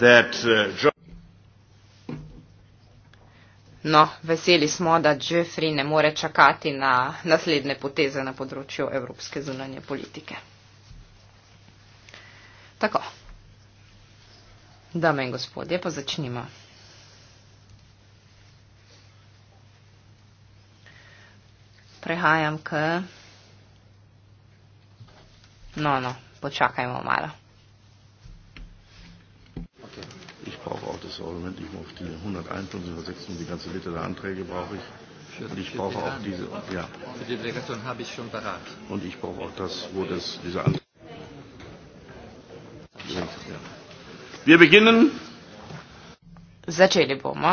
Uh, no, veseli smo, da Jeffrey ne more čakati na naslednje poteze na področju evropske zunanje politike. Tako. Dame in gospodje, pa začnimo. Prehajam k. No, no, počakajmo malo. aber Moment, ich muss die 151 oder 6 und die ganze Liste der Anträge brauche ich. Für, und ich brauche auch Anträge. diese. Ja. Für die Delegation habe ich schon parat. Und ich brauche auch das, wo das, diese Anträge. Ja. Wir beginnen. Začeli bomo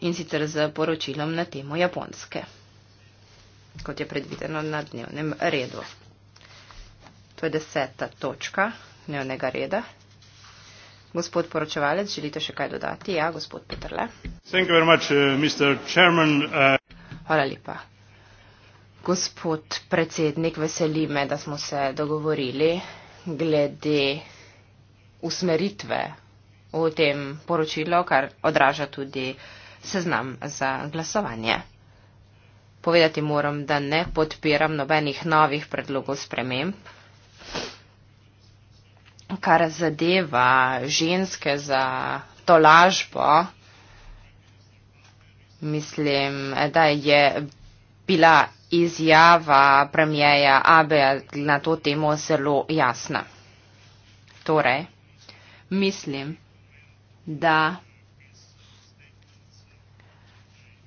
in sicer z poročilom na temo Japonske, kot je predvideno na dnevnem redu. To je deseta točka dnevnega reda, Gospod poročevalec, želite še kaj dodati? Ja, gospod Petrle. Much, uh, Chairman, uh... Hvala lepa. Gospod predsednik, veseli me, da smo se dogovorili glede usmeritve v tem poročilu, kar odraža tudi seznam za glasovanje. Povedati moram, da ne podpiram nobenih novih predlogov sprememb, kar zadeva ženske za tolažbo, mislim, da je bila izjava premijeja Abeja na to temo zelo jasna. Torej, mislim, da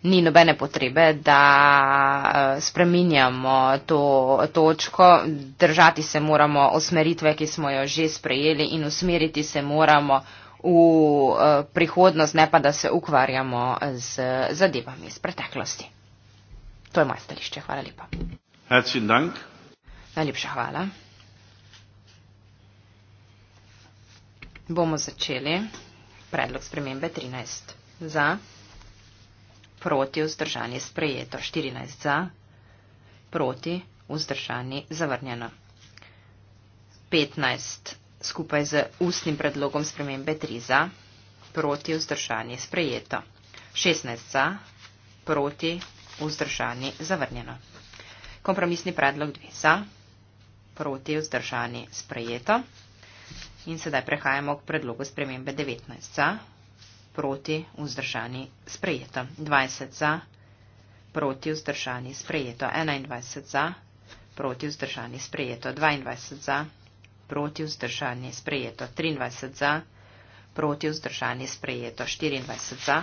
ni nobene potrebe, da eh, spreminjamo to točko. Držati se moramo osmeritve, ki smo jo že sprejeli in usmeriti se moramo v eh, prihodnost, ne pa da se ukvarjamo z zadevami iz preteklosti. To je moje stališče. Hvala lepa. Najlepša hvala. Bomo začeli. Predlog spremembe 13. Za proti vzdržani sprejeto, 14 za, proti vzdržani zavrnjeno. 15 skupaj z ustnim predlogom spremembe 3 za, proti vzdržani sprejeto, 16 za, proti vzdržani zavrnjeno. Kompromisni predlog 2 za, proti vzdržani sprejeto. In sedaj prehajamo k predlogu spremembe 19 za, proti, vzdržani, sprejeto, 20 za, proti, vzdržani, sprejeto, 21 za, proti, vzdržani, sprejeto, 22 za, proti, vzdržani, sprejeto, 23 za, proti, vzdržani, sprejeto, 24 za,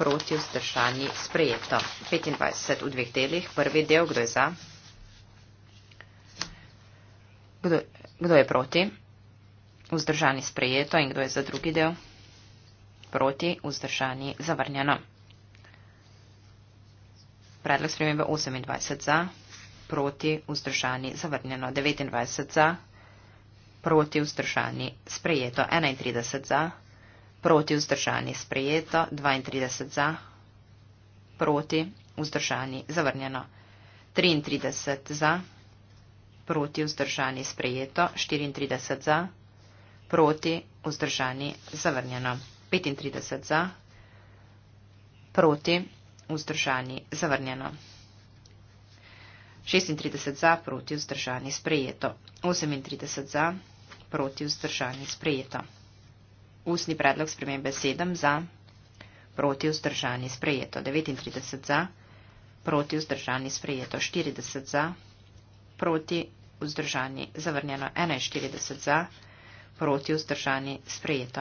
proti, vzdržani, sprejeto, 25 v dveh delih, prvi del, kdo je za, kdo, kdo je proti, vzdržani, sprejeto in kdo je za drugi del proti, vzdržani, zavrnjeno. Predlog spremembe 28 za, proti, vzdržani, zavrnjeno 29 za, proti, vzdržani, sprejeto 31 za, proti, vzdržani, sprejeto 32 za, proti, vzdržani, zavrnjeno 33 za, proti, vzdržani, sprejeto 34 za, proti, vzdržani, zavrnjeno. 35 za, proti, vzdržani, zavrnjeno. 36 za, proti, vzdržani, sprejeto. 38 za, proti, vzdržani, sprejeto. Ustni predlog spremembe 7 za, proti, vzdržani, sprejeto. 39 za, proti, vzdržani, sprejeto. 40 za, proti, vzdržani, zavrnjeno. 41 za, proti, vzdržani, sprejeto.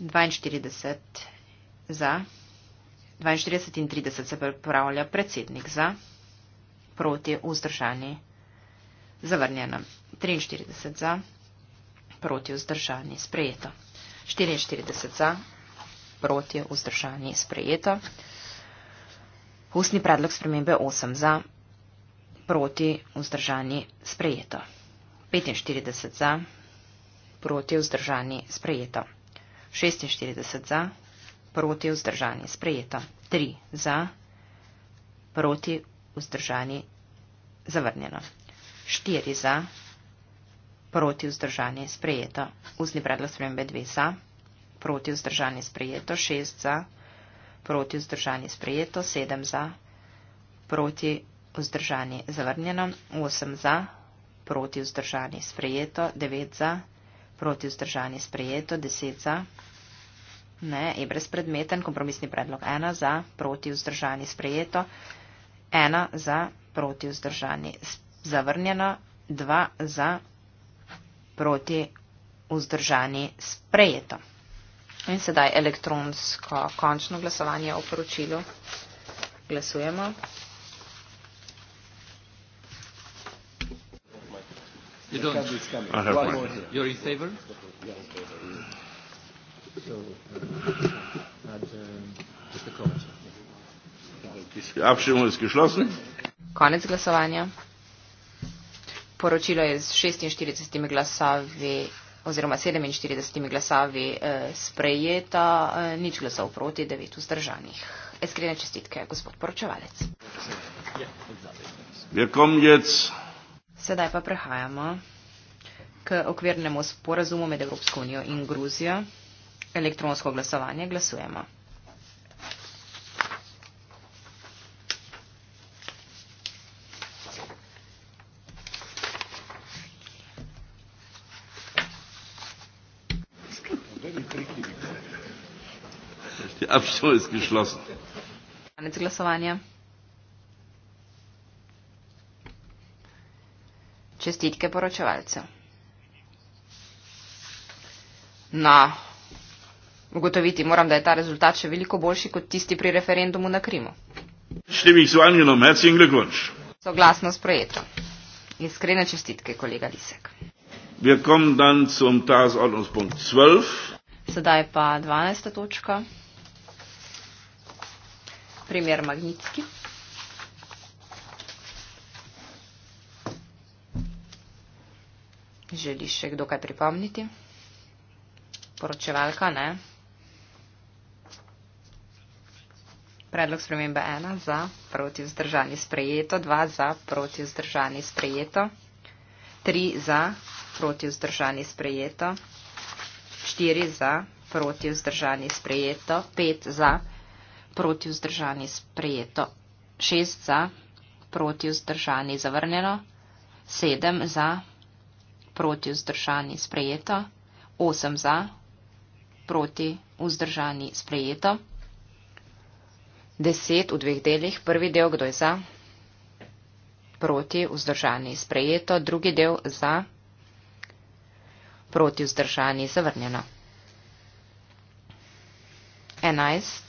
42 za, 42 in 30 se pripravlja predsednik za, proti vzdržani, zavrnjena, 43 za, proti vzdržani, sprejeto, 44 za, proti vzdržani, sprejeto, ustni predlog spremembe 8 za, proti vzdržani, sprejeto, 45 za, proti vzdržani, sprejeto. 46 za, proti vzdržani, sprejeto. 3 za, proti vzdržani, zavrnjeno. 4 za, proti vzdržani, sprejeto. Ustni predlog spremembe 2 za, proti vzdržani, sprejeto. 6 za, proti vzdržani, sprejeto. 7 za, proti vzdržani, zavrnjeno. 8 za, proti vzdržani, sprejeto. 9 za, proti vzdržanje sprejeto, deset za. Ne, je brezpredmeten, kompromisni predlog ena za, proti vzdržanje sprejeto, ena za, proti vzdržanje zavrnjeno, dva za, proti vzdržanje sprejeto. In sedaj elektronsko končno glasovanje o poročilu. Glasujemo. You don't. I have one. one more here. You're in favour? Uh, um, ja, Konec glasovanja. Poročilo je z 46 glasovi oziroma 47 glasovi eh, sprejeta, eh, nič glasov proti, devet vzdržanih. Eskrene čestitke, gospod poročevalec. Yeah, exactly. Sedaj pa prehajamo k okvirnemu sporazumu med Evropsko unijo in Gruzijo. Elektronsko glasovanje glasujemo. Absolutno izkrišljivo. Konec glasovanja. Čestitke poročevalcu. Na ugotoviti moram, da je ta rezultat še veliko boljši kot tisti pri referendumu na Krimu. Soglasno sprejeto. Iskrene čestitke, kolega Lisek. Sedaj pa 12. točka. Primer magnitski. Želi še kdo kaj pripomniti? Poročevalka, ne? Predlog spremembe 1 za proti vzdržani sprejeto, 2 za proti vzdržani sprejeto, 3 za proti vzdržani sprejeto, 4 za proti vzdržani sprejeto, 5 za proti vzdržani sprejeto, 6 za proti vzdržani zavrnjeno, 7 za proti vzdržani sprejeta, 8 za, proti vzdržani sprejeta. 10 v dveh delih, prvi del, kdo je za, proti vzdržani sprejeta, drugi del za, proti vzdržani zavrnjena. 11.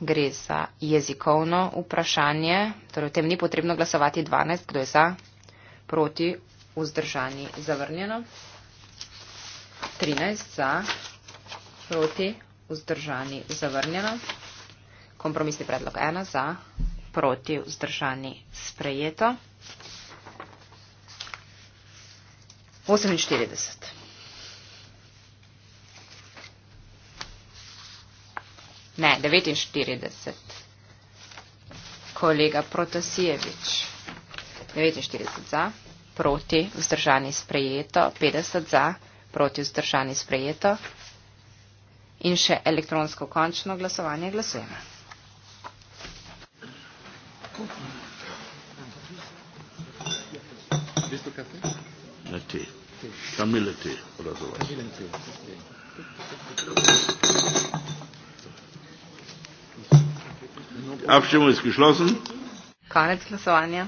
Gre za jezikovno vprašanje, torej o tem ni potrebno glasovati 12, kdo je za, proti vzdržani zavrnjeno, 13 za, proti vzdržani zavrnjeno, kompromisni predlog 1 za, proti vzdržani sprejeto, 48. Ne, 49. Kolega Protasijevič. 49 za proti, vzdržani sprejeto, 50 za, proti, vzdržani sprejeto in še elektronsko končno glasovanje glasujemo. Abstimmung ist geschlossen. Konec glasovanja.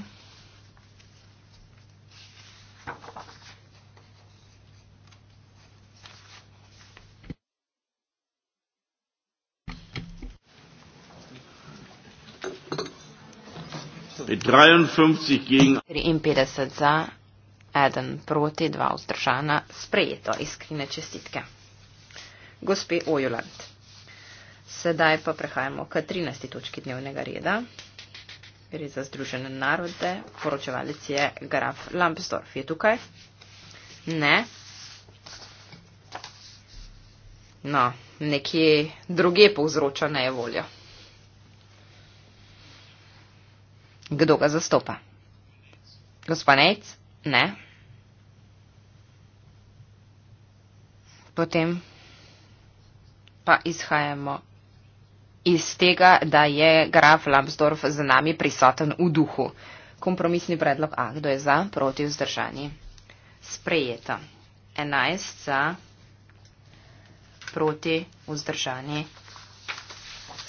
53 gegen. 53 za, 1 proti, 2 vzdržana, sprejeto, iskrene čestitke. Gospe Ojuland. Sedaj pa prehajamo k 13. točki dnevnega reda. Gre za Združene narode. Poročevalec je Graf Lambsdorff. Je tukaj? Ne. No, nekje druge povzroča nejevoljo. Kdo ga zastopa? Gospa Nejc? Ne. Potem pa izhajamo iz tega, da je graf Lambsdorff z nami prisoten v duhu. Kompromisni predlog A. Kdo je za? Proti vzdržani. Sprejeta. 11 za. Proti vzdržani.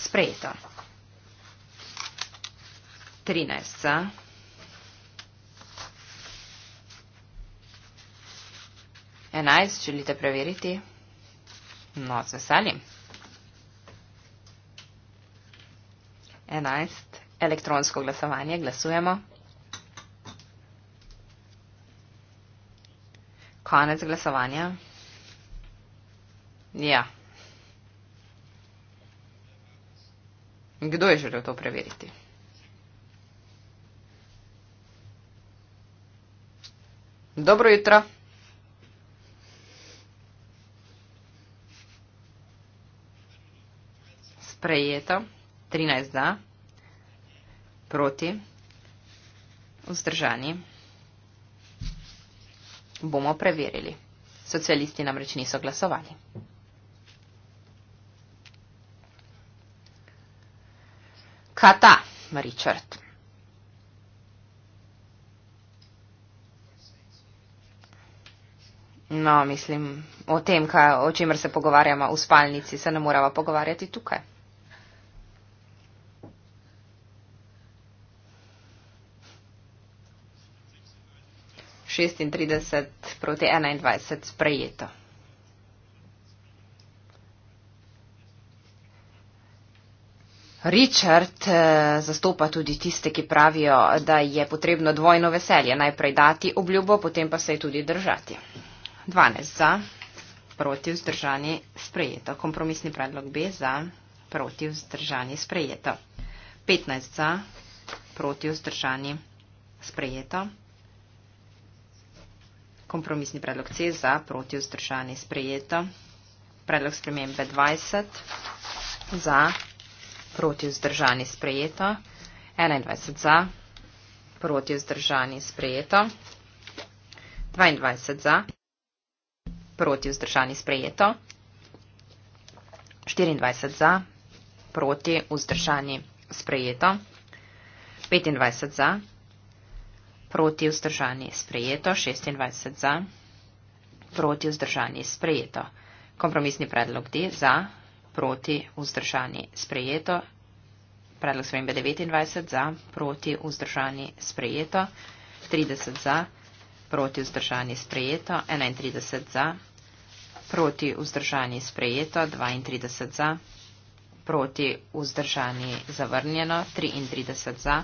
Sprejeta. 13. Enajst, želite preveriti? No, z veseljem. Enajst, elektronsko glasovanje, glasujemo. Konec glasovanja. Ja. Kdo je želel to preveriti? Dobro jutro. Sprejeto. 13 da. Proti. Vzdržani. Bomo preverili. Socialisti namreč niso glasovali. Kata, Richard. No, mislim, o tem, kaj, o čemer se pogovarjamo v spalnici, se ne moramo pogovarjati tukaj. Šestintrideset proti enaindvajset sprejeto. Richard eh, zastopa tudi tiste, ki pravijo, da je potrebno dvojno veselje najprej dati obljubo, potem pa se je tudi držati. 12 za, proti vzdržani sprejeto. Kompromisni predlog B za, proti vzdržani sprejeto. 15 za, proti vzdržani sprejeto. Kompromisni predlog C za, proti vzdržani sprejeto. Predlog spremembe 20 za, proti vzdržani sprejeto. 21 za, proti vzdržani sprejeto. 22 za proti vzdržani sprejeto, 24 za, proti vzdržani sprejeto, 25 za, proti vzdržani sprejeto, 26 za, proti vzdržani sprejeto. Kompromisni predlog D za, proti vzdržani sprejeto, predlog spremembe 29 za, proti vzdržani sprejeto, 30 za, proti vzdržani sprejeto, 31 za, proti vzdržani sprejeto, 32 za, proti vzdržani zavrnjeno, 33 za,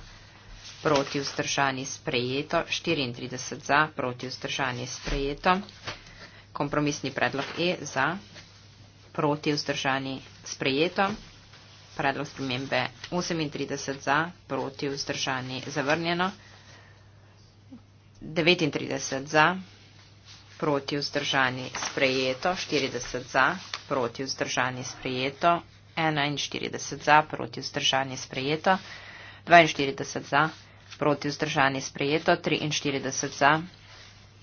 proti vzdržani sprejeto, 34 za, proti vzdržani sprejeto, kompromisni predlog E za, proti vzdržani sprejeto, predlog spremembe 38 za, proti vzdržani zavrnjeno, 39 za, proti vzdržani sprejeto proti vzdržani sprejeto, 40 za, proti vzdržani sprejeto, 41 za, proti vzdržani sprejeto, 42 za, proti vzdržani sprejeto, 43 za,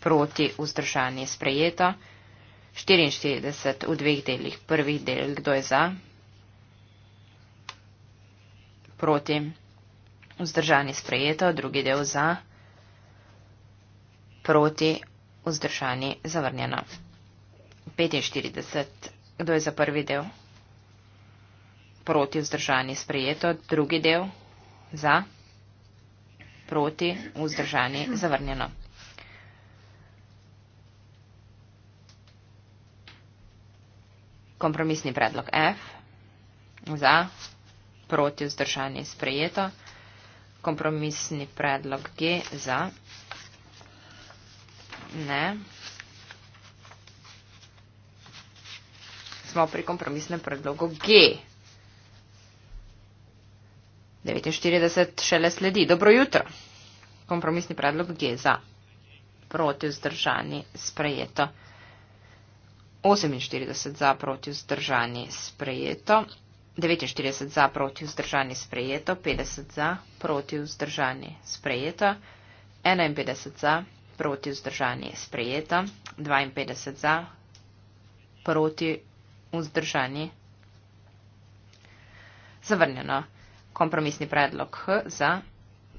proti vzdržani sprejeto, 44 v dveh delih, prvih del, kdo je za, proti vzdržani sprejeto, drugi del za, proti vzdržani zavrnjena. 45. Kdo je za prvi del? Proti vzdržani sprejeto. Drugi del? Za? Proti vzdržani zavrnjeno. Kompromisni predlog F. Za? Proti vzdržani sprejeto. Kompromisni predlog G. Za? Proti vzdržani sprejeto ne. Smo pri kompromisnem predlogu G. 49 šele sledi. Dobro jutro. Kompromisni predlog G za proti vzdržani sprejeto. 48 za proti vzdržani sprejeto. 49 za proti vzdržani sprejeto. 50 za proti vzdržani sprejeto. 51 za proti vzdržanje je sprejeta, 52 za, proti vzdržanje zavrnjeno. Kompromisni predlog H za,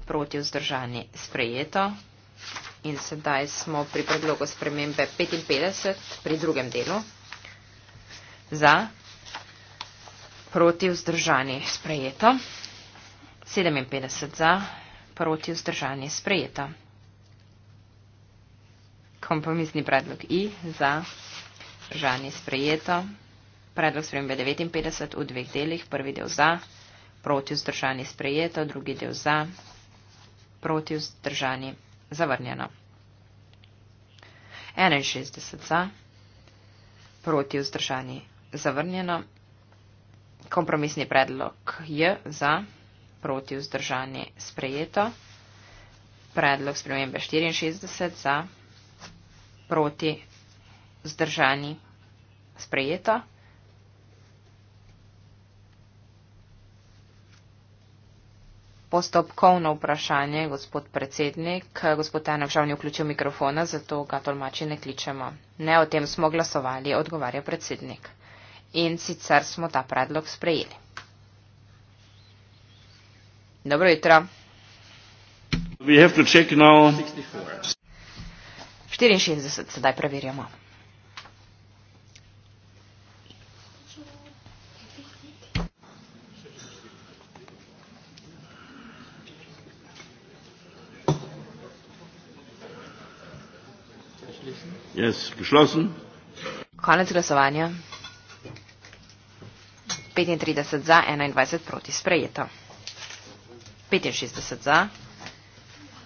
proti vzdržanje sprejeto. In sedaj smo pri predlogu spremembe 55 pri drugem delu. Za, proti vzdržanje sprejeto. 57 za, proti vzdržanje sprejeto kompromisni predlog I za Žani sprejeto. Predlog sprejem 59 v dveh delih. Prvi del za, proti vzdržani sprejeto, drugi del za, proti vzdržani zavrnjeno. 61 za, proti vzdržani zavrnjeno. Kompromisni predlog J za, proti vzdržani sprejeto. Predlog spremembe 64 za, proti zdržani sprejeta. Postopkovno vprašanje, gospod predsednik. Gospod Tanev žal ni vključil mikrofona, zato ga tolmači ne kličemo. Ne o tem smo glasovali, odgovarja predsednik. In sicer smo ta predlog sprejeli. Dobro jutro. We have to check now. 64. 64 sedaj preverjamo. Yes, Konec glasovanja. 35 za, 21 proti sprejeto. 65 za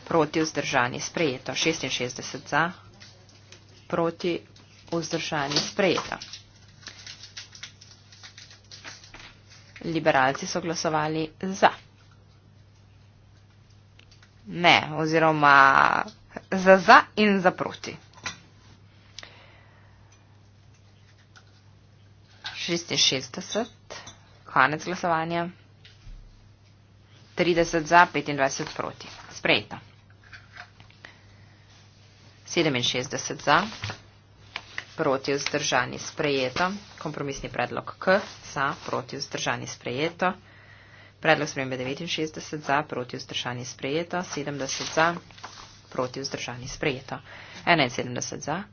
proti vzdržani sprejeto. 66 za, proti vzdržani sprejeto. Liberalci so glasovali za. Ne, oziroma za za in za proti. 66, konec glasovanja. 30 za, 25 proti. Sprejeta. 67 za, proti vzdržani sprejeto, kompromisni predlog K za, proti vzdržani sprejeto, predlog spremembe 69 za, proti vzdržani sprejeto, 70 za, proti vzdržani sprejeto, 71 za,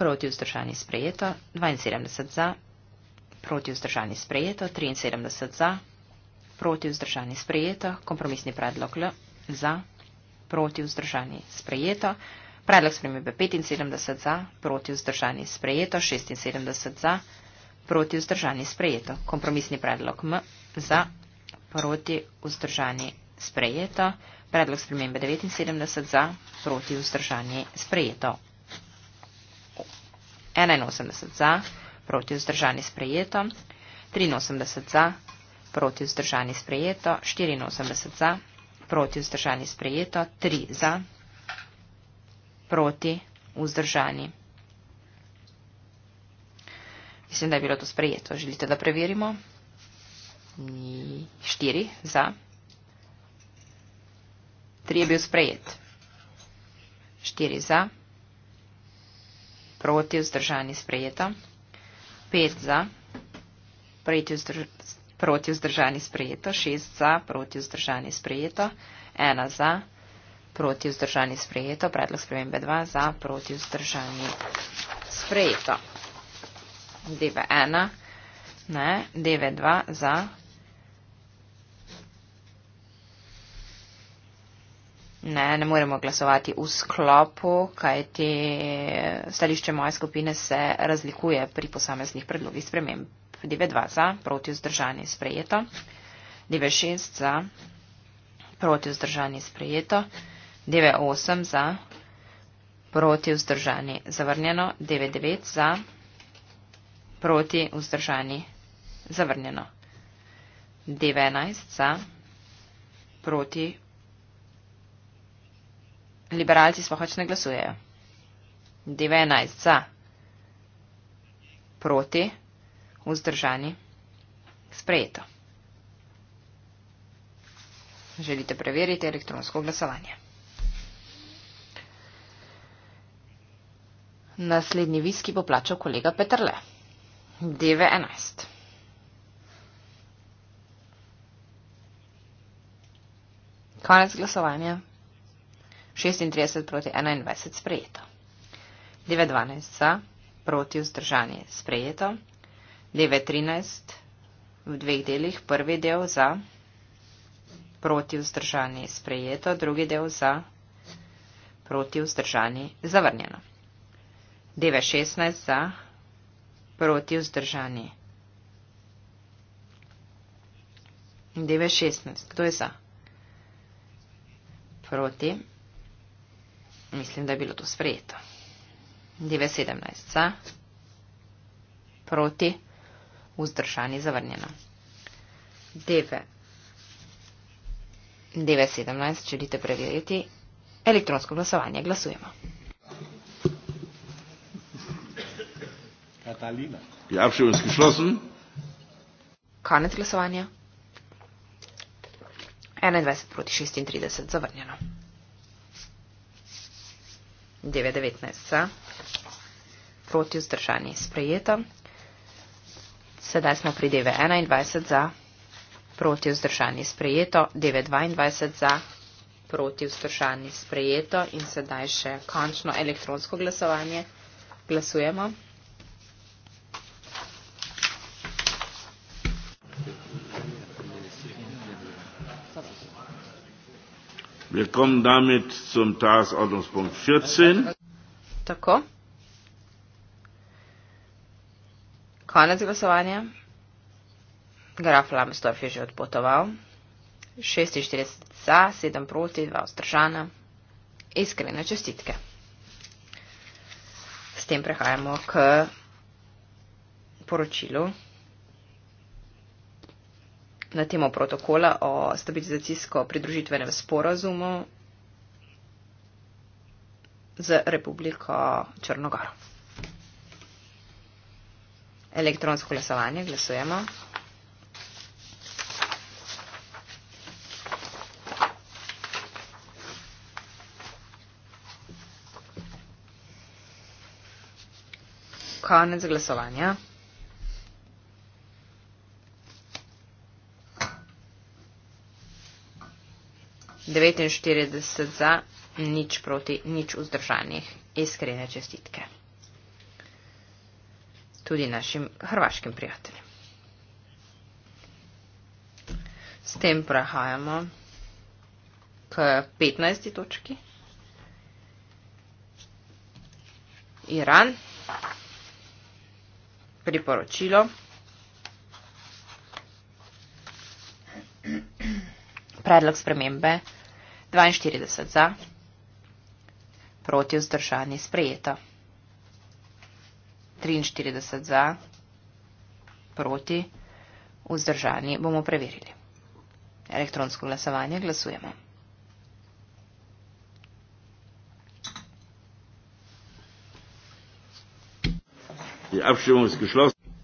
proti vzdržani sprejeto, 72 za, proti vzdržani sprejeto, 73 za, proti vzdržani sprejeto, kompromisni predlog L za, proti vzdržani sprejeto, Predlog spremembe 75 za, proti vzdržani sprejeto, 76 za, proti vzdržani sprejeto. Kompromisni predlog M za, proti vzdržani sprejeto. Predlog spremembe 79 za, proti vzdržani sprejeto. 81 za, proti vzdržani sprejeto. 83 za, proti vzdržani sprejeto. 84 za, proti vzdržani sprejeto. 3 za, proti vzdržani. Mislim, da je bilo to sprejeto. Želite, da preverimo? Ni štiri za. Tri je bil sprejet. Štiri za. Proti vzdržani sprejeta. Pet za. Proti vzdržani sprejeto. Šest za. Proti vzdržani sprejeto. Ena za proti vzdržani sprejeto, predlog spremembe 2 za proti vzdržani sprejeto. DV1, ne, DV2 za. Ne, ne moremo glasovati v sklopu, kaj te stališče moje skupine se razlikuje pri posameznih predlogih sprememb. DV2 za proti vzdržani sprejeto. DV6 za proti vzdržani sprejeto. 9, 8 za, proti vzdržani, zavrnjeno, 9, 9 za, proti vzdržani, zavrnjeno, 9, 11 za, proti, liberalci spohač ne glasujejo, 9, 11 za, proti vzdržani, sprejeto. Želite preveriti elektronsko glasovanje? Naslednji viski bo plačal kolega Petrle. DV11. Konec glasovanja. 36 proti 21 sprejeto. DV12 za, proti vzdržanje sprejeto. DV13 v dveh delih, prvi del za, proti vzdržanje sprejeto, drugi del za, proti vzdržanje zavrnjeno. Deve 16 za proti vzdržani. Deve 16. Kdo je za? Proti. Mislim, da je bilo to sprejeto. Deve 17 za proti vzdržani zavrnjeno. Deve. Deve 17, če želite preveriti elektronsko glasovanje, glasujemo. Katalina. Die ja, Abstimmung ist geschlossen. Konec glasovanja. 21 proti 36 zavrnjeno. 9.19 za. Proti vzdržanje sprejeto. Sedaj smo pri 9.21 za. Proti vzdržanje sprejeto. 9.22 za. Proti vzdržanje sprejeto. In sedaj še končno elektronsko glasovanje. Glasujemo. Wir kommen damit zum Tagesordnungspunkt 14. Tako. Konec glasovanja. Graf Lambsdorff je že odpotoval. 46 za, 7 proti, 2 vzdržana. Iskrene čestitke. S tem prehajamo k poročilu na temo protokola o stabilizacijsko pridružitvenem sporazumu z Republiko Črnogoro. Elektronsko glasovanje, glasujemo. Konec glasovanja. 49 za, nič proti, nič vzdržanih. Iskrene čestitke. Tudi našim hrvaškim prijateljem. S tem prehajamo k 15. točki. Iran. Priporočilo. Predlog spremembe 42 za, proti vzdržani sprejeta. 43 za, proti vzdržani bomo preverili. Elektronsko glasovanje glasujemo.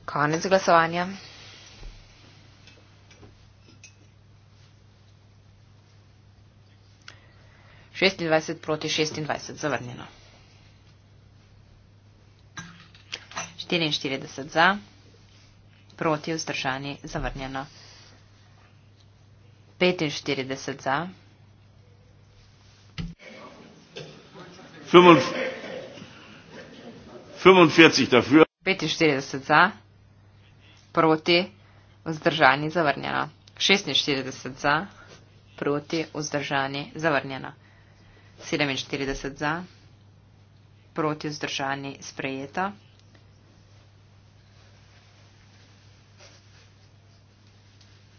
Konec glasovanja. 26 proti 26 zavrnjeno. 44 za, proti vzdržani zavrnjeno. 45 za. Fimul... 45 dafür. 45 za, proti vzdržani zavrnjeno. 46 za, proti vzdržani zavrnjeno. 47 za, proti vzdržani sprejeta.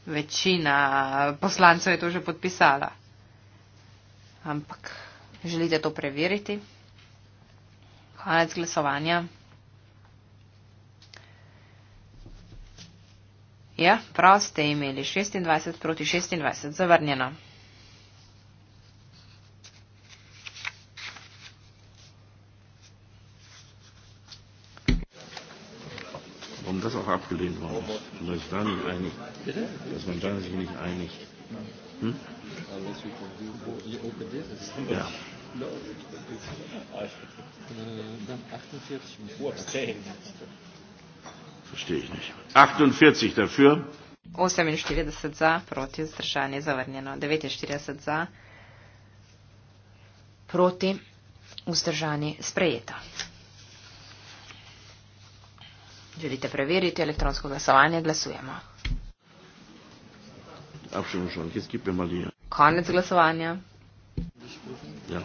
Večina poslancev je to že podpisala, ampak želite to preveriti. Konec glasovanja. Ja, prav ste imeli 26 proti 26 zavrnjeno. abgelehnt worden ist. Und dass da nicht einig, dass man da sich nicht einigt. Hm? Ja. Verstehe ich nicht. 48 dafür. 48 za, proti vzdržanje zavrnjeno. 49 za, proti vzdržanje sprejeto. Želite preveriti elektronsko glasovanje? Glasujemo. Konec glasovanja. Ja.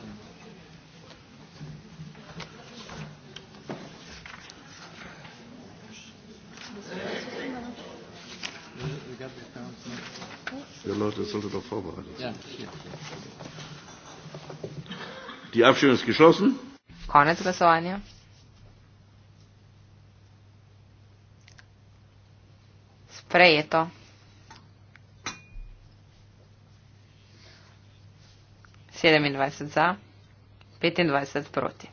Ja, Leute, das sollte doch vorbereitet sein. Ja, Die Abstimmung ist geschlossen. Konec glasovanja. prejeto. Sedemindvajset za, petindvajset proti.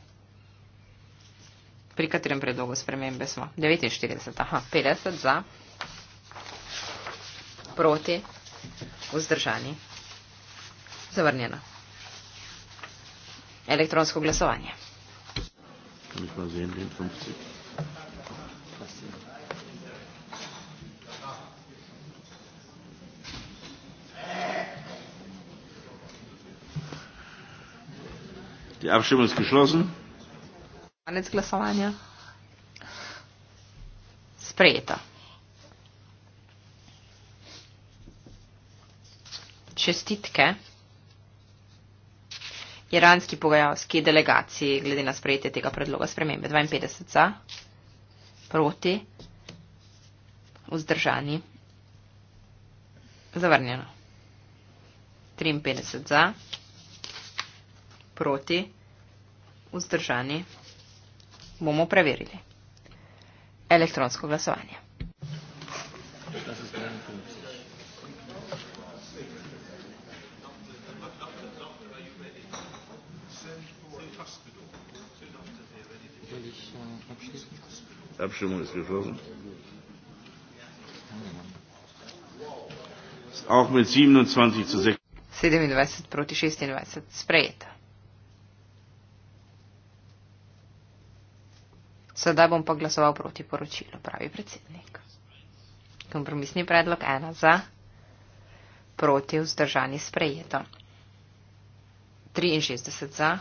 Pri katerem predlogu spremembe smo? Devetinštirideset, aha, petdeset za, proti, vzdržani, zavrnjeno. Elektronsko glasovanje. Mi smo z enim funkcijo. Die Abstimmung ist geschlossen. Konec glasovanja. Sprejeto. Čestitke iranski pogajalski delegaciji glede na sprejetje tega predloga spremembe. 52 za, proti, vzdržani, zavrnjeno. 53 za proti, vzdržani, bomo preverili. Elektronsko glasovanje. Auch mit 27 zu 26. 27 proti 26. Sprejeta. Sedaj bom pa glasoval proti poročilu, pravi predsednik. Kompromisni predlog ena za, proti vzdržani sprejeto. 63 za,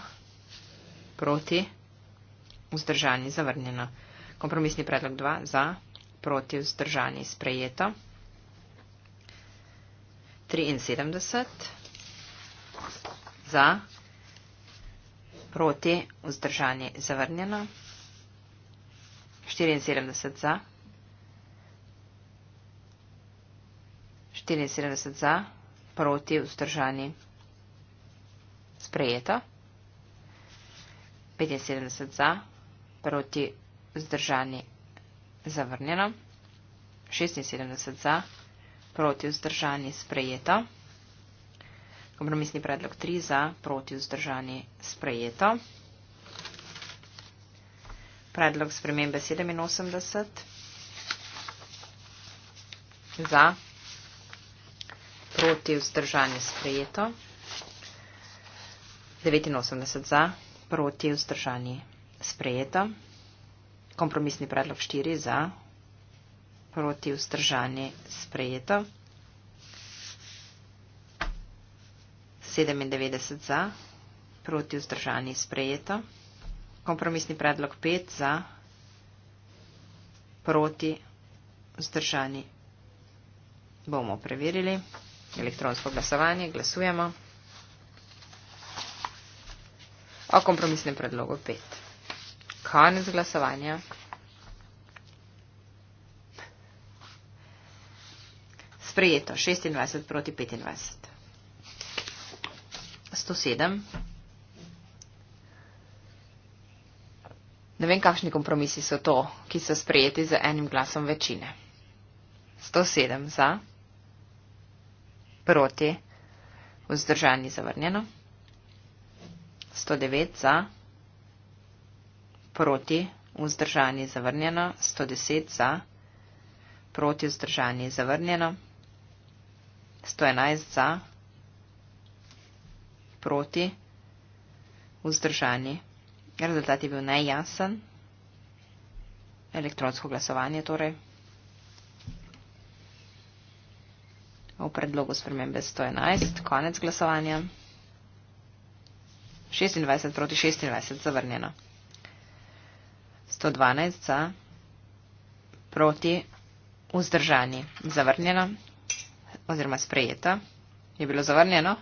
proti vzdržani zavrnjeno. Kompromisni predlog dva za, proti vzdržani sprejeto. 73 za, proti vzdržani zavrnjeno. 74 za, 74 za, proti, vzdržani, sprejeto, 75 za, proti, vzdržani, zavrnjeno, 76 za, proti, vzdržani, sprejeto, kompromisni predlog 3 za, proti, vzdržani, sprejeto. Predlog spremembe 87. Za. Proti vzdržanje sprejeto. 89 za. Proti vzdržanje sprejeto. Kompromisni predlog 4 za. Proti vzdržanje sprejeto. 97 za. Proti vzdržanje sprejeto. Kompromisni predlog 5 za, proti, vzdržani. Bomo preverili. Elektronsko glasovanje. Glasujemo. O kompromisnem predlogu 5. Konec glasovanja. Sprejeto 26 proti 25. 107. Ne vem, kakšni kompromisi so to, ki so sprejeti z enim glasom večine. 107 za, proti, vzdržani zavrnjeno. 109 za, proti, vzdržani zavrnjeno. 110 za, proti, vzdržani zavrnjeno. 111 za, proti, vzdržani zavrnjeno. Rezultat je bil nejasen. Elektronsko glasovanje torej. V predlogu spremembe 111, konec glasovanja. 26 proti 26 zavrnjeno. 112 za proti vzdržani zavrnjeno oziroma sprejeta. Je bilo zavrnjeno?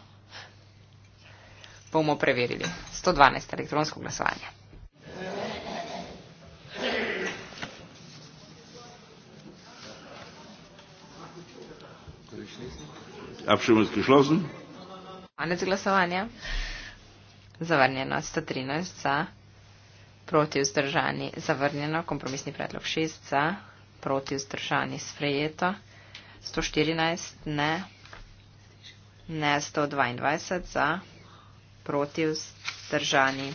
bomo preverili. 112 elektronsko glasovanje. Konec glasovanja. Zavrnjeno 113 za, proti vzdržani zavrnjeno, kompromisni predlog 6 za, proti vzdržani sprejeto, 114 ne, ne 122 za proti vzdržani.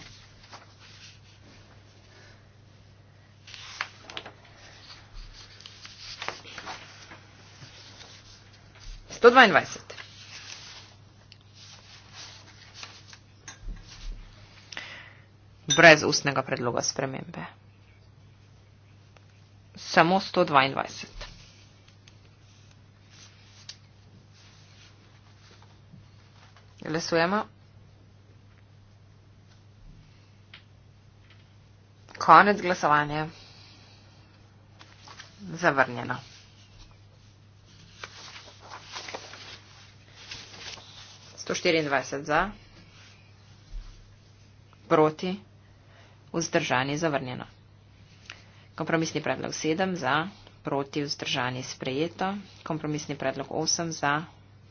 Brez ustnega predloga spremembe. Samo 122. Glasujemo. Konec glasovanja. Zavrnjeno. Sto štiriindvajset za, proti, vzdržani, zavrnjeno. Kompromisni predlog sedem za, proti, vzdržani, sprejeto. Kompromisni predlog osem za,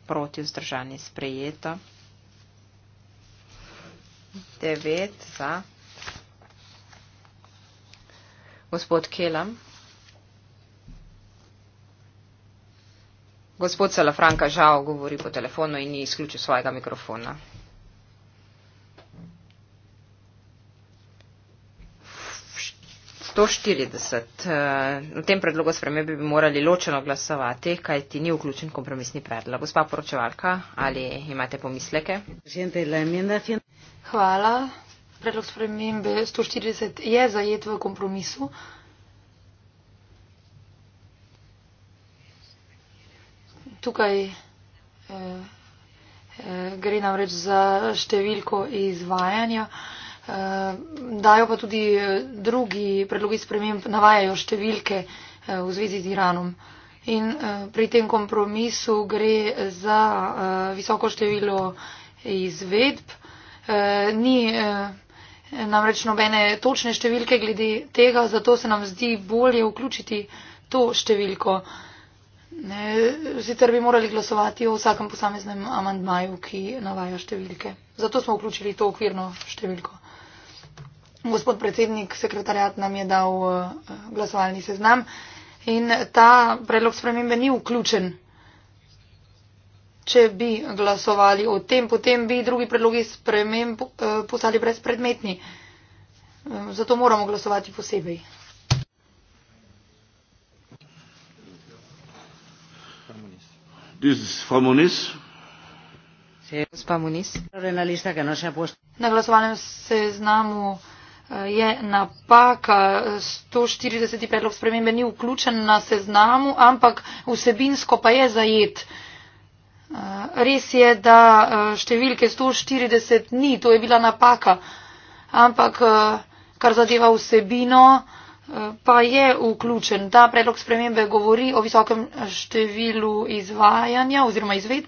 proti, vzdržani, sprejeto. devet za. Gospod Kelam. Gospod Salafranka žal govori po telefonu in ni izključil svojega mikrofona. V eh, tem predlogu spremembe bi morali ločeno glasovati, kaj ti ni vključen kompromisni predlog. Gospa poročevalka, ali imate pomisleke? Hvala predlog spremembe 140 je zajet v kompromisu. Tukaj eh, eh, gre namreč za številko izvajanja, eh, dajo pa tudi eh, drugi predlogi sprememb, navajajo številke eh, v zvezi z Iranom. In eh, pri tem kompromisu gre za eh, visoko število izvedb. Eh, ni, eh, namreč nobene točne številke glede tega, zato se nam zdi bolje vključiti to številko. Ne, sicer bi morali glasovati o vsakem posameznem amandmaju, ki navaja številke. Zato smo vključili to okvirno številko. Gospod predsednik, sekretarjat nam je dal eh, glasovalni seznam in ta predlog spremembe ni vključen če bi glasovali o tem, potem bi drugi predlogi sprememb eh, postali brezpredmetni. Eh, zato moramo glasovati posebej. Na no glasovalnem seznamu eh, je napaka. 140 predlog spremembe ni vključen na seznamu, ampak vsebinsko pa je zajet. Eh, res je, da eh, številke 140 ni, to je bila napaka, ampak eh, kar zadeva vsebino, pa je vključen. Ta predlog spremembe govori o visokem številu izvajanja oziroma izvedb.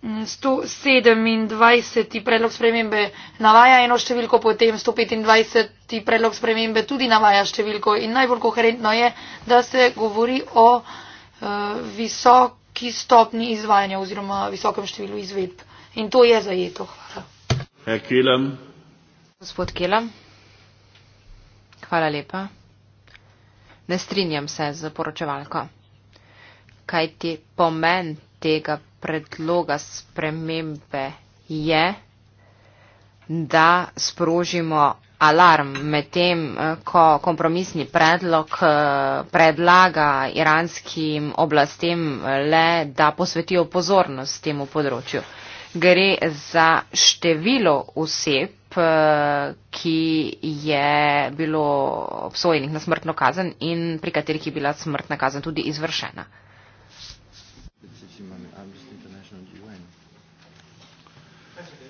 127. Mm, predlog spremembe navaja eno številko, potem 125. predlog spremembe tudi navaja številko in najbolj koherentno je, da se govori o uh, visok, ki stopni izvajanja oziroma visokem številu izvedb. In to je zajeto. Herr Kelem. Gospod Kelem. Hvala lepa. Ne strinjam se z poročevalko. Kaj ti pomen tega predloga spremembe je, da sprožimo alarm med tem, eh, ko kompromisni predlog eh, predlaga iranskim oblastem le, da posvetijo pozornost temu področju. Gre za število oseb, eh, ki je bilo obsojenih na smrtno kazen in pri katerih je bila smrtna kazen tudi izvršena.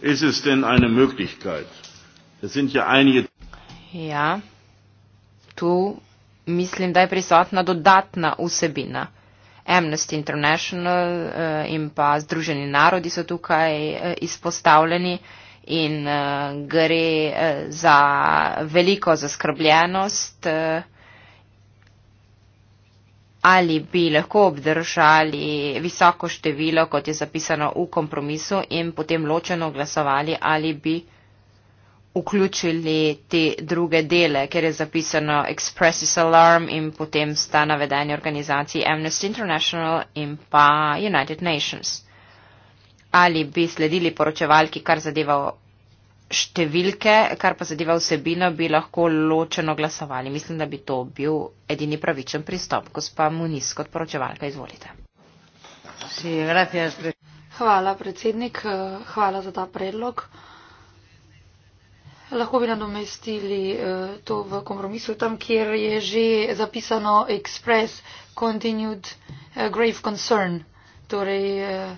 Es ist denn eine Möglichkeit? Es sind ja einige. Ja, tu mislim, da je prisotna dodatna vsebina. Amnesty International eh, in pa Združeni narodi so tukaj eh, izpostavljeni in eh, gre za veliko zaskrbljenost. Ali bi lahko obdržali visoko število, kot je zapisano v kompromisu, in potem ločeno glasovali, ali bi vključili te druge dele, ker je zapisano Expresses Alarm in potem sta navedeni organizaciji Amnesty International in pa United Nations. Ali bi sledili poročevalki, kar zadeva številke, kar pa zadeva vsebino, bi lahko ločeno glasovali. Mislim, da bi to bil edini pravičen pristop. Gospa Muniz, kot poročevalka, izvolite. Hvala, predsednik. Hvala za ta predlog lahko bi nadomestili eh, to v kompromisu tam, kjer je že zapisano express continued eh, grave concern, torej eh,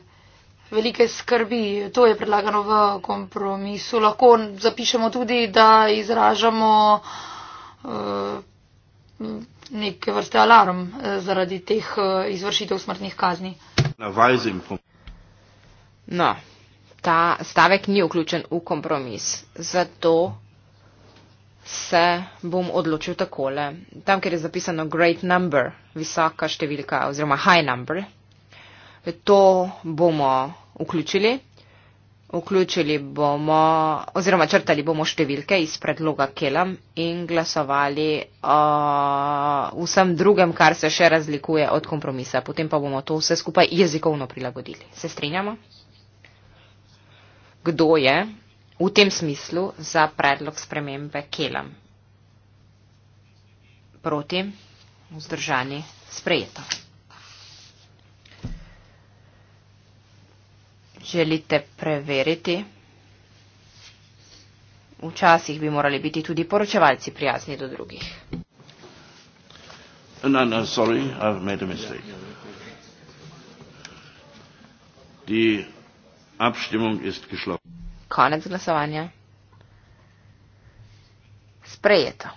velike skrbi. To je predlagano v kompromisu. Lahko zapišemo tudi, da izražamo neke vrste alarm zaradi teh izvršitev smrtnih kazni. Na, ta stavek ni vključen v kompromis. Zato se bom odločil takole. Tam, kjer je zapisano great number, visoka številka oziroma high number, to bomo vključili. Vključili bomo oziroma črtali bomo številke iz predloga Kelam in glasovali o vsem drugem, kar se še razlikuje od kompromisa. Potem pa bomo to vse skupaj jezikovno prilagodili. Se strinjamo? kdo je v tem smislu za predlog spremembe Kelam. Proti, vzdržani, sprejeto. Želite preveriti? Včasih bi morali biti tudi poročevalci prijazni do drugih. No, no, sorry, I've made a mistake. The Abstimmung ist geschlossen. Konec glasovanja. Sprejeto.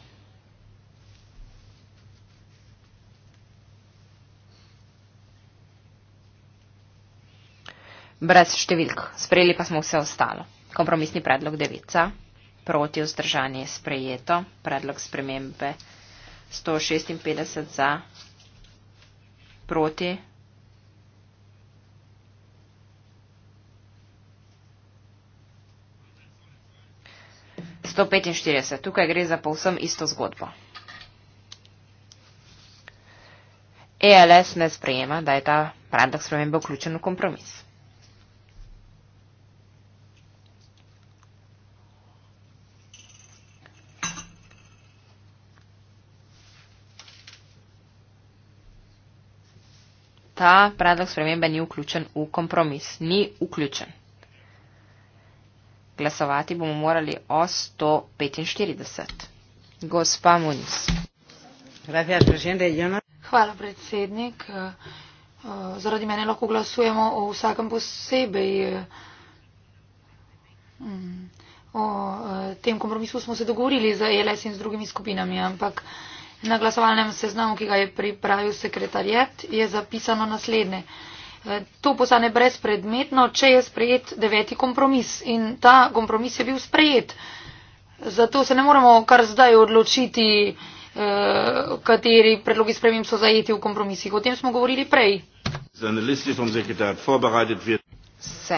Brez številk. Sprejeli pa smo vse ostalo. Kompromisni predlog devica. Proti vzdržanje je sprejeto. Predlog spremembe 156 za. Proti 145. Tukaj gre za povsem isto zgodbo. ELS ne sprejema, da je ta predlog spremembe vključen v kompromis. Ta predlog spremembe ni vključen v kompromis, ni vključen. Glasovati bomo morali o 145. Gospa Muniz. No- Hvala, predsednik. Eh, eh, zaradi mene lahko glasujemo o vsakem posebej. Eh, mm, o tem kompromisu smo se dogovorili z ELS in z drugimi skupinami, ampak na glasovalnem seznamu, ki ga je pripravil sekretarjet, je zapisano naslednje. Eh, to postane brezpredmetno, če je sprejet deveti kompromis. In ta kompromis je bil sprejet. Zato se ne moremo kar zdaj odločiti, eh, kateri predlogi spremem so zajeti v kompromisih. O tem smo govorili prej. Se.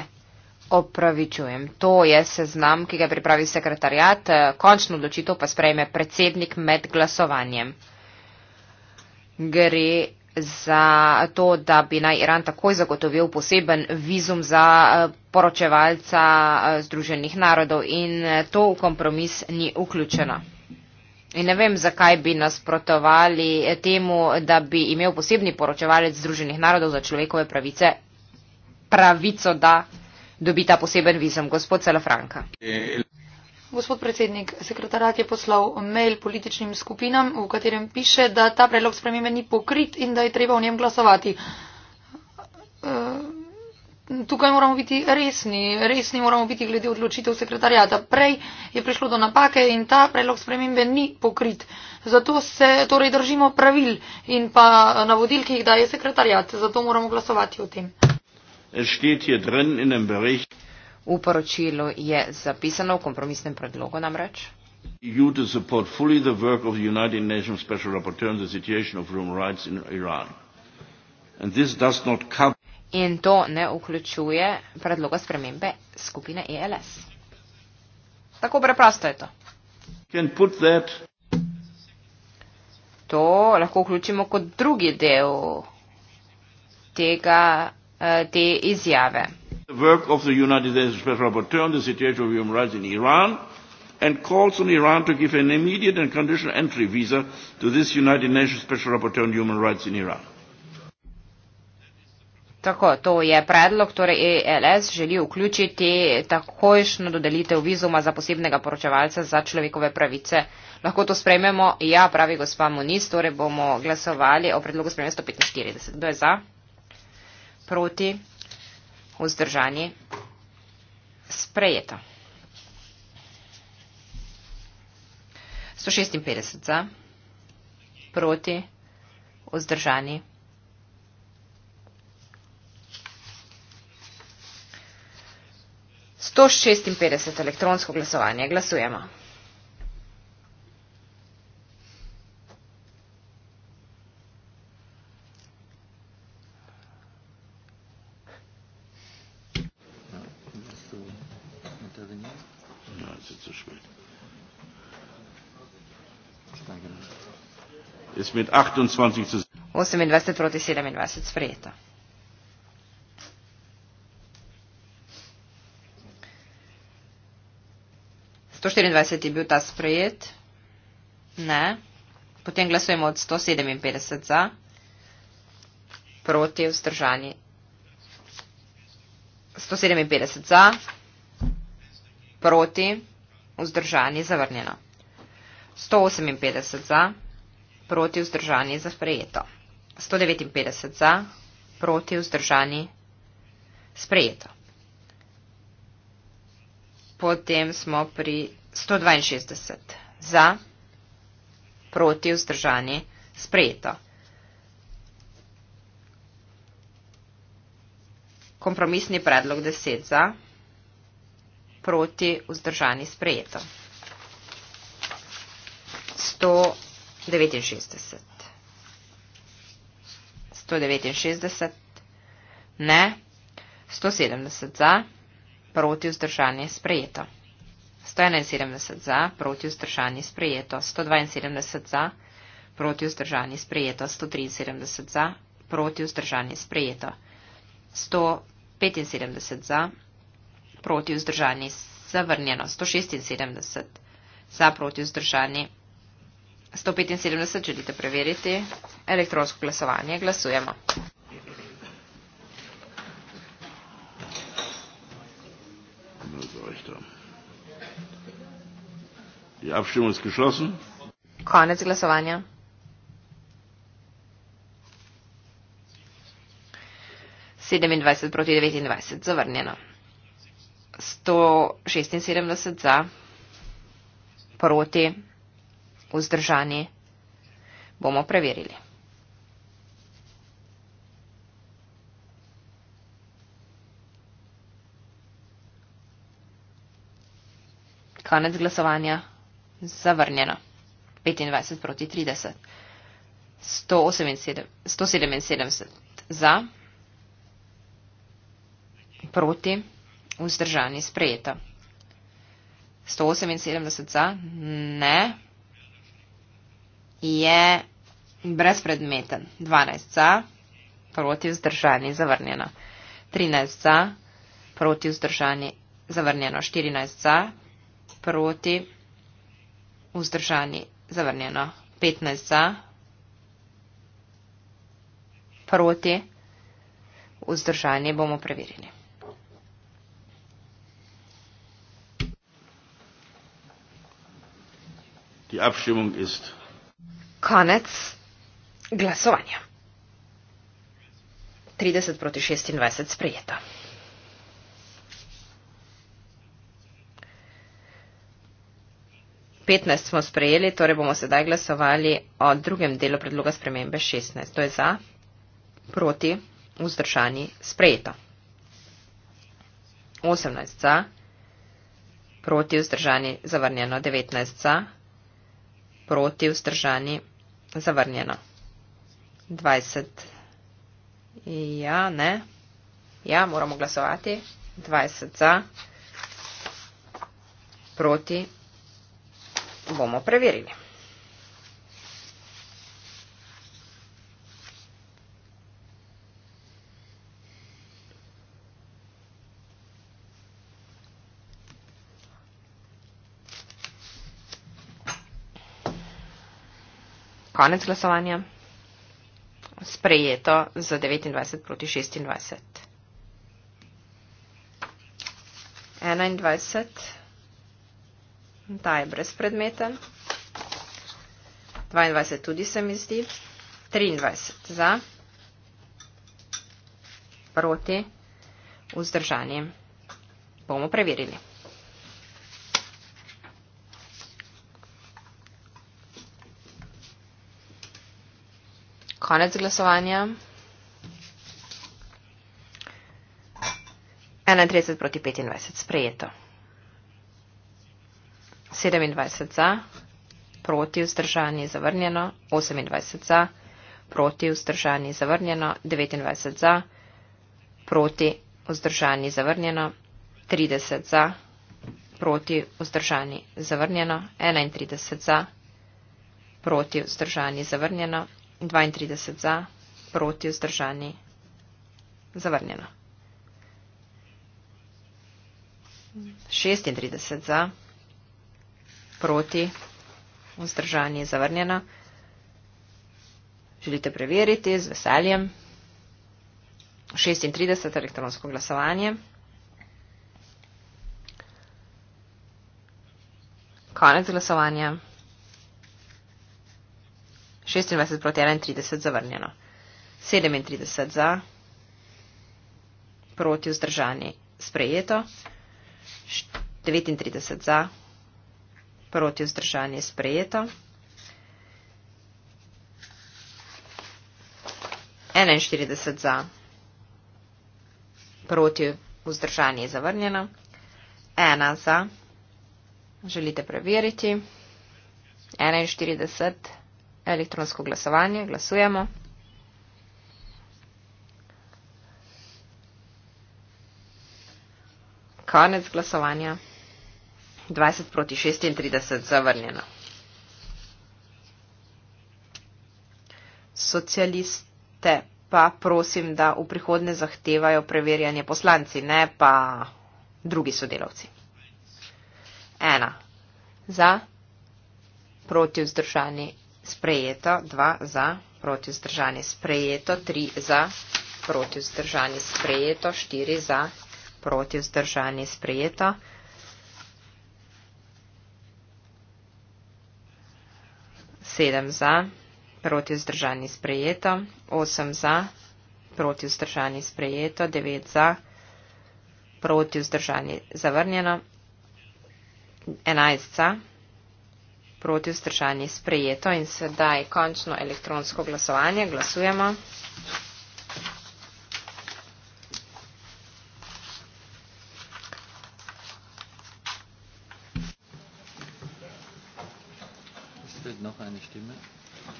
Opravičujem. To je seznam, ki ga pripravi sekretarjat. Eh, končno odločitev pa sprejme predsednik med glasovanjem. Gre za to, da bi naj Iran takoj zagotovil poseben vizum za eh, poročevalca eh, Združenih narodov in eh, to v kompromis ni vključeno. In ne vem, zakaj bi nasprotovali temu, da bi imel posebni poročevalec Združenih narodov za človekove pravice pravico, da dobi ta poseben vizum, gospod Salafranka. E, Gospod predsednik, sekretarat je poslal mail političnim skupinam, v katerem piše, da ta predlog spremembe ni pokrit in da je treba o njem glasovati. Eh, tukaj moramo biti resni, resni moramo biti glede odločitev sekretarjata. Prej je prišlo do napake in ta predlog spremembe ni pokrit. Zato se torej držimo pravil in pa navodil, ki jih daje sekretarjat. Zato moramo glasovati o tem v poročilu je zapisano, v kompromisnem predlogu namreč. In to ne vključuje predloga spremembe skupine ELS. Tako preprosto je to. To lahko vključimo kot drugi del tega, eh, te izjave the work of the United Nations Special Rapporteur on the situation of human rights in Iran and calls on Iran to give an immediate and conditional entry visa to this United Nations Special Rapporteur on human rights in Iran. Tako, to je predlog, torej ELS želi vključiti takojšno dodelitev vizuma za posebnega poročevalca za človekove pravice. Lahko to sprejmemo, ja, pravi gospa Moniz, torej bomo glasovali o predlogu spremembe 145. Kdo je za? Proti? vzdržanje sprejeto. 156 za, proti, vzdržani. Sto šestinpetdeset elektronsko glasovanje glasujemo. mit 28 zu 28 proti 27 sprejeto. Sto je bil ta sprejet. Ne. Potem glasujemo od 157 za. Proti vzdržani. 157 za. Proti vzdržani zavrnjeno. 158 za proti vzdržani za sprejeto. 159 za, proti vzdržani sprejeto. Potem smo pri 162 za, proti vzdržani sprejeto. Kompromisni predlog 10 za, proti vzdržani sprejeto. 100 za. 69. 169. Ne. 170 za, proti vzdržanje sprejeto. 171 za, proti vzdržanje sprejeto. 172 za, proti vzdržanje sprejeto. 173 za, proti vzdržanje sprejeto. 175 za, proti vzdržanje zavrnjeno. 176 za, proti vzdržanje 175 želite preveriti. Elektronsko glasovanje. Glasujemo. Konec glasovanja. Sedemindvajset proti devetindvajset zavrnjeno. Sto šestinsedemdeset za proti devetindvajset vzdržani? Bomo preverili. Konec glasovanja. Zavrnjeno. 25 proti 30. 177 za. Proti. Vzdržani. Sprejeto. 178 za. Ne je brezpredmeten. 12 za, proti vzdržani, zavrnjeno. 13 za, proti vzdržani, zavrnjeno. 14 za, proti vzdržani, zavrnjeno. 15 za, proti vzdržani, bomo preverili. Die Abstimmung ist Konec glasovanja. 30 proti 26 sprejeta. petnajst smo sprejeli, torej bomo sedaj glasovali o drugem delu predloga spremembe šestnajst. To je za, proti, vzdržani, sprejeto. osemnajst za, proti, vzdržani, zavrnjeno, devetnajst za, proti, vzdržani, zavrnjeno. 20. Ja, ne. Ja, moramo glasovati. 20 za. Proti. Bomo preverili. Konec glasovanja. Sprejeto za 29 proti 26. 21. Ta je brezpredmeten. 22 tudi se mi zdi. 23 za. Proti. Vzdržanje. Bomo preverili. konec glasovanja. 31 proti 25, sprejeto. 27 za, proti vzdržani, zavrnjeno. 28 za, proti vzdržani, zavrnjeno. 29 za, proti vzdržani, zavrnjeno. 30 za, proti vzdržani, zavrnjeno. 31 za, proti vzdržani, zavrnjeno. 32 za, proti vzdržani, zavrnjeno. 36 za, proti vzdržani, zavrnjeno. Želite preveriti z veseljem. 36 elektronsko glasovanje. Konec glasovanja. 26 proti 31 zavrnjeno. 37 za, proti vzdržani sprejeto. 39 za, proti vzdržani sprejeto. 41 za, proti vzdržani zavrnjeno. 1 za, želite preveriti. 41 za elektronsko glasovanje. Glasujemo. Konec glasovanja. 20 proti 36 zavrnjeno. Socialiste pa prosim, da v prihodne zahtevajo preverjanje poslanci, ne pa drugi sodelavci. Ena. Za. Proti vzdržani sprejeto, dva za, proti vzdržanje sprejeto, tri za, proti vzdržanje sprejeto, štiri za, proti vzdržanje sprejeto. Sedem za, proti vzdržanje sprejeto, osem za, proti vzdržanje sprejeto, devet za, proti vzdržanje zavrnjeno, enajst za, proti vzdržanje sprejeto in sedaj končno elektronsko glasovanje. Glasujemo.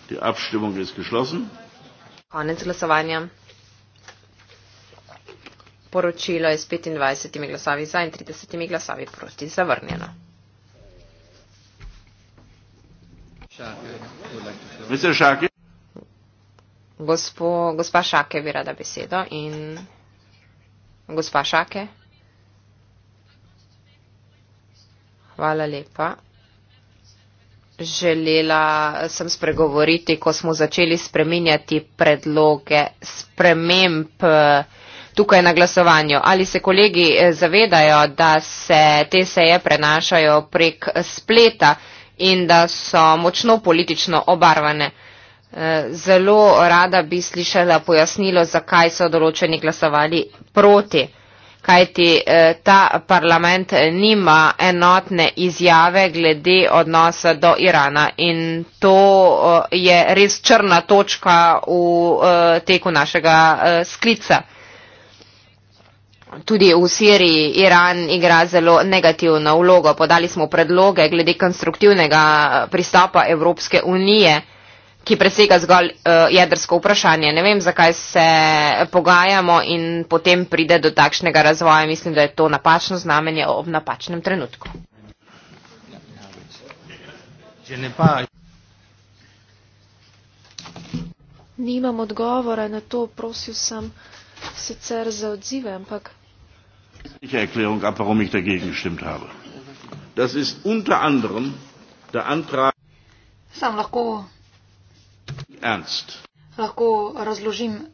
Die Abstimmung ist geschlossen. Konec glasovanja. Poročilo je s 25 glasovi za in 30 glasovi proti zavrnjeno. Mr. Šake? Gospo, gospa Šake bi rada besedo in gospa Šake. Hvala lepa. Želela sem spregovoriti, ko smo začeli spreminjati predloge sprememb eh, tukaj na glasovanju. Ali se kolegi eh, zavedajo, da se te seje prenašajo prek spleta? in da so močno politično obarvane. Eh, zelo rada bi slišala pojasnilo, zakaj so določeni glasovali proti, kajti eh, ta parlament nima enotne izjave glede odnosa do Irana in to eh, je res črna točka v teku našega sklica. Tudi v Siriji Iran igra zelo negativno vlogo. Podali smo predloge glede konstruktivnega pristopa Evropske unije, ki presega zgolj uh, jedrsko vprašanje. Ne vem, zakaj se pogajamo in potem pride do takšnega razvoja. Mislim, da je to napačno znamenje ob napačnem trenutku. Nimam odgovora na to, prosil sem sicer za odzive, ampak schriftliche Erklärung ab, warum ich dagegen gestimmt habe. Das ist unter anderem der Antrag. Sam lahko Ernst. Lahko razložim,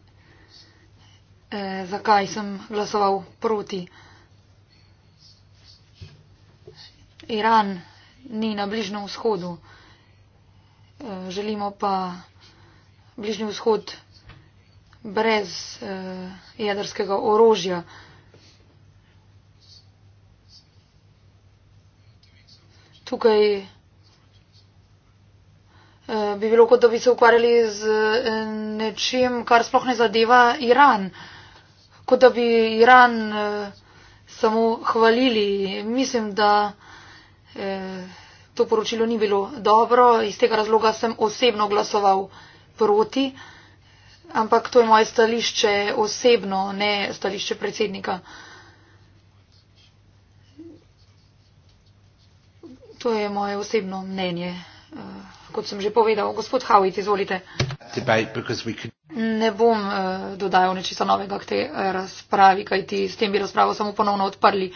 eh, zakaj sem glasoval proti. Iran ni na Bližnjem vzhodu. Eh, želimo pa Bližnji vzhod brez eh, jedrskega orožja. tukaj eh, bi bilo, kot da bi se ukvarjali z eh, nečim, kar sploh ne zadeva Iran. Kot da bi Iran eh, samo hvalili. Mislim, da to poročilo ni bilo dobro. Iz tega razloga sem osebno glasoval proti. Ampak to je moje stališče osebno, ne stališče predsednika. To je moje osebno mnenje. Eh, kot sem že povedal, gospod Howitt, izvolite. Ne bom uh, dodajal nečesa novega k tej razpravi, kajti s tem bi razpravo samo ponovno odprli.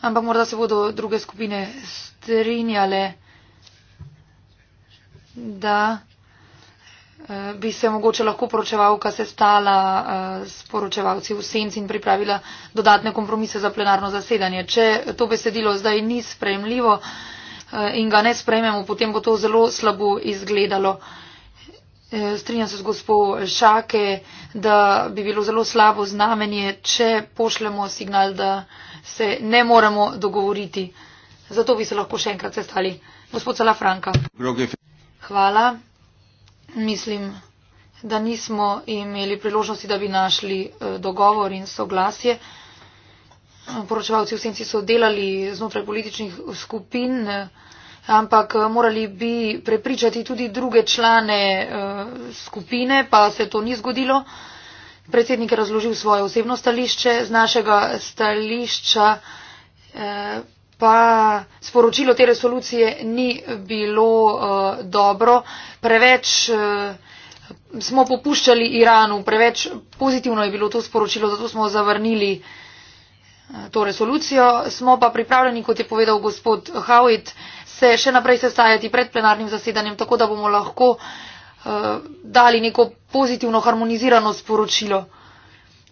Ampak morda se bodo druge skupine strinjale, da. Eh, bi se mogoče lahko poročevalka sestala eh, s poročevalci v senci in pripravila dodatne kompromise za plenarno zasedanje. Če to besedilo zdaj ni sprejemljivo eh, in ga ne sprejmemo, potem bo to zelo slabo izgledalo. Strinjam se z gospod Šake, da bi bilo zelo slabo znamenje, če pošljemo signal, da se ne moremo dogovoriti. Zato bi se lahko še enkrat sestali. Gospod Salafranka. Hvala mislim, da nismo imeli priložnosti, da bi našli eh, dogovor in soglasje. Eh, poročevalci v senci so delali znotraj političnih skupin, eh, ampak morali bi prepričati tudi druge člane skupine, pa se to ni zgodilo. Predsednik je razložil svoje osebno stališče. Z našega stališča pa sporočilo te resolucije ni bilo uh, dobro. Preveč uh, smo popuščali Iranu, preveč pozitivno je bilo to sporočilo, zato smo zavrnili eh, to resolucijo. Smo pa pripravljeni, kot je povedal gospod Howitt, se še naprej sestajati pred plenarnim zasedanjem, tako da bomo lahko uh, dali neko pozitivno harmonizirano sporočilo.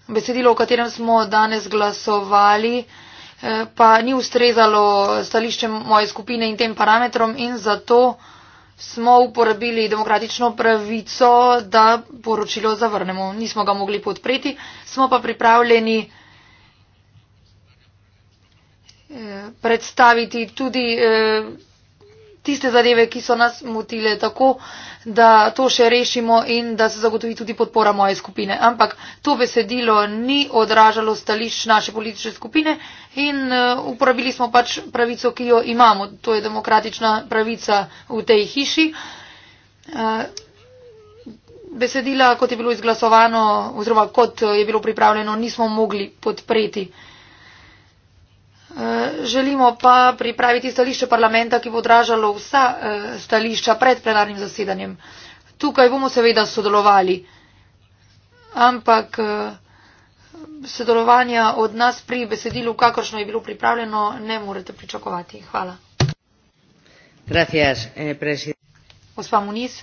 Besedilo, o katerem smo danes glasovali, uh, Eh, pa ni ustrezalo stališče moje skupine in tem parametrom in zato smo uporabili demokratično pravico, da poročilo zavrnemo. Nismo ga mogli podpreti, smo pa pripravljeni eh, predstaviti tudi eh, tiste zadeve, ki so nas motile, tako da to še rešimo in da se zagotovi tudi podpora moje skupine. Ampak to besedilo ni odražalo stališč naše politične skupine in eh, uporabili smo pač pravico, ki jo imamo. To je demokratična pravica v tej hiši. Eh, besedila, kot je bilo izglasovano oziroma kot je bilo pripravljeno, nismo mogli podpreti. Eh, želimo pa pripraviti stališče parlamenta, ki bo odražalo vsa eh, stališča pred plenarnim zasedanjem. Tukaj bomo seveda sodelovali, ampak eh, sodelovanja od nas pri besedilu, kakršno je bilo pripravljeno, ne morete pričakovati. Hvala. Gracias, eh, Gospa Muniz,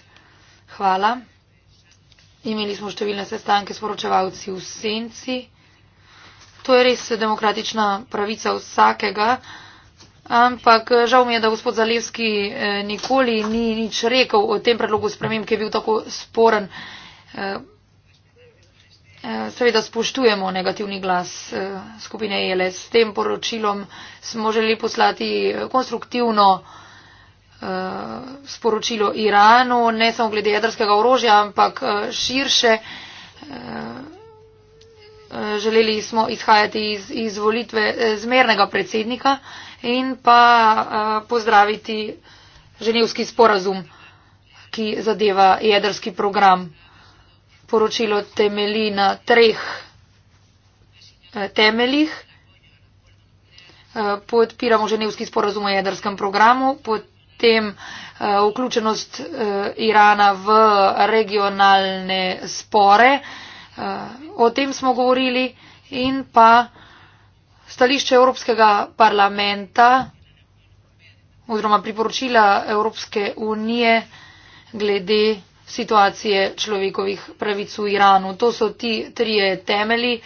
hvala. Imeli smo številne sestanke s poročevalci v Senci. To je res demokratična pravica vsakega, ampak žal mi je, da gospod Zalevski eh, nikoli ni nič rekel o tem predlogu sprememb, ki je bil tako sporen. Eh, eh, seveda spoštujemo negativni glas skupine ELS. S tem poročilom smo želeli poslati konstruktivno sporočilo Iranu, ne samo glede jedrskega orožja, ampak širše želeli smo izhajati iz, iz volitve eh, zmernega predsednika in pa eh, pozdraviti ženevski sporazum, ki zadeva jedrski program. Poročilo temeli na treh eh, temeljih. Podpiramo ženevski sporazum o jedrskem programu, potem vključenost Irana v regionalne spore o tem smo govorili in pa stališče Evropskega parlamenta oziroma priporočila Evropske unije glede situacije človekovih pravic v Iranu. To so ti trije temeli.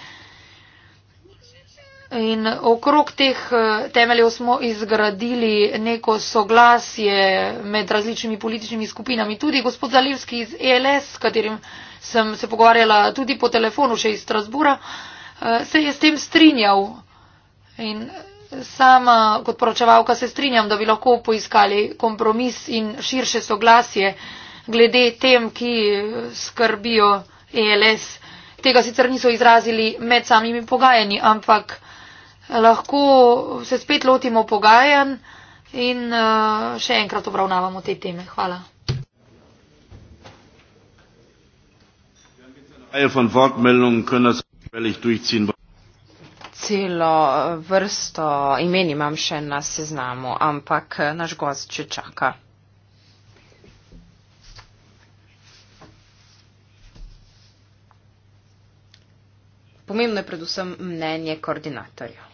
In okrog teh eh, temeljev smo izgradili neko soglasje med različnimi političnimi skupinami. Tudi gospod Zalivski iz ELS, s katerim sem se pogovarjala tudi po telefonu še iz Strasbura, eh, se je s tem strinjal. In sama kot poročevalka se strinjam, da bi lahko poiskali kompromis in širše soglasje glede tem, ki skrbijo ELS. Tega sicer niso izrazili med samimi pogajanji, ampak lahko se spet lotimo pogajanj in eh, še enkrat obravnavamo te teme. Hvala. Celo eh, vrsto imen imam še na seznamu, ampak eh, naš gost če čaka. Pomembno je predvsem mnenje koordinatorja.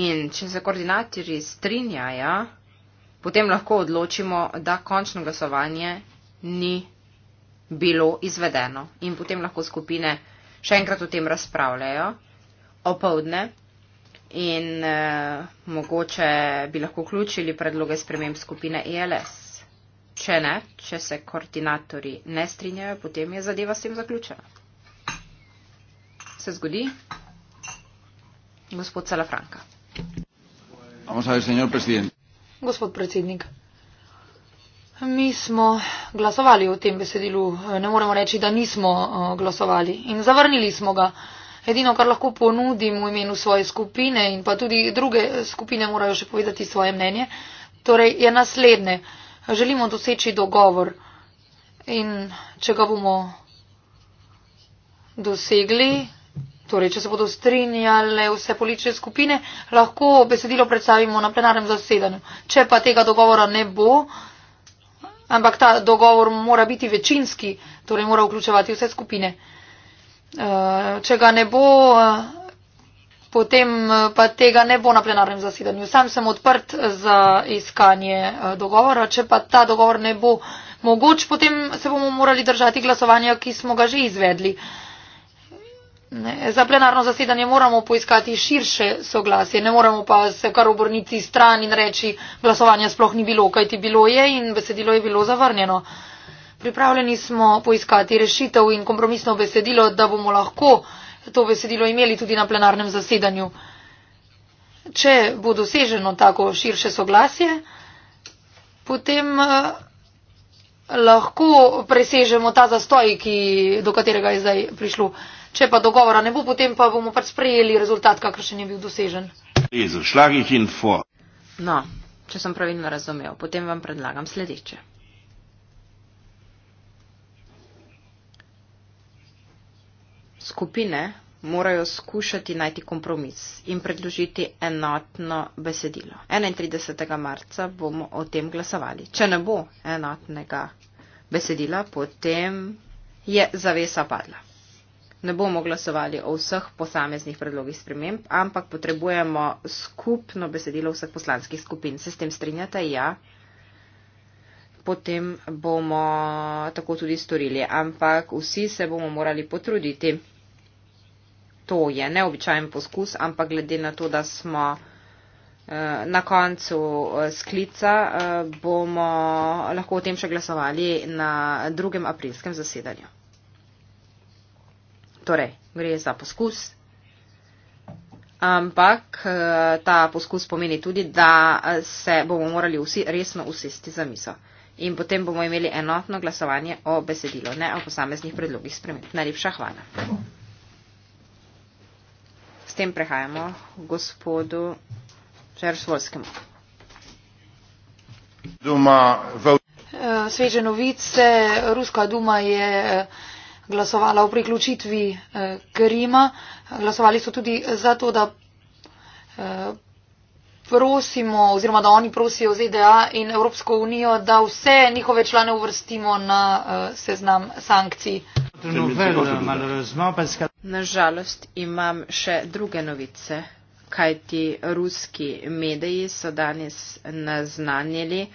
In če se koordinatorji strinjajo, potem lahko odločimo, da končno glasovanje ni bilo izvedeno. In potem lahko skupine še enkrat o tem razpravljajo opovdne in e, mogoče bi lahko vključili predloge sprememb skupine ELS. Če ne, če se koordinatorji ne strinjajo, potem je zadeva s tem zaključena. Se zgodi? Gospod Salafranka. Vamos a ver, señor presidente. Gospod predsednik, mi smo glasovali o tem besedilu, ne moremo reči, da nismo eh, glasovali in zavrnili smo ga. Edino, kar lahko ponudim v imenu svoje skupine in pa tudi druge skupine morajo še povedati svoje mnenje, torej je naslednje. Želimo doseči dogovor in če ga bomo dosegli, Torej, če se bodo strinjale vse politične skupine, lahko besedilo predstavimo na plenarnem zasedanju. Če pa tega dogovora ne bo, ampak ta dogovor mora biti večinski, torej mora vključevati vse skupine. Eh, če ga ne bo, eh, potem eh, pa tega ne bo na plenarnem zasedanju. Sam sem odprt za iskanje dogovora. Če pa ta dogovor ne bo mogoč, potem se bomo morali držati glasovanja, ki smo ga že izvedli. Ne, za plenarno zasedanje moramo poiskati širše soglasje, ne moramo pa se kar obrniti stran in reči, glasovanja sploh ni bilo, kajti bilo je in besedilo je bilo zavrnjeno. Pripravljeni smo poiskati rešitev in kompromisno besedilo, da bomo lahko to besedilo imeli tudi na plenarnem zasedanju. Če bo doseženo tako širše soglasje, potem eh, lahko presežemo ta zastoj, ki, do katerega je zdaj prišlo. Če pa dogovora ne bo, potem pa bomo pač sprejeli rezultat, kakršen je bil dosežen. No, če sem pravilno razumel, potem vam predlagam sledeče. Skupine morajo skušati najti kompromis in predložiti enotno besedilo. 31. marca bomo o tem glasovali. Če ne bo enotnega besedila, potem je zavesa padla ne bomo glasovali o vseh posameznih predlogih sprememb, ampak potrebujemo skupno besedilo vseh poslanskih skupin. Se s tem strinjate? Ja. Potem bomo tako tudi storili, ampak vsi se bomo morali potruditi. To je neobičajen poskus, ampak glede na to, da smo eh, na koncu eh, sklica, eh, bomo lahko o tem še glasovali na drugem aprilskem zasedanju. Torej, gre za poskus. Ampak eh, ta poskus pomeni tudi, da eh, se bomo morali vsi resno usesti za miso. In potem bomo imeli enotno glasovanje o besedilo, ne o posameznih predlogih sprememb. Najlepša hvala. S tem prehajamo gospodu Čersvolskemu. Eh, sveže novice, Ruska duma je glasovala o priključitvi eh, Krima. Glasovali so tudi za to, da eh, prosimo oziroma da oni prosijo ZDA in Evropsko unijo, da vse njihove člane uvrstimo na eh, seznam sankcij. Nažalost imam še druge novice, kajti ruski mediji so danes naznanjili,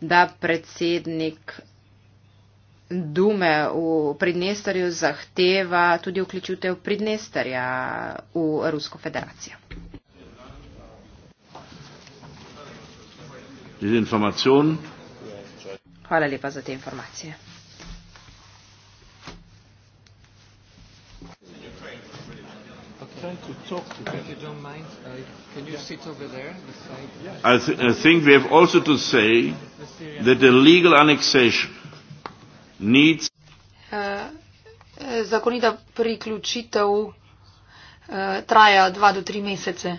da predsednik Dume v Pridnestarju zahteva tudi vključitev Pridnestarja v Rusko federacijo. Hvala lepa za te informacije. Uh, I, th I think we have also to say that the legal annexation needs. Eh, zakonita priključitev eh, traja dva do tri mesece.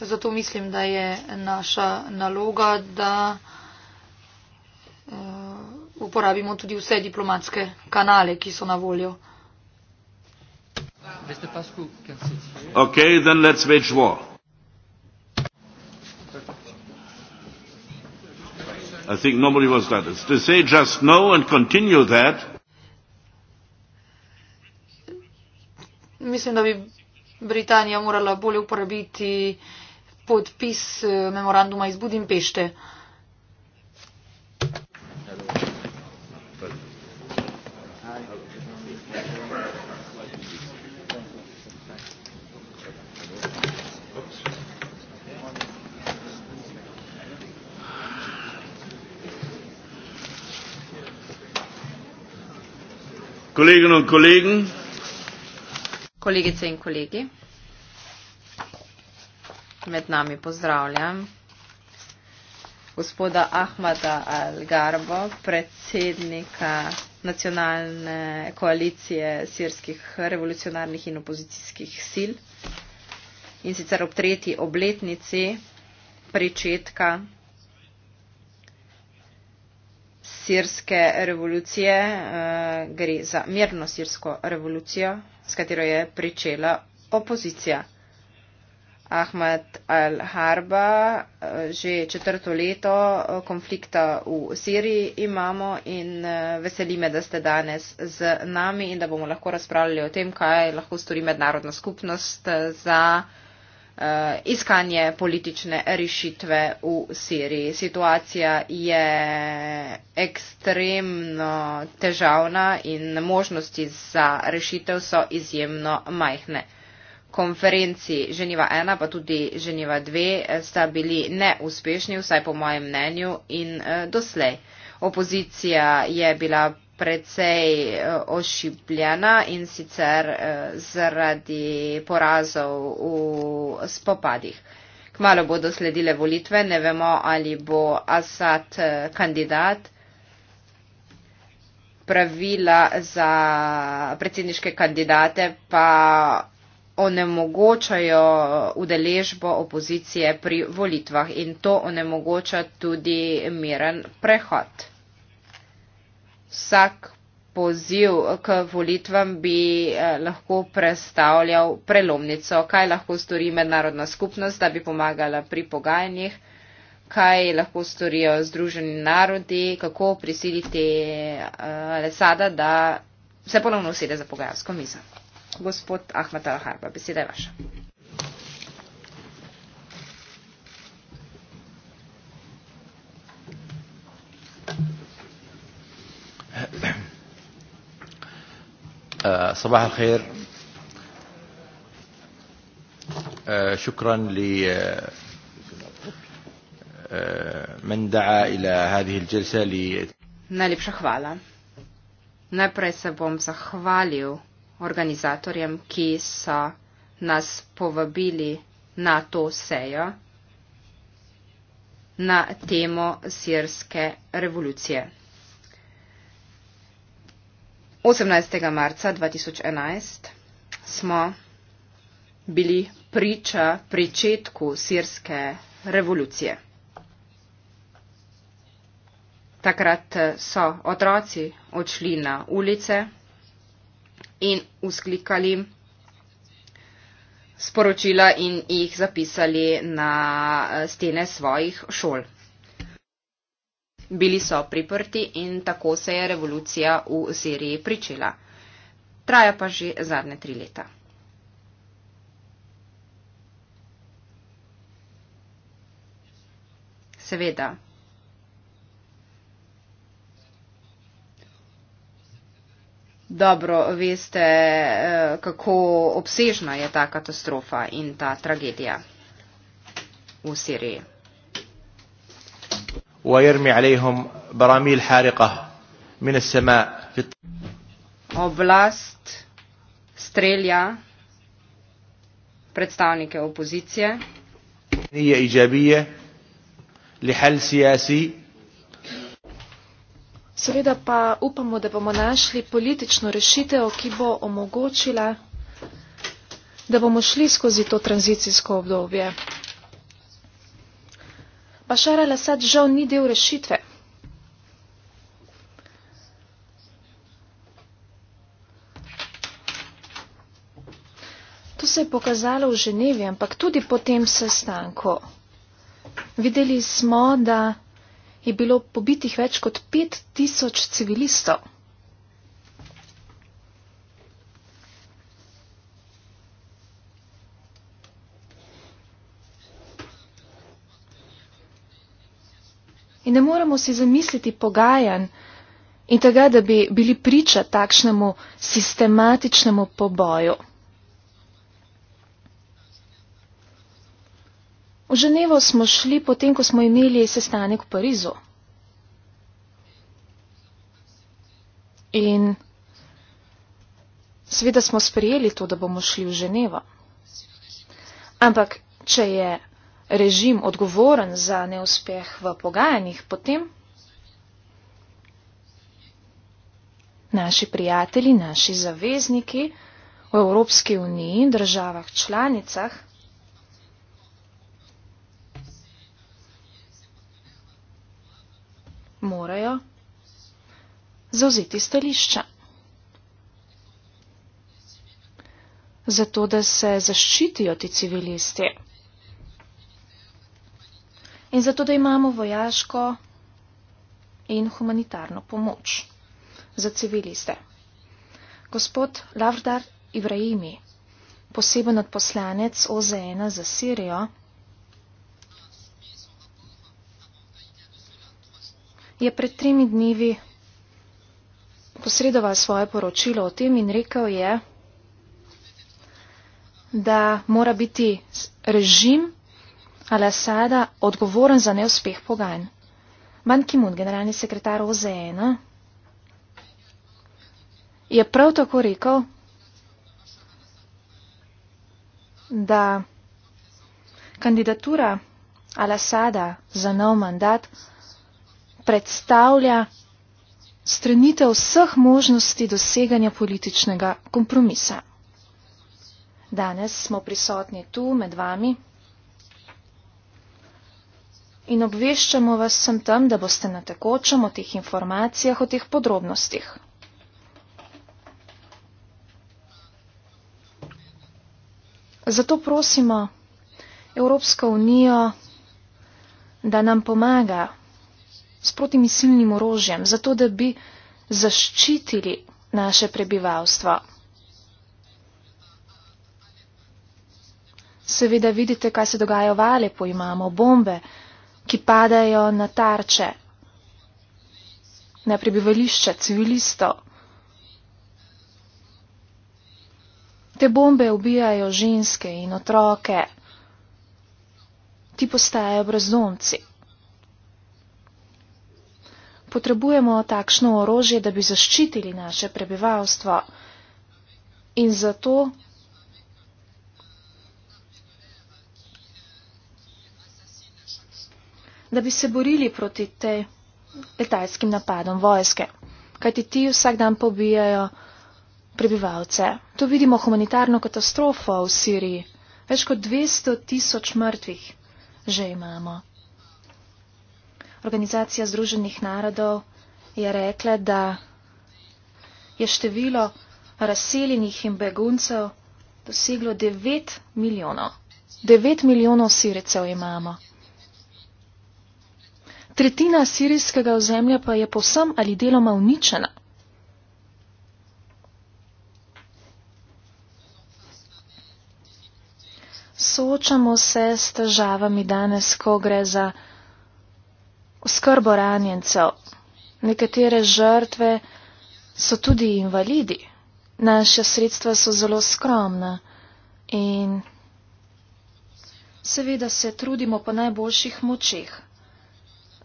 Zato mislim, da je naša naloga, da eh, uporabimo tudi vse diplomatske kanale, ki so na voljo. Okay, then let's wage war. I think nobody was that. It's to say just no and continue that. Mislim, da bi Britanija morala bolje uporabiti podpis eh, memoranduma iz Budimpešte. Uh, Kolleginnen und Kollegen, Kolleginnen und Kollegen, mit nami pozdravljam gospoda Ahmada Al-Garbo, predsednika nacionalne koalicije sirskih revolucionarnih in opozicijskih sil in sicer ob tretji obletnici pričetka sirske revolucije, eh, gre za mirno sirsko revolucijo, s katero je pričela opozicija. Ahmed al-Harba eh, že četrto leto eh, konflikta v Siriji imamo in veseli me, da ste danes z nami in da bomo lahko razpravljali o tem, kaj lahko stori mednarodna skupnost za Eh, iskanje politične rešitve v Siriji. Situacija je ekstremno težavna in možnosti za rešitev so izjemno majhne. Konferenci Ženiva 1 pa tudi Ženiva 2 eh, sta bili neuspešni, vsaj po mojem mnenju, in eh, doslej. Opozicija je bila precej eh, ošibljena in sicer eh, zaradi porazov v spopadih. Kmalo bodo sledile volitve, ne vemo, ali bo Asad eh, kandidat. Pravila za predsedniške kandidate pa onemogočajo udeležbo opozicije pri volitvah in to onemogoča tudi miren prehod vsak poziv k volitvam bi eh, lahko predstavljal prelomnico, kaj lahko stori mednarodna skupnost, da bi pomagala pri pogajanjih, kaj lahko storijo združeni narodi, kako prisiliti eh, Alessada, da se ponovno usede za pogajalsko mizo. Gospod Ahmed Al-Harba, beseda je vaša. Uh, صباح الخير uh, شكرا لمن uh, دعا الى هذه الجلسه ل najlepša hvala. Najprej se bom zahvalil organizatorjem, ki so nas povabili na to sejo na temo sirske revolucije. 18. marca 2011 smo bili priča pričetku sirske revolucije. Takrat eh, so otroci odšli na ulice in usklikali sporočila in jih zapisali na eh, stene svojih šol. Bili so priprti in tako se je revolucija v Siriji pričela. Traja pa že zadnje tri leta. Seveda. Dobro, veste, eh, kako obsežna je ta katastrofa in ta tragedija v Siriji. ويرمي عليهم براميل حارقة من السماء في Oblast strelja predstavnike opozicije. Nije ijabije li hal siyasi. Seveda pa upamo, da bomo našli politično rešitev, ki bo omogočila, da bomo šli skozi to tranzicijsko obdobje. Bašar al-Assad žal ni del rešitve. To se je pokazalo v Ženevi, ampak tudi po tem sestanku. Videli smo, da je bilo pobitih več kot 5000 civilistov. In ne moremo si zamisliti pogajanj in tega, da bi bili priča takšnemu sistematičnemu poboju. V Ženevo smo šli potem, ko smo imeli sestanek v Parizu. In seveda smo sprejeli to, da bomo šli v Ženevo. Ampak, če je režim odgovoren za neuspeh v pogajanjih, potem naši prijatelji, naši zavezniki v Evropski uniji, državah članicah, morajo zauzeti stališča. Zato, da se zaščitijo ti civilisti in zato, da imamo vojaško in humanitarno pomoč. Za civili ste. Gospod Lavdar Ibrahimi, poseben odposlanec OZN za Sirijo, je pred tremi dnevi posredoval svoje poročilo o tem in rekel je, da mora biti režim Al-Assada odgovoren za neuspeh pogajanj. Ban Ki-moon, generalni sekretar OZN, je prav tako rekel, da kandidatura Al-Assada za nov mandat predstavlja strenitev vseh možnosti doseganja političnega kompromisa. Danes smo prisotni tu med vami in obveščamo vas sem tam, da boste na tekočem o teh informacijah, o teh podrobnostih. Zato prosimo Evropsko unijo, da nam pomaga s protimisilnim orožjem, zato da bi zaščitili naše prebivalstvo. Seveda vidite, kaj se dogaja v Alepo, imamo bombe ki padajo na tarče, na prebivališča civilistov. Te bombe ubijajo ženske in otroke, ti postajajo brezdomci. Potrebujemo takšno orožje, da bi zaščitili naše prebivalstvo in zato da bi se borili proti te letalskim napadom vojske. Kajti ti vsak dan pobijajo prebivalce. To vidimo humanitarno katastrofo v Siriji. Več kot 200 tisoč mrtvih že imamo. Organizacija Združenih narodov je rekla, da je število razseljenih in beguncev doseglo 9 milijonov. 9 milijonov sirecev imamo. Tretjina sirijskega ozemlja pa je povsem ali deloma uničena. Soočamo se s težavami danes, ko gre za oskrbo ranjencev. Nekatere žrtve so tudi invalidi. Naša sredstva so zelo skromna in seveda se trudimo po najboljših močeh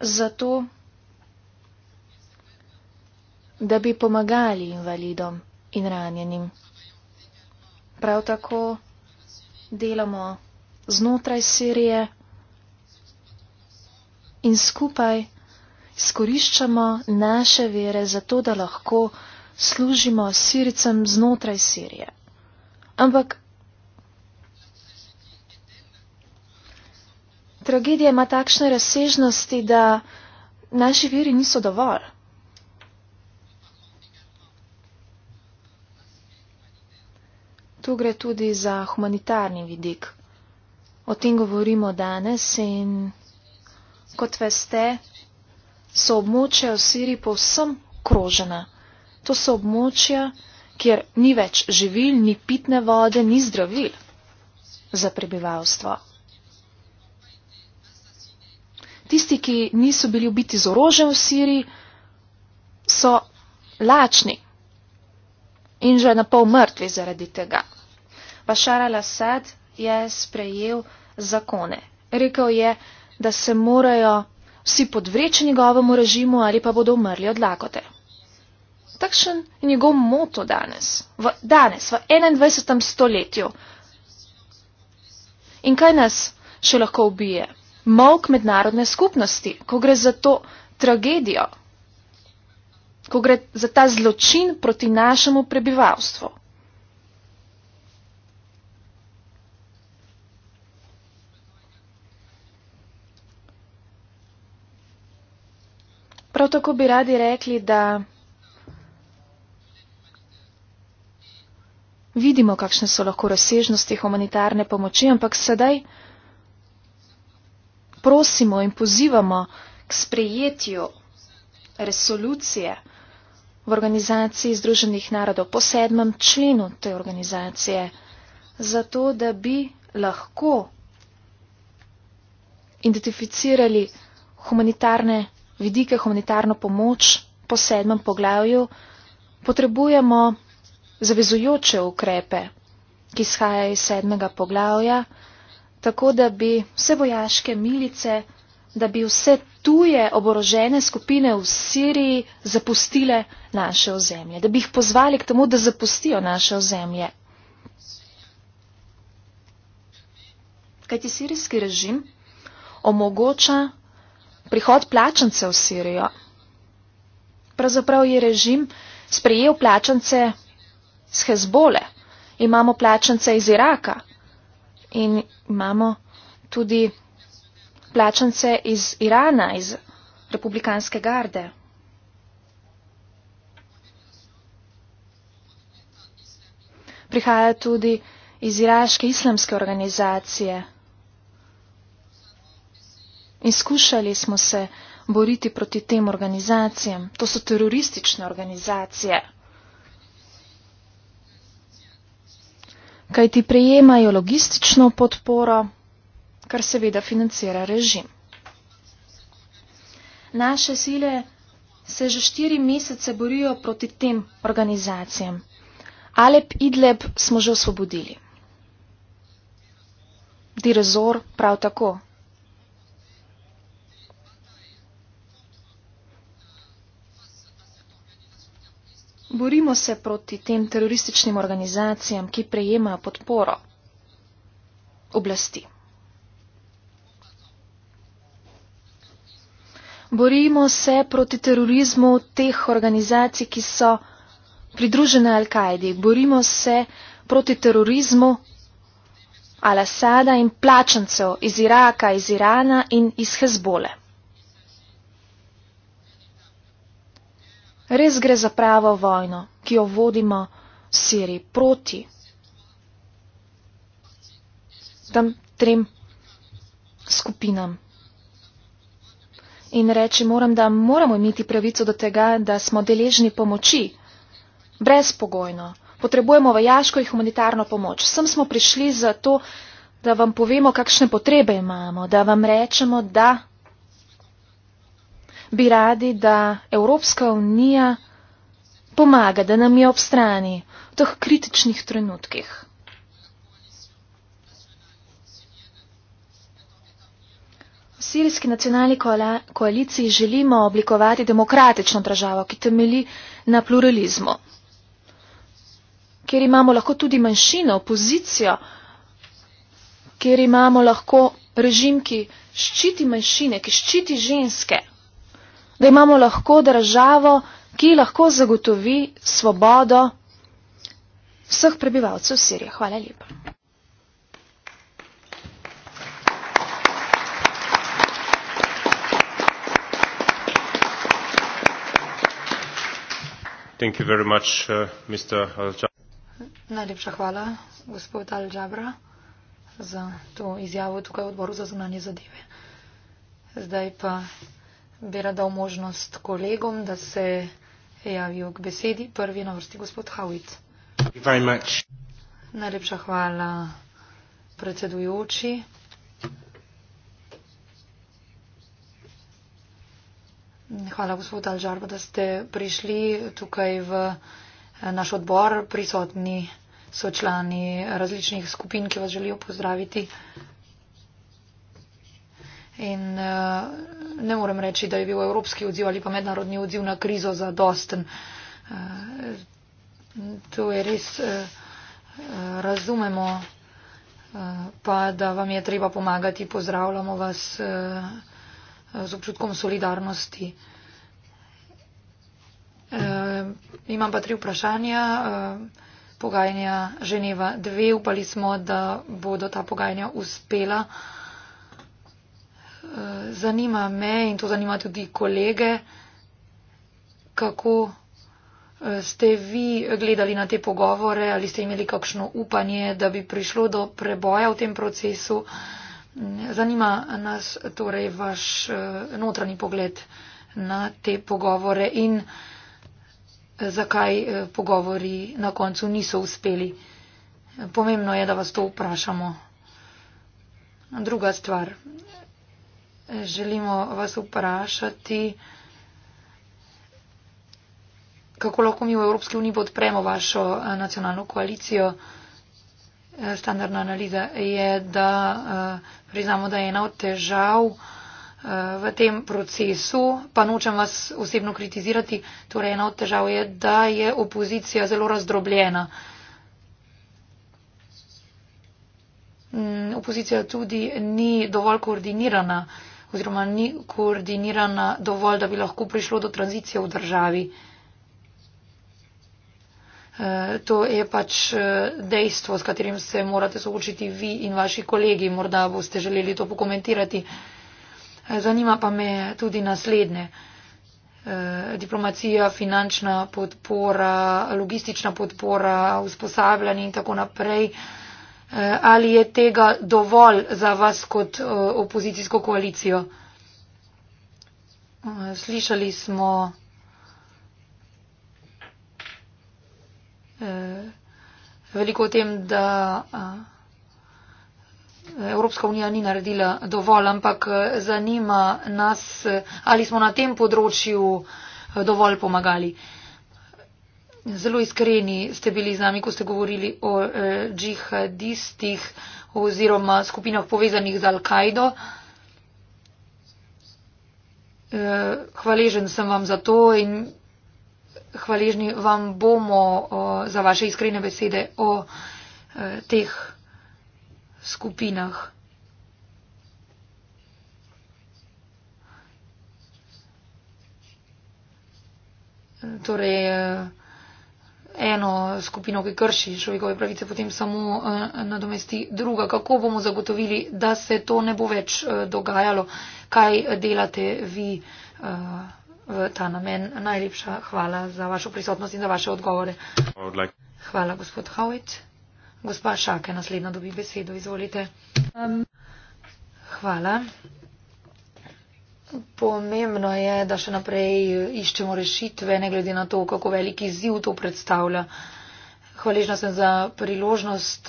zato, da bi pomagali invalidom in ranjenim. Prav tako delamo znotraj Sirije in skupaj skoriščamo naše vere zato, da lahko služimo Siricem znotraj Sirije. Ampak tragedija ima takšne razsežnosti, da naši viri niso dovolj. Tu gre tudi za humanitarni vidik. O tem govorimo danes in kot veste, so območja v Siriji povsem krožena. To so območja, kjer ni več živil, ni pitne vode, ni zdravil za prebivalstvo. Tisti, ki niso bili ubiti z orožjem v Siriji, so lačni in že na pol mrtvi zaradi tega. Bašar al-Assad je sprejel zakone. Rekel je, da se morajo vsi podvreči njegovemu režimu ali pa bodo umrli od lakote. Takšen je njegov moto danes, v, danes, v 21. stoletju. In kaj nas še lahko ubije? molk mednarodne skupnosti, ko gre za to tragedijo, ko gre za ta zločin proti našemu prebivalstvu. Prav tako bi radi rekli, da vidimo, kakšne so lahko razsežnosti humanitarne pomoči, ampak sedaj prosimo in pozivamo k sprejetju resolucije v organizaciji Združenih narodov po sedmem členu te organizacije, zato da bi lahko identificirali humanitarne vidike, humanitarno pomoč po sedmem poglavju, potrebujemo zavezujoče ukrepe, ki izhajajo iz sedmega poglavja, tako da bi vse vojaške milice, da bi vse tuje oborožene skupine v Siriji zapustile naše ozemlje, da bi jih pozvali k temu, da zapustijo naše ozemlje. Kajti sirijski režim omogoča prihod plačance v Sirijo. Pravzaprav je režim sprejel plačance z Hezbole. Imamo plačance iz Iraka, in imamo tudi plačance iz Irana, iz republikanske garde. Prihaja tudi iz iraške islamske organizacije. Izkušali smo se boriti proti tem organizacijam. To so teroristične organizacije. kajti prejemajo logistično podporo, kar seveda financira režim. Naše sile se že štiri mesece borijo proti tem organizacijam. Alep Idleb smo že osvobodili. Direzor prav tako Borimo se proti tem terorističnim organizacijam, ki prejemajo podporo oblasti. Borimo se proti terorizmu teh organizacij, ki so pridružene Al-Kaidi. Borimo se proti terorizmu Al-Asada in plačancev iz Iraka, iz Irana in iz Hezbole. Res gre za pravo vojno, ki jo vodimo siri proti tam trem skupinam. In reči moram, da moramo imeti pravico do tega, da smo deležni pomoči. Brezpogojno. Potrebujemo vojaško in humanitarno pomoč. Sem smo prišli zato, da vam povemo, kakšne potrebe imamo, da vam rečemo, da bi radi, da Evropska unija pomaga, da nam je ob strani v teh kritičnih trenutkih. V Sirijski nacionalni koaliciji želimo oblikovati demokratično državo, ki temeli na pluralizmu, kjer imamo lahko tudi manjšino, opozicijo, kjer imamo lahko režim, ki ščiti manjšine, ki ščiti ženske, da imamo lahko državo, ki lahko zagotovi svobodo vseh prebivalcev Sirije. Hvala lepa. Thank you very much, uh, Mr. Najlepša hvala, gospod Al-Jabra, za to izjavo tukaj v odboru za zunanje zadeve. Zdaj pa bi rada dal možnost kolegom, da se javijo k besedi. Prvi na vrsti gospod Hawit. Najlepša hvala, predsedujoči. Hvala, gospod Alžarba, da ste prišli tukaj v eh, naš odbor. Prisotni so člani različnih skupin, ki vas želijo pozdraviti. In, uh, ne morem reči, da je bil evropski odziv ali pa mednarodni odziv na krizo zadosten. Eh, to je res, eh, eh, razumemo, pa da vam je treba pomagati, pozdravljamo vas z občutkom solidarnosti. Imam pa tri vprašanja. Pogajanja Ženeva 2. Upali smo, da bodo ta pogajanja uspela zanima me in to zanima tudi kolege, kako eh, ste vi gledali na te pogovore, ali ste imeli kakšno upanje, da bi prišlo do preboja v tem procesu. Zanima nas torej vaš eh, notranji pogled na te pogovore in eh, zakaj pogovori na koncu niso uspeli. Pomembno je, da vas to vprašamo. Druga stvar želimo vas vprašati, kako lahko mi v Evropski uniji podpremo vašo eh, nacionalno koalicijo. Eh, standardna analiza je, da eh, priznamo, da je ena od težav v tem procesu, pa nočem vas osebno kritizirati, torej ena od težav je, da je opozicija zelo razdrobljena. Mm, opozicija tudi ni dovolj koordinirana oziroma ni koordinirana dovolj, da bi lahko prišlo do tranzicije v državi. Eh, to je pač eh, dejstvo, s katerim se morate soočiti vi in vaši kolegi. Morda boste želeli to pokomentirati. Eh, zanima pa me tudi naslednje. Diplomacija, finančna podpora, logistična podpora, usposabljanje in tako naprej. Eh, ali je tega dovolj za vas kot eh, opozicijsko koalicijo? Eh, slišali smo veliko o tem, da Evropska unija ni naredila dovolj, ampak zanima nas, ali smo na tem področju dovolj pomagali zelo iskreni ste bili z nami, ko ste govorili o eh, džihadistih oziroma skupinah povezanih z Al-Kaido. Eh, hvaležen sem vam za to in hvaležni vam bomo eh, za vaše iskrene besede o eh, teh skupinah. Eh, torej, eh, eno skupino, ki krši človekove pravice, potem samo eh, nadomesti druga. Kako bomo zagotovili, da se to ne bo več eh, dogajalo? Kaj delate vi eh, v ta namen? Najlepša hvala za vašo prisotnost in za vaše odgovore. Like... Hvala, gospod Howitt. Gospa Šake, naslednja dobi besedo. Izvolite. Um... Hvala. Pomembno je, da še naprej iščemo rešitve, ne glede na to, kako veliki ziv to predstavlja. Hvaležna sem za priložnost,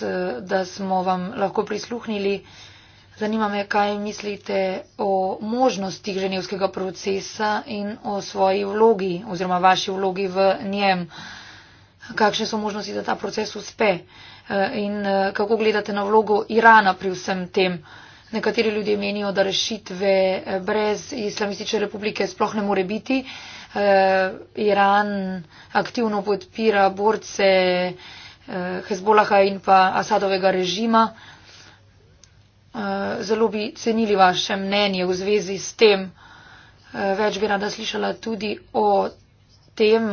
da smo vam lahko prisluhnili. Zanima me, kaj mislite o možnostih ženevskega procesa in o svoji vlogi oziroma vaši vlogi v njem. Kakšne so možnosti, da ta proces uspe in eh, kako gledate na vlogo Irana pri vsem tem? Nekateri ljudje menijo, da rešitve eh, brez islamistične republike sploh ne more biti. Eh, Iran aktivno podpira borce eh, Hezbolaha in pa Asadovega režima. Zelo bi cenili vaše mnenje v zvezi s tem. Več bi rada slišala tudi o tem,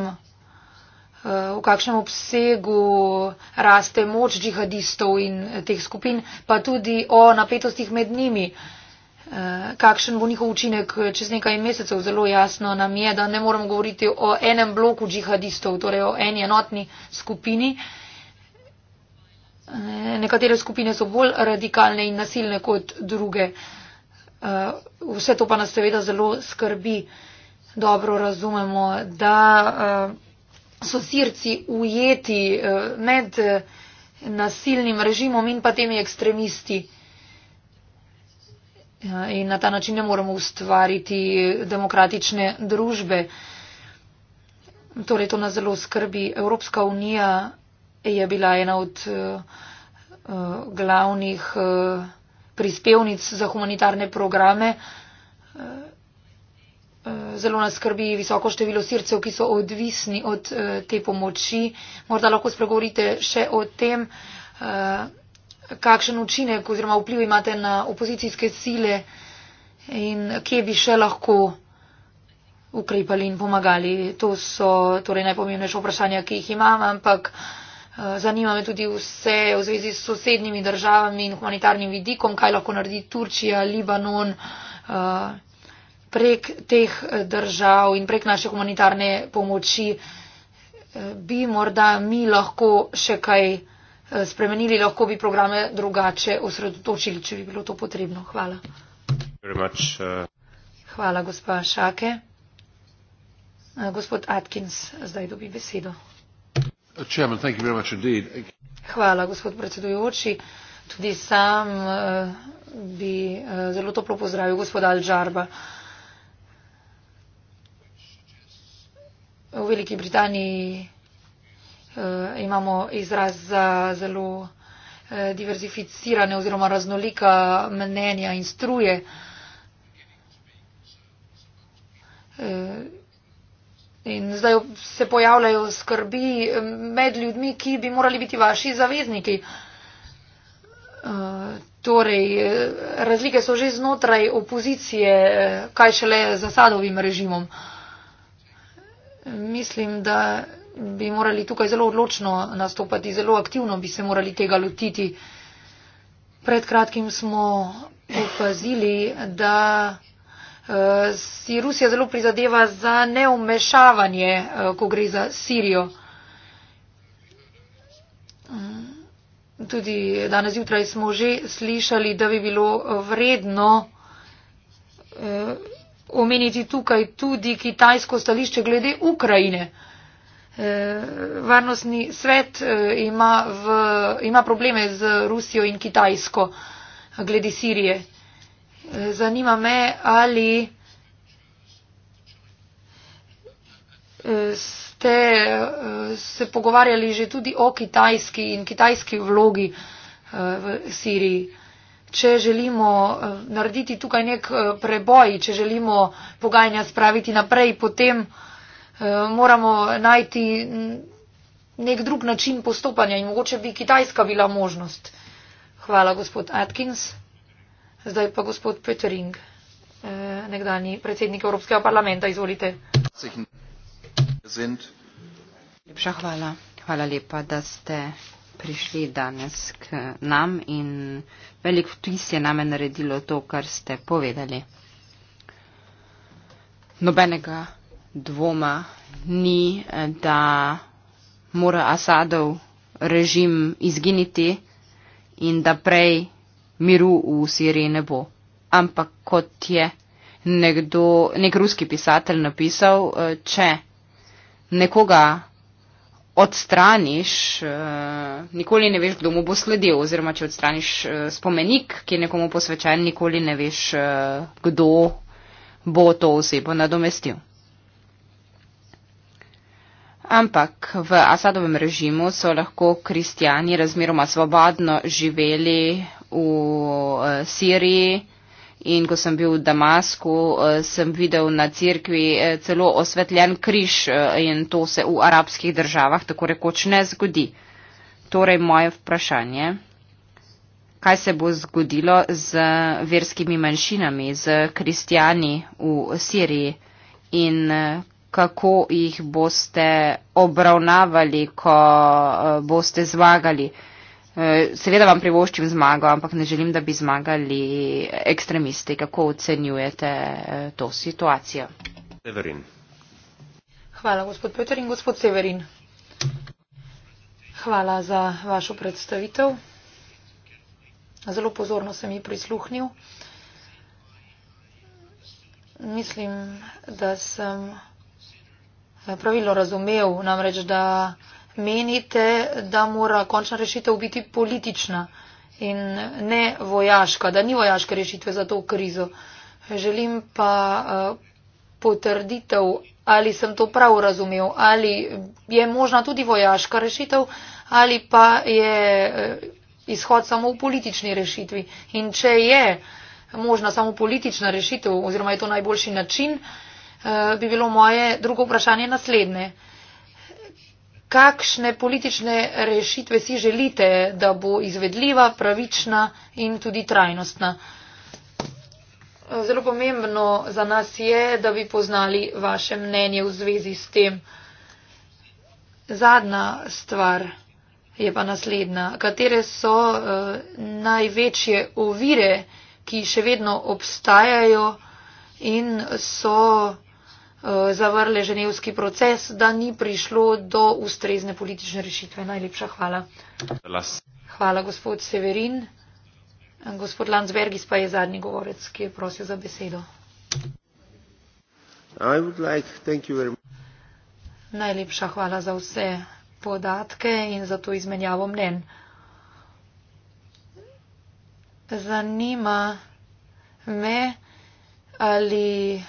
v kakšnem obsegu raste moč džihadistov in eh, teh skupin, pa tudi o napetostih med njimi. Eh, kakšen bo njihov učinek eh, čez nekaj mesecev, zelo jasno nam je, da ne moremo govoriti o enem bloku džihadistov, torej o eni enotni skupini. Nekatere skupine so bolj radikalne in nasilne kot druge. Vse to pa nas seveda zelo skrbi. Dobro razumemo, da so sirci ujeti eh, med eh, nasilnim režimom in pa temi ekstremisti. Eh, in na ta način ne moremo ustvariti demokratične družbe. Torej, to nas zelo skrbi. Evropska unija je bila ena od glavnih prispevnic za humanitarne programe Eh, zelo nas skrbi visoko število sircev, ki so odvisni od eh, te pomoči. Morda lahko spregovorite še o tem, eh, kakšen učinek oziroma vpliv imate na opozicijske sile in kje bi še lahko ukrepali in pomagali. To so torej najpomembnejša vprašanja, ki jih imam, ampak zanima me tudi vse v zvezi s sosednjimi državami in humanitarnim vidikom, kaj lahko naredi Turčija, Libanon, prek teh eh, držav in prek naše humanitarne pomoči eh, bi morda mi lahko še kaj eh, spremenili, lahko bi programe drugače osredotočili, če bi bilo to potrebno. Hvala. Hvala, gospa Šake. Gospod Atkins, zdaj dobi besedo. Hvala, gospod predsedujoči. Tudi sam bi zelo toplo pozdravil gospoda Alžarba. v Veliki Britaniji eh, imamo izraz za zelo eh, diverzificirane oziroma raznolika mnenja in struje. Eh, in zdaj se pojavljajo skrbi med ljudmi, ki bi morali biti vaši zavezniki. Torej, razlike so že znotraj opozicije, kaj šele z zasadovim režimom mislim, da bi morali tukaj zelo odločno nastopati, zelo aktivno bi se morali tega lotiti. Pred kratkim smo opazili, da eh, si Rusija zelo prizadeva za neumešavanje, eh, ko gre za Sirijo. Mm, tudi danes zjutraj smo že slišali, da bi bilo vredno eh, omeniti tukaj tudi kitajsko stališče glede Ukrajine. E, varnostni svet e, ima, v, ima probleme z Rusijo in Kitajsko glede Sirije. E, zanima me, ali ste se pogovarjali že tudi o Kitajski in kitajski vlogi v Siriji če želimo eh, narediti tukaj nek eh, preboj, če želimo pogajanja spraviti naprej, potem eh, moramo najti nek drug način postopanja in mogoče bi Kitajska bila možnost. Hvala, gospod Atkins. Zdaj pa gospod Petering, nekdani predsednik Evropskega parlamenta. Izvolite. Lepša hvala. Hvala lepa, da ste prišli danes k nam in velik vtis je name naredilo to, kar ste povedali. Nobenega dvoma ni, da mora Asadov režim izginiti in da prej miru v Siriji ne bo. Ampak kot je nekdo, nek ruski pisatelj napisal, eh, če nekoga odstraniš, eh, nikoli ne veš, kdo mu bo sledil, oziroma če odstraniš eh, spomenik, ki je nekomu posvečen, nikoli ne veš, eh, kdo bo to osebo nadomestil. Ampak v Asadovem režimu so lahko kristijani razmeroma svobodno živeli v Siriji in ko sem bil v Damasku, eh, sem videl na cerkvi eh, celo osvetljen križ eh, in to se v arabskih državah tako rekoč ne zgodi. Torej moje vprašanje, kaj se bo zgodilo z verskimi manjšinami, z kristijani v Siriji in kako jih boste obravnavali, ko boste zvagali. Eh, seveda vam privoščim zmago, ampak ne želim, da bi zmagali ekstremisti. Kako ocenjujete eh, to situacijo? Severin. Hvala, gospod Petr in gospod Severin. Hvala za vašo predstavitev. Zelo pozorno sem ji prisluhnil. Mislim, da sem eh, pravilno razumev, namreč da menite, da mora končna rešitev biti politična in ne vojaška, da ni vojaške rešitve za to krizo. Želim pa eh, potrditev, ali sem to prav razumel, ali je možna tudi vojaška rešitev, ali pa je eh, izhod samo v politični rešitvi. In če je možna samo politična rešitev, oziroma je to najboljši način, eh, bi bilo moje drugo vprašanje naslednje kakšne politične rešitve si želite, da bo izvedljiva, pravična in tudi trajnostna. Zelo pomembno za nas je, da bi poznali vaše mnenje v zvezi s tem. Zadnja stvar je pa naslednja. Katere so uh, največje ovire, ki še vedno obstajajo in so. Eh, zavrle ženevski proces, da ni prišlo do ustrezne politične rešitve. Najlepša hvala. Hvala, gospod Severin. Gospod Landsbergis pa je zadnji govorec, ki je prosil za besedo. Like, Najlepša hvala za vse podatke in za to izmenjavo mnen. Zanima me, ali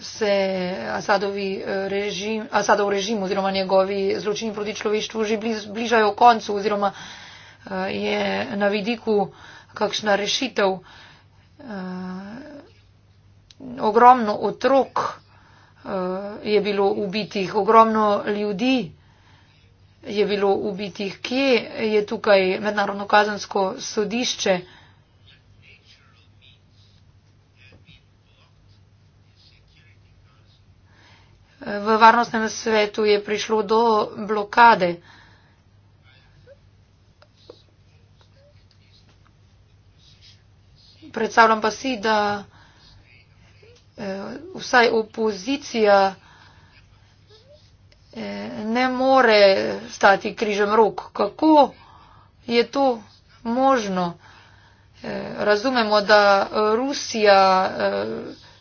se Asadovi eh, režim, Asadov režim oziroma njegovi zločini proti človeštvu že bližajo koncu oziroma eh, je na vidiku kakšna rešitev. Eh, ogromno otrok je bilo ubitih, ogromno ljudi je bilo ubitih. Kje je tukaj mednarodno kazansko sodišče? V varnostnem svetu je prišlo do blokade. Predstavljam pa si, da eh, vsaj opozicija eh, ne more stati križem rok. Kako je to možno? Eh, razumemo, da Rusija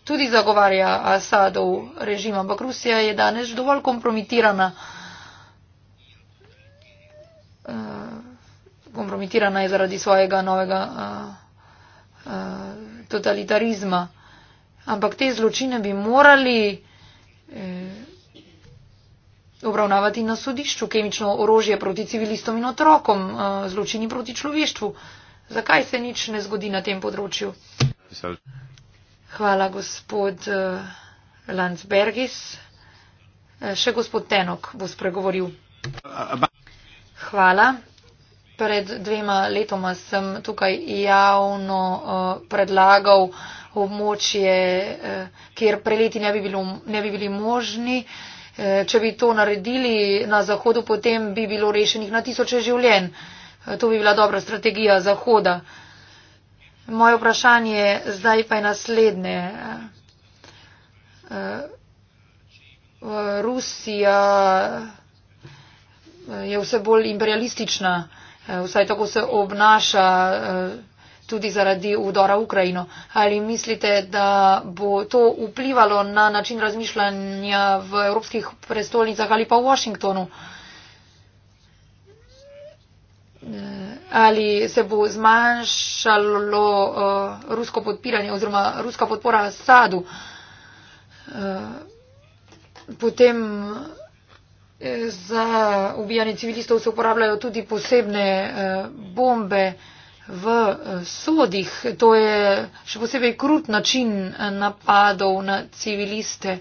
tudi zagovarja Asadov režim, ampak Rusija je danes dovolj kompromitirana. Eh, kompromitirana je zaradi svojega novega eh, eh, totalitarizma. Ampak te zločine bi morali obravnavati na sodišču, kemično orožje proti civilistom in otrokom, zločini proti človeštvu. Zakaj se nič ne zgodi na tem področju? Hvala, gospod uh, Landsbergis. Eh, še gospod Tenok bo spregovoril. Hvala. Pred dvema letoma sem tukaj javno uh, predlagal območje, uh, kjer preleti ne bi, bilo, ne bi bili možni. Uh, če bi to naredili na zahodu, potem bi bilo rešenih na tisoče življenj. Uh, to bi bila dobra strategija zahoda. Uh, Moje vprašanje zdaj pa je naslednje. Eh, eh, Rusija eh, je vse bolj imperialistična, vsaj tako se obnaša tudi zaradi udora v Ukrajino. Ali mislite, da bo to vplivalo na način razmišljanja v evropskih prestolnicah ali pa v Washingtonu? ali se bo zmanjšalo uh, rusko podpiranje oziroma ruska podpora Asadu. Uh, potem eh, za ubijanje civilistov se uporabljajo tudi posebne uh, bombe v uh, sodih. To je še posebej krut način napadov na civiliste.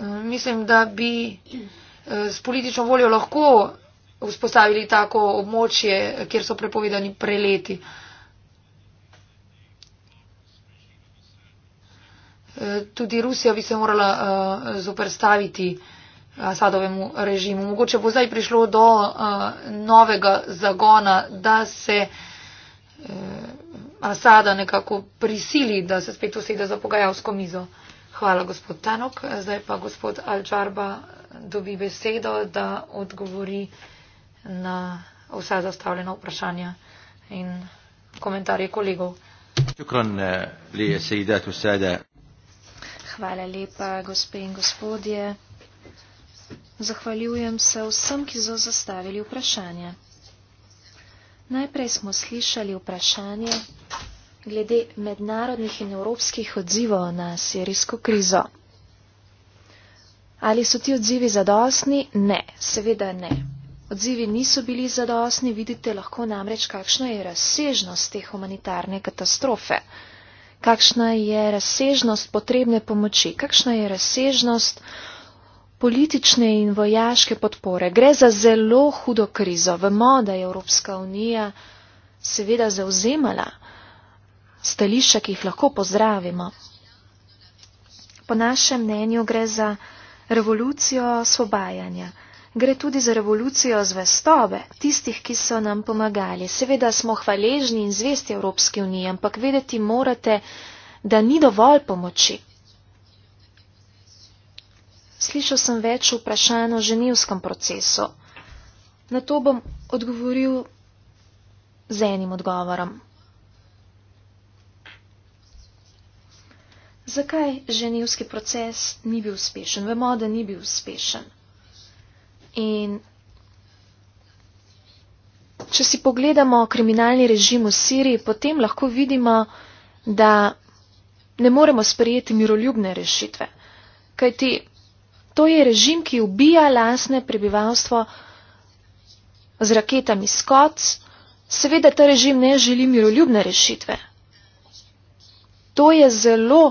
Mislim, da bi s politično voljo lahko vzpostavili tako območje, kjer so prepovedani preleti. E, tudi Rusija bi se morala e, zoprstaviti e, Asadovemu režimu. Mogoče bo zdaj prišlo do novega zagona, da se Asada nekako prisili, da se spet usede za pogajalsko mizo. Hvala, gospod Tanok. Zdaj pa gospod Alčarba dobi besedo, da odgovori na vsa zastavljena vprašanja in komentarje kolegov. Eh, Hvala lepa, gospe in gospodje. Zahvaljujem se vsem, ki so zastavili vprašanje. Najprej smo slišali vprašanje glede mednarodnih in evropskih odzivov na sirijsko krizo. Ali so ti odzivi zadostni? Ne, seveda ne. Odzivi niso bili zadostni, vidite lahko namreč, kakšna je razsežnost te humanitarne katastrofe, kakšna je razsežnost potrebne pomoči, kakšna je razsežnost politične in vojaške podpore. Gre za zelo hudo krizo. Vemo, da je Evropska unija seveda zauzemala stališča, ki jih lahko pozdravimo. Po našem mnenju gre za revolucijo osvobajanja gre tudi za revolucijo zvestobe tistih, ki so nam pomagali. Seveda smo hvaležni in zvesti Evropski uniji, ampak vedeti morate, da ni dovolj pomoči. Slišal sem več vprašanj o ženevskem procesu. Na to bom odgovoril z enim odgovorom. Zakaj ženevski proces ni bil uspešen? Vemo, da ni bil uspešen. In če si pogledamo kriminalni režim v Siriji, potem lahko vidimo, da ne moremo sprejeti miroljubne rešitve. Kajti to je režim, ki ubija lasne prebivalstvo z raketami Skots. Seveda ta režim ne želi miroljubne rešitve. To je zelo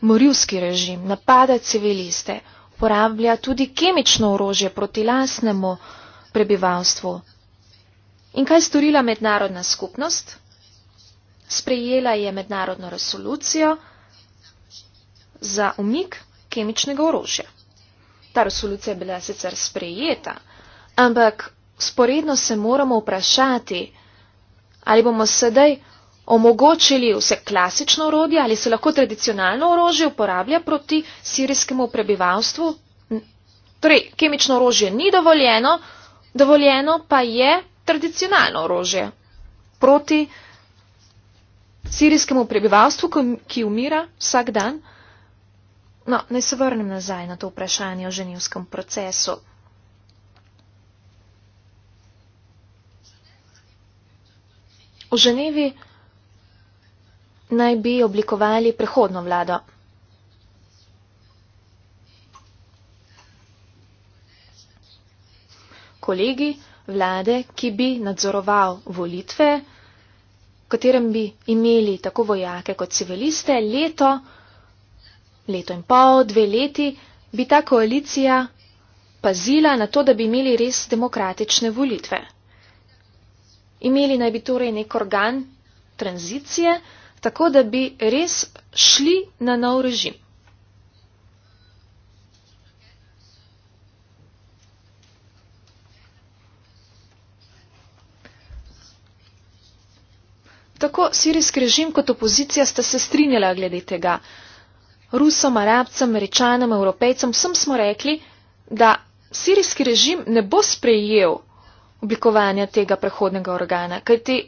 morilski režim, napada civiliste, uporablja tudi kemično orožje proti lasnemu prebivalstvu. In kaj storila mednarodna skupnost? Sprejela je mednarodno resolucijo za umik kemičnega orožja. Ta resolucija je bila sicer sprejeta, ampak sporedno se moramo vprašati, ali bomo sedaj omogočili vse klasično orodje ali se lahko tradicionalno orožje uporablja proti sirijskemu prebivalstvu. Torej, kemično orožje ni dovoljeno, dovoljeno pa je tradicionalno orožje proti sirijskemu prebivalstvu, ki umira vsak dan. No, naj se vrnem nazaj na to vprašanje o ženivskem procesu. V Ženevi naj bi oblikovali prehodno vlado. Kolegi vlade, ki bi nadzoroval volitve, v katerem bi imeli tako vojake kot civiliste, leto, leto in pol, dve leti, bi ta koalicija pazila na to, da bi imeli res demokratične volitve. Imeli naj bi torej nek organ tranzicije, tako da bi res šli na nov režim. Tako sirijski režim kot opozicija sta se strinjala glede tega. Rusom, arabcem, američanom, evropejcem, vsem smo rekli, da sirijski režim ne bo sprejel oblikovanja tega prehodnega organa, kajti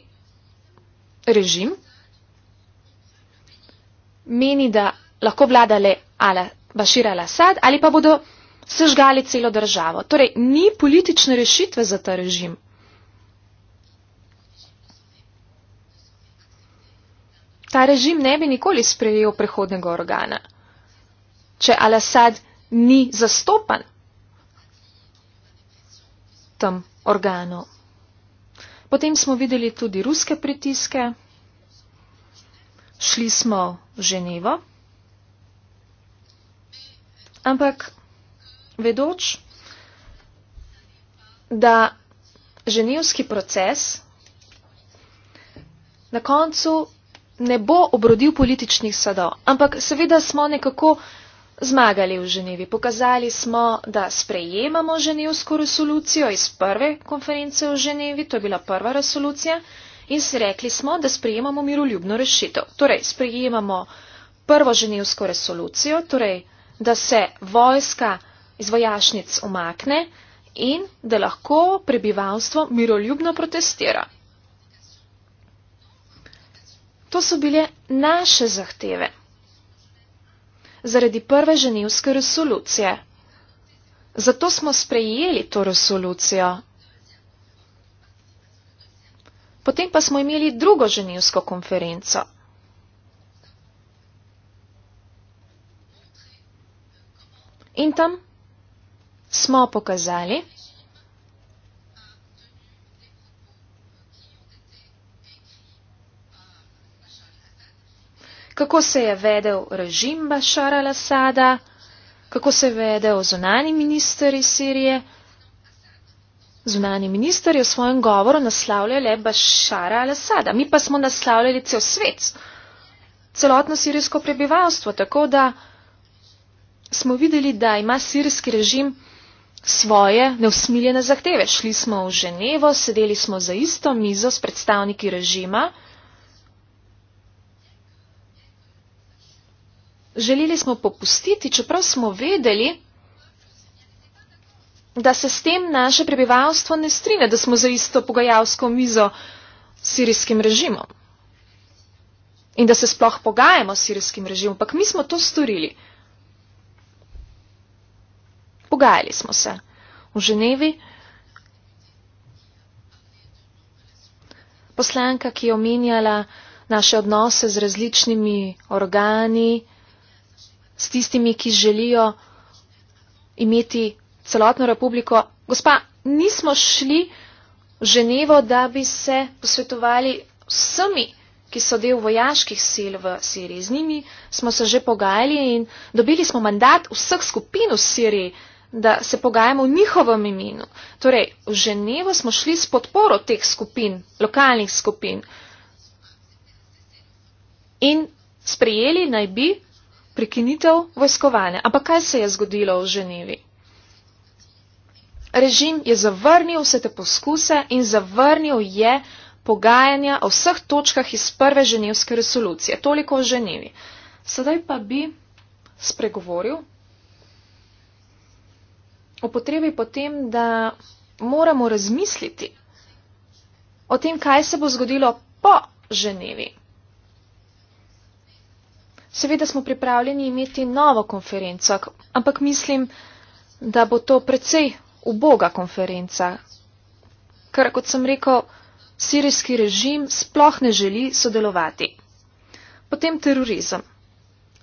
režim meni, da lahko vlada le Bašir al-Assad ali pa bodo sežgali celo državo. Torej, ni politične rešitve za ta režim. Ta režim ne bi nikoli sprejel prehodnega organa, če al-Assad ni zastopan tam organu. Potem smo videli tudi ruske pritiske šli smo v Ženevo, ampak vedoč, da ženevski proces na koncu ne bo obrodil političnih sadov, ampak seveda smo nekako zmagali v Ženevi. Pokazali smo, da sprejemamo ženevsko resolucijo iz prve konference v Ženevi, to je bila prva resolucija, in si rekli smo, da sprejemamo miroljubno rešitev. Torej, sprejemamo prvo ženevsko resolucijo, torej, da se vojska iz vojašnic umakne in da lahko prebivalstvo miroljubno protestira. To so bile naše zahteve zaradi prve ženevske resolucije. Zato smo sprejeli to resolucijo Potem pa smo imeli drugo ženevsko konferenco. In tam smo pokazali, kako se je vedel režim Bašara Lasada, kako se je vedel zunani minister iz Sirije. Zunani minister je v svojem govoru naslavljal le Bašara al-Asada, mi pa smo naslavljali cel svet, celotno sirijsko prebivalstvo, tako da smo videli, da ima sirijski režim svoje neusmiljene zahteve. Šli smo v Ženevo, sedeli smo za isto mizo s predstavniki režima. Želeli smo popustiti, čeprav smo vedeli, da se s tem naše prebivalstvo ne strine, da smo za isto pogajalsko mizo s sirijskim režimom. In da se sploh pogajamo s sirijskim režimom, ampak mi smo to storili. Pogajali smo se v Ženevi. Poslanka, ki je omenjala naše odnose z različnimi organi, s tistimi, ki želijo imeti celotno republiko. Gospa, nismo šli v Ženevo, da bi se posvetovali vsemi, ki so del vojaških sil v Siriji. Z njimi smo se že pogajali in dobili smo mandat vseh skupin v Siriji, da se pogajamo v njihovem imenu. Torej, v Ženevo smo šli s podporo teh skupin, lokalnih skupin. In sprejeli naj bi prekinitev vojskovanja. Ampak kaj se je zgodilo v Ženevi? Režim je zavrnil vse te poskuse in zavrnil je pogajanja o vseh točkah iz prve ženevske resolucije. Toliko o ženevi. Sedaj pa bi spregovoril o potrebi potem, da moramo razmisliti o tem, kaj se bo zgodilo po ženevi. Seveda smo pripravljeni imeti novo konferenco, ampak mislim, da bo to precej uboga konferenca. Ker, kot sem rekel, sirijski režim sploh ne želi sodelovati. Potem terorizem.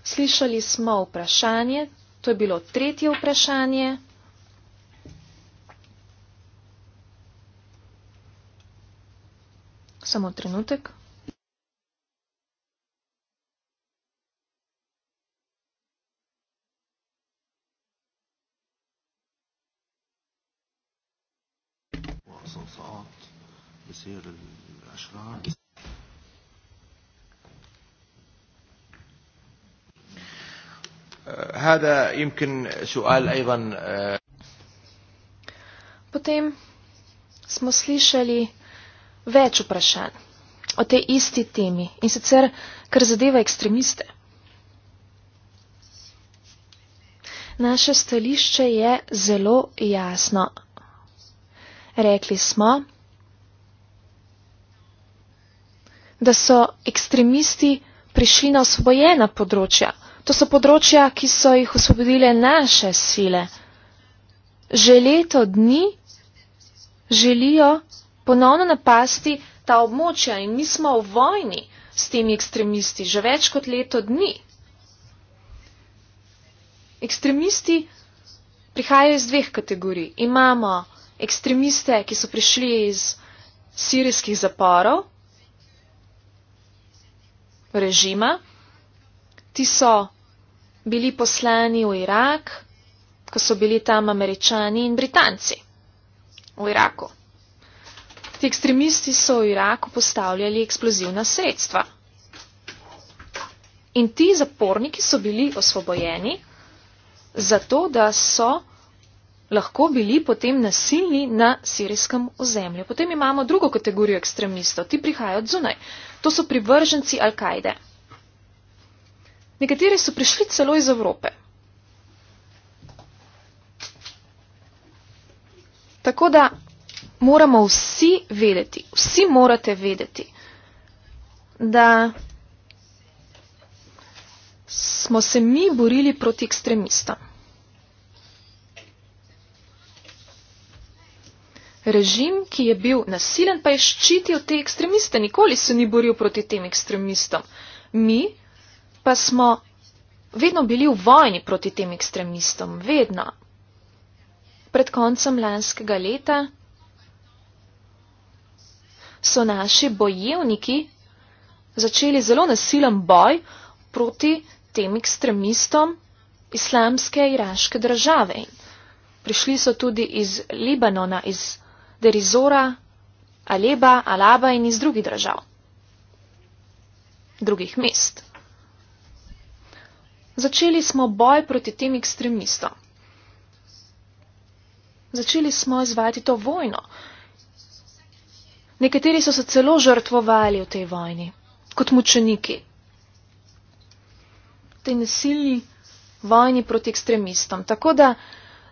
Slišali smo vprašanje, to je bilo tretje vprašanje. Samo trenutek. مستنصعات بسير الأشرار هذا يمكن سؤال أيضا Potem smo slišali več vprašanj o tej isti temi in sicer, kar zadeva ekstremiste. Naše stališče je zelo jasno. Rekli smo, da so ekstremisti prišli na osvobojena področja. To so področja, ki so jih osvobodile naše sile. Že leto dni želijo ponovno napasti ta območja in mi smo v vojni s temi ekstremisti že več kot leto dni. Ekstremisti prihajajo iz dveh kategorij. Imamo ekstremiste, ki so prišli iz sirijskih zaporov režima. Ti so bili poslani v Irak, ko so bili tam američani in britanci v Iraku. Ti ekstremisti so v Iraku postavljali eksplozivna sredstva. In ti zaporniki so bili osvobojeni zato, da so lahko bili potem nasilni na sirijskem ozemlju. Potem imamo drugo kategorijo ekstremistov, ti prihajajo zunaj. To so privrženci Al-Kaide. Nekateri so prišli celo iz Evrope. Tako da moramo vsi vedeti, vsi morate vedeti, da smo se mi borili proti ekstremistom. režim, ki je bil nasilen, pa je ščitil te ekstremiste. Nikoli se ni boril proti tem ekstremistom. Mi pa smo vedno bili v vojni proti tem ekstremistom. Vedno. Pred koncem lanskega leta so naši bojevniki začeli zelo nasilen boj proti tem ekstremistom islamske iraške države. Prišli so tudi iz Libanona, iz Derizora, Aleba, Alaba in iz drugih držav, drugih mest. Začeli smo boj proti tem ekstremistom. Začeli smo izvajati to vojno. Nekateri so se celo žrtvovali v tej vojni, kot mučeniki. Tej nasilni vojni proti ekstremistom. Tako da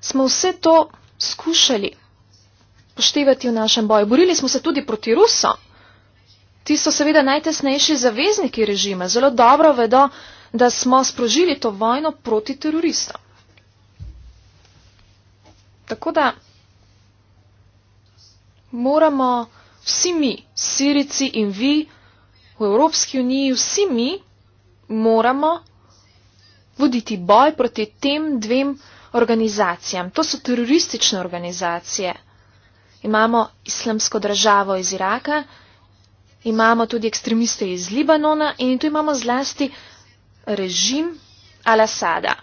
smo vse to skušali upoštevati v našem boju. Borili smo se tudi proti Ruso. Ti so seveda najtesnejši zavezniki režime. Zelo dobro vedo, da smo sprožili to vojno proti teroristom. Tako da moramo vsi mi, Sirici in vi v Evropski uniji, vsi mi moramo voditi boj proti tem dvem organizacijam. To so teroristične organizacije imamo islamsko državo iz Iraka, imamo tudi ekstremiste iz Libanona in tu imamo zlasti režim Al-Asada.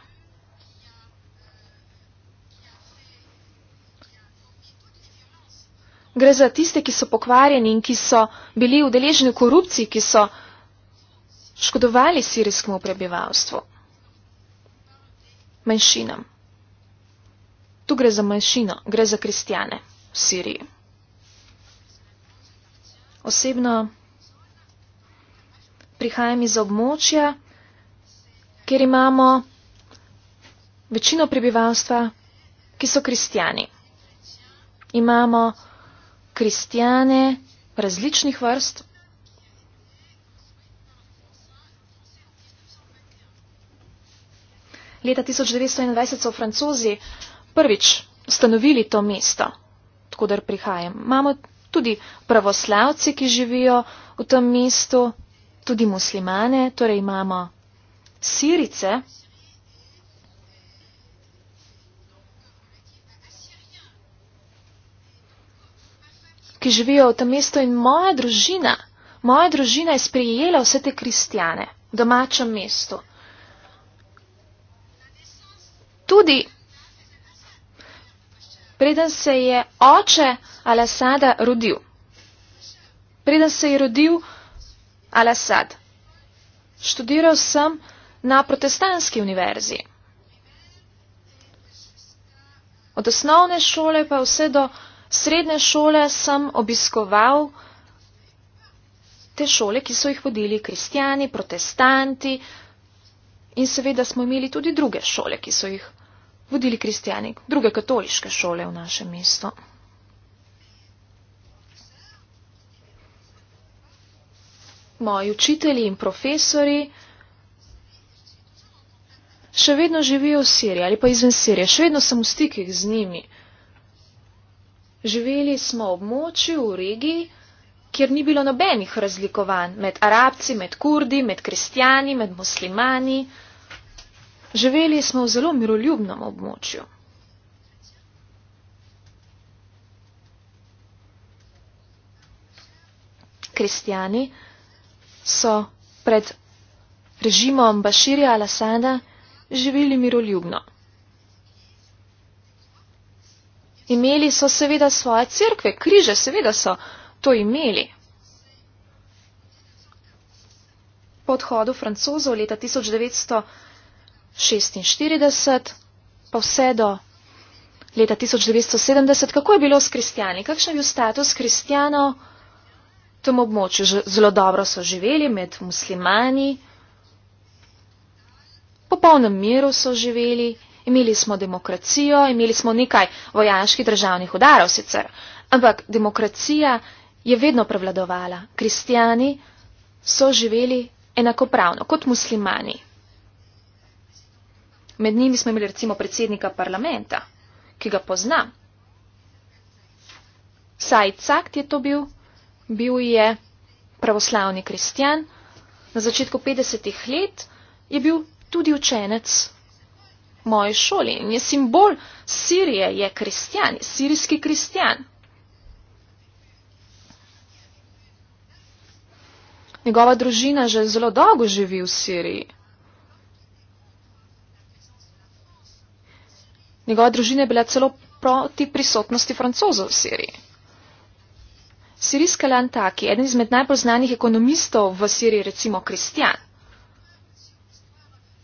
Gre za tiste, ki so pokvarjeni in ki so bili udeleženi v korupciji, ki so škodovali sirijskemu prebivalstvu, manjšinam. Tu gre za manjšino, gre za kristjane v Siriji. Osebno prihajam iz območja, kjer imamo večino prebivalstva, ki so kristijani. Imamo kristijane različnih vrst. Leta 1921 so francozi prvič ustanovili to mesto odkudar prihajam. Imamo tudi pravoslavce, ki živijo v tem mestu, tudi muslimane, torej imamo sirice. ki živijo v tem mestu in moja družina, moja družina je sprijela vse te kristijane v domačem mestu. Tudi preden se je oče Al-Asada rodil. Preden se je rodil Al-Asad. Študiral sem na protestantski univerzi. Od osnovne šole pa vse do srednje šole sem obiskoval te šole, ki so jih vodili kristijani, protestanti in seveda smo imeli tudi druge šole, ki so jih vodili kristijani druge katoliške šole v našem mestu. Moji učitelji in profesori še vedno živijo v Siriji ali pa izven Sirije, še vedno sem v stikih z njimi. Živeli smo v območju, v regiji, kjer ni bilo nobenih razlikovanj med arabci, med kurdi, med kristijani, med muslimani. Živeli smo v zelo miroljubnem območju. Kristijani so pred režimom Baširja Al-Asada živeli miroljubno. Imeli so seveda svoje cerkve, križe, seveda so to imeli. Po odhodu francozov leta 1900. 1946 pa vse do leta 1970. Kako je bilo s kristijani? Kakšen je bil status kristijanov v tem območju? Zelo dobro so živeli med muslimani, po polnem miru so živeli, imeli smo demokracijo, imeli smo nekaj vojaških državnih udarov sicer, ampak demokracija je vedno prevladovala. Kristijani so živeli enakopravno kot muslimani. Med njimi smo imeli recimo predsednika parlamenta, ki ga poznam. Sajcakt je to bil, bil je pravoslavni kristjan, na začetku 50-ih let je bil tudi učenec moje šoli in je simbol Sirije, je kristjan, je sirijski kristjan. Njegova družina že zelo dolgo živi v Siriji. Njegova družina je bila celo proti prisotnosti francozov v Siriji. Sirijska Lantaki, eden izmed najbolj znanih ekonomistov v Siriji, recimo Kristjan.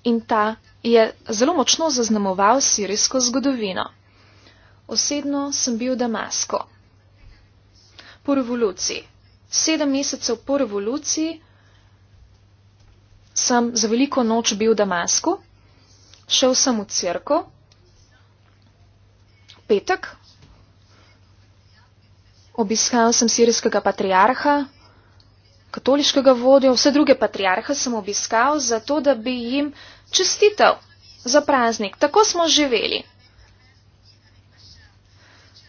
In ta je zelo močno zaznamoval sirijsko zgodovino. Osebno sem bil v Damasku. Po revoluciji. Sedem mesecev po revoluciji sem za veliko noč bil v Damasku, šel sem v crkvo petek. Obiskal sem sirijskega patriarha, katoliškega vodjo, vse druge patriarha sem obiskal zato, da bi jim čestital za praznik. Tako smo živeli.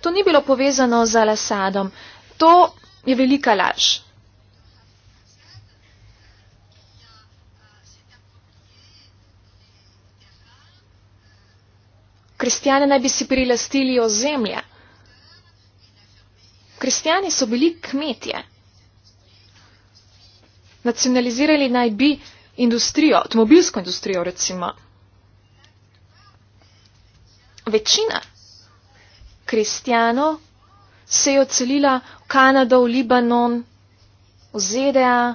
To ni bilo povezano z Alasadom. To je velika laž. Kristjane naj bi si prilastili ozemlje. Kristjani so bili kmetje. Nacionalizirali naj bi industrijo, avtomobilsko industrijo recimo. Večina kristjanov se je ocelila v Kanado, v Libanon, v ZDA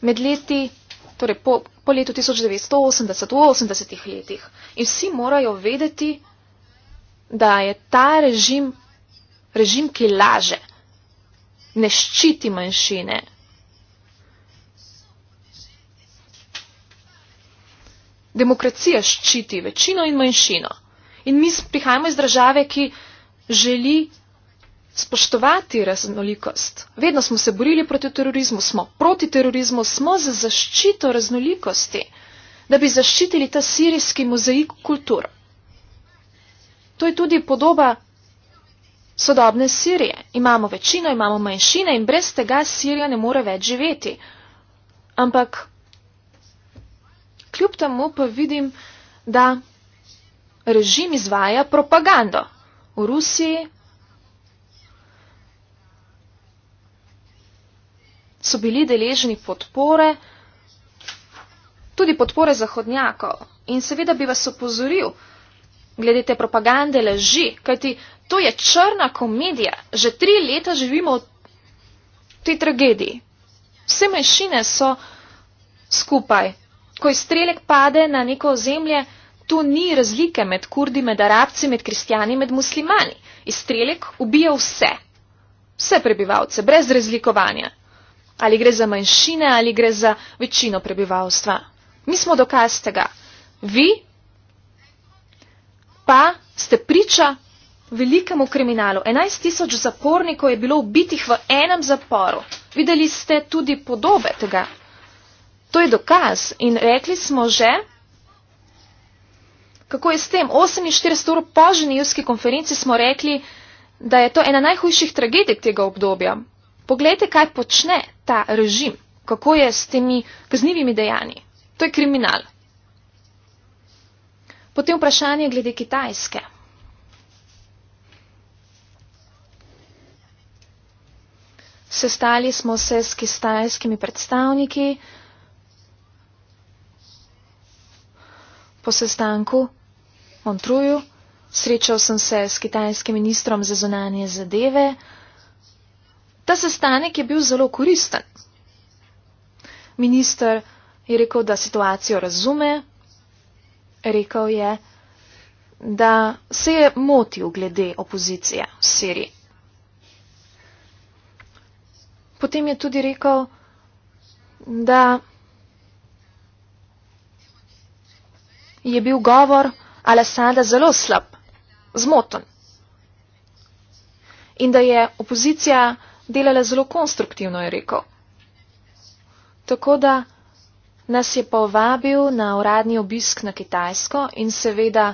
med leti, torej po po letu 1980 v 80-ih letih. In vsi morajo vedeti, da je ta režim režim, ki laže, ne ščiti manjšine. Demokracija ščiti večino in manjšino. In mi prihajamo iz države, ki želi spoštovati raznolikost. Vedno smo se borili proti terorizmu, smo proti terorizmu, smo za zaščito raznolikosti, da bi zaščitili ta sirijski mozaik kultur. To je tudi podoba sodobne Sirije. Imamo večino, imamo manjšine in brez tega Sirija ne more več živeti. Ampak kljub temu pa vidim, da režim izvaja propagando. V Rusiji, so bili deležni podpore, tudi podpore zahodnjakov. In seveda bi vas opozoril, glede te propagande leži, kajti to je črna komedija. Že tri leta živimo v tej tragediji. Vse manjšine so skupaj. Ko izstrelek pade na neko ozemlje, to ni razlike med kurdi, med arabci, med kristijani, med muslimani. Izstrelek ubija vse. Vse prebivalce, brez razlikovanja ali gre za manjšine, ali gre za večino prebivalstva. Mi smo dokaz tega. Vi pa ste priča velikemu kriminalu. 11 tisoč zapornikov je bilo ubitih v enem zaporu. Videli ste tudi podobe tega. To je dokaz in rekli smo že, kako je s tem. 48 ur po ženevski konferenci smo rekli, da je to ena najhujših tragedij tega obdobja. Poglejte, kaj počne ta režim, kako je s temi kaznjivimi dejanji. To je kriminal. Potem vprašanje glede Kitajske. Sestali smo se s kitajskimi predstavniki po sestanku v Montruju. Srečal sem se s kitajskim ministrom za zunanje zadeve. Ta sestanek je bil zelo koristen. Minister je rekel, da situacijo razume, rekel je, da se je motil glede opozicije v Siriji. Potem je tudi rekel, da je bil govor Alessandra zelo slab, zmoten in da je opozicija delale zelo konstruktivno, je rekel. Tako da nas je povabil na uradni obisk na Kitajsko in seveda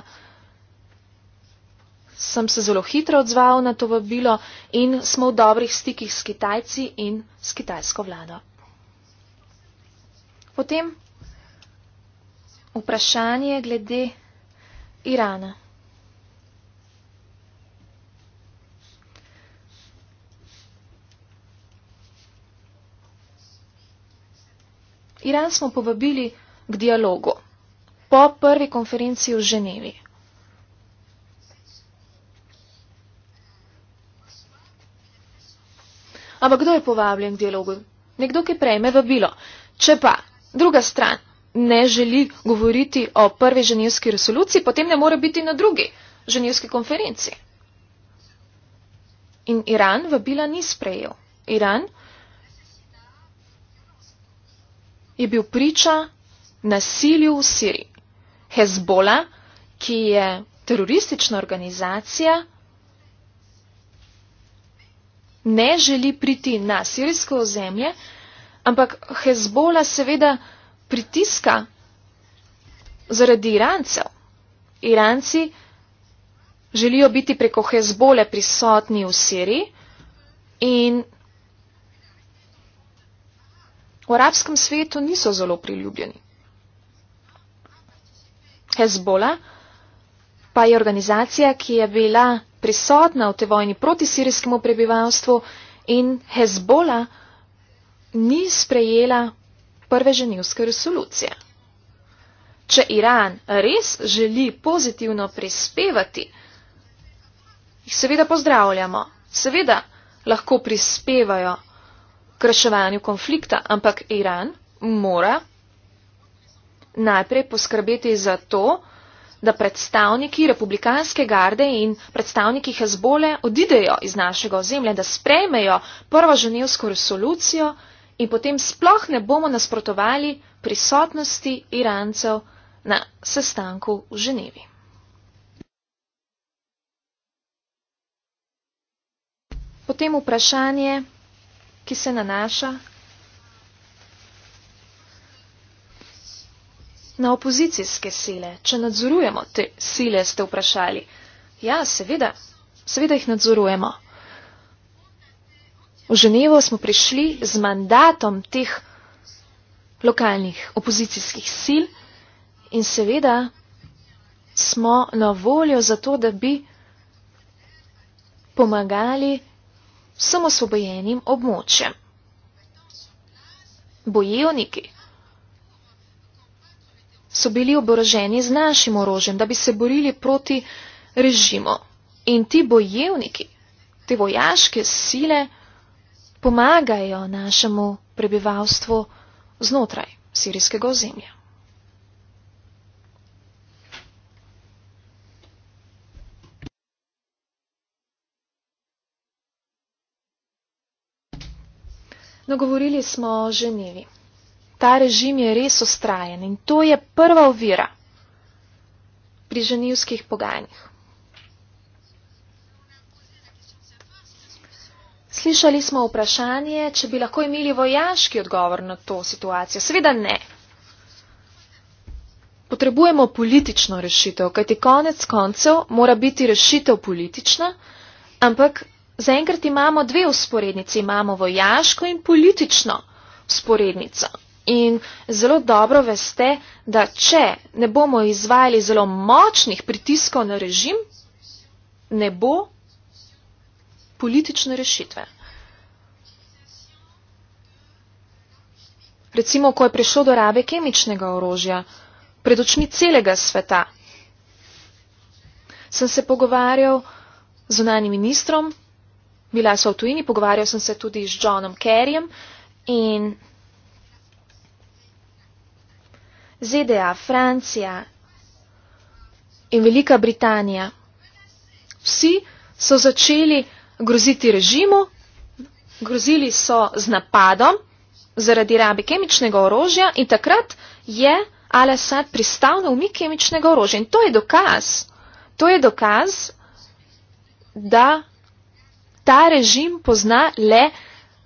sem se zelo hitro odzval na to vabilo in smo v dobrih stikih s Kitajci in s kitajsko vlado. Potem vprašanje glede Irana. Iran smo povabili k dialogu po prvi konferenciji v Ženevi. Ampak kdo je povabljen k dialogu? Nekdo, ki prejme vabilo. Če pa druga stran ne želi govoriti o prvi ženevski resoluciji, potem ne more biti na drugi ženevski konferenciji. In Iran vabila ni sprejel. Iran je bil priča nasilju v Siriji. Hezbola, ki je teroristična organizacija, ne želi priti na sirijsko ozemlje, ampak Hezbola seveda pritiska zaradi Irancev. Iranci želijo biti preko Hezbole prisotni v Siriji in v arabskem svetu niso zelo priljubljeni. Hezbola pa je organizacija, ki je bila prisotna v te vojni proti sirijskemu prebivalstvu in Hezbola ni sprejela prve ženivske resolucije. Če Iran res želi pozitivno prispevati, jih seveda pozdravljamo, seveda lahko prispevajo k reševanju konflikta, ampak Iran mora najprej poskrbeti za to, da predstavniki republikanske garde in predstavniki Hezbole odidejo iz našega ozemlja, da sprejmejo prvo ženevsko resolucijo in potem sploh ne bomo nasprotovali prisotnosti Irancev na sestanku v Ženevi. Potem vprašanje ki se nanaša na opozicijske sile. Če nadzorujemo te sile, ste vprašali. Ja, seveda, seveda jih nadzorujemo. V Ženevo smo prišli z mandatom teh lokalnih opozicijskih sil in seveda smo na voljo za to, da bi pomagali vsem osvobojenim območjem. Bojevniki so bili oboroženi z našim orožjem, da bi se borili proti režimu. In ti bojevniki, te vojaške sile, pomagajo našemu prebivalstvu znotraj sirijskega ozemlja. No, govorili smo o Ženevi. Ta režim je res ostrajen in to je prva ovira pri ženevskih pogajanjih. Slišali smo vprašanje, če bi lahko imeli vojaški odgovor na to situacijo. Seveda ne. Potrebujemo politično rešitev, kajti konec koncev mora biti rešitev politična, ampak Zaenkrat imamo dve usporednici, imamo vojaško in politično usporednico. In zelo dobro veste, da če ne bomo izvajali zelo močnih pritiskov na režim, ne bo politične rešitve. Recimo, ko je prišlo do rabe kemičnega orožja pred očmi celega sveta, sem se pogovarjal z unanim ministrom, bila so v tujini, pogovarjal sem se tudi z Johnom Kerryjem in ZDA, Francija in Velika Britanija. Vsi so začeli groziti režimu, grozili so z napadom zaradi rabe kemičnega orožja in takrat je Al-Assad pristal na umik kemičnega orožja. In to je dokaz, to je dokaz, da ta režim pozna le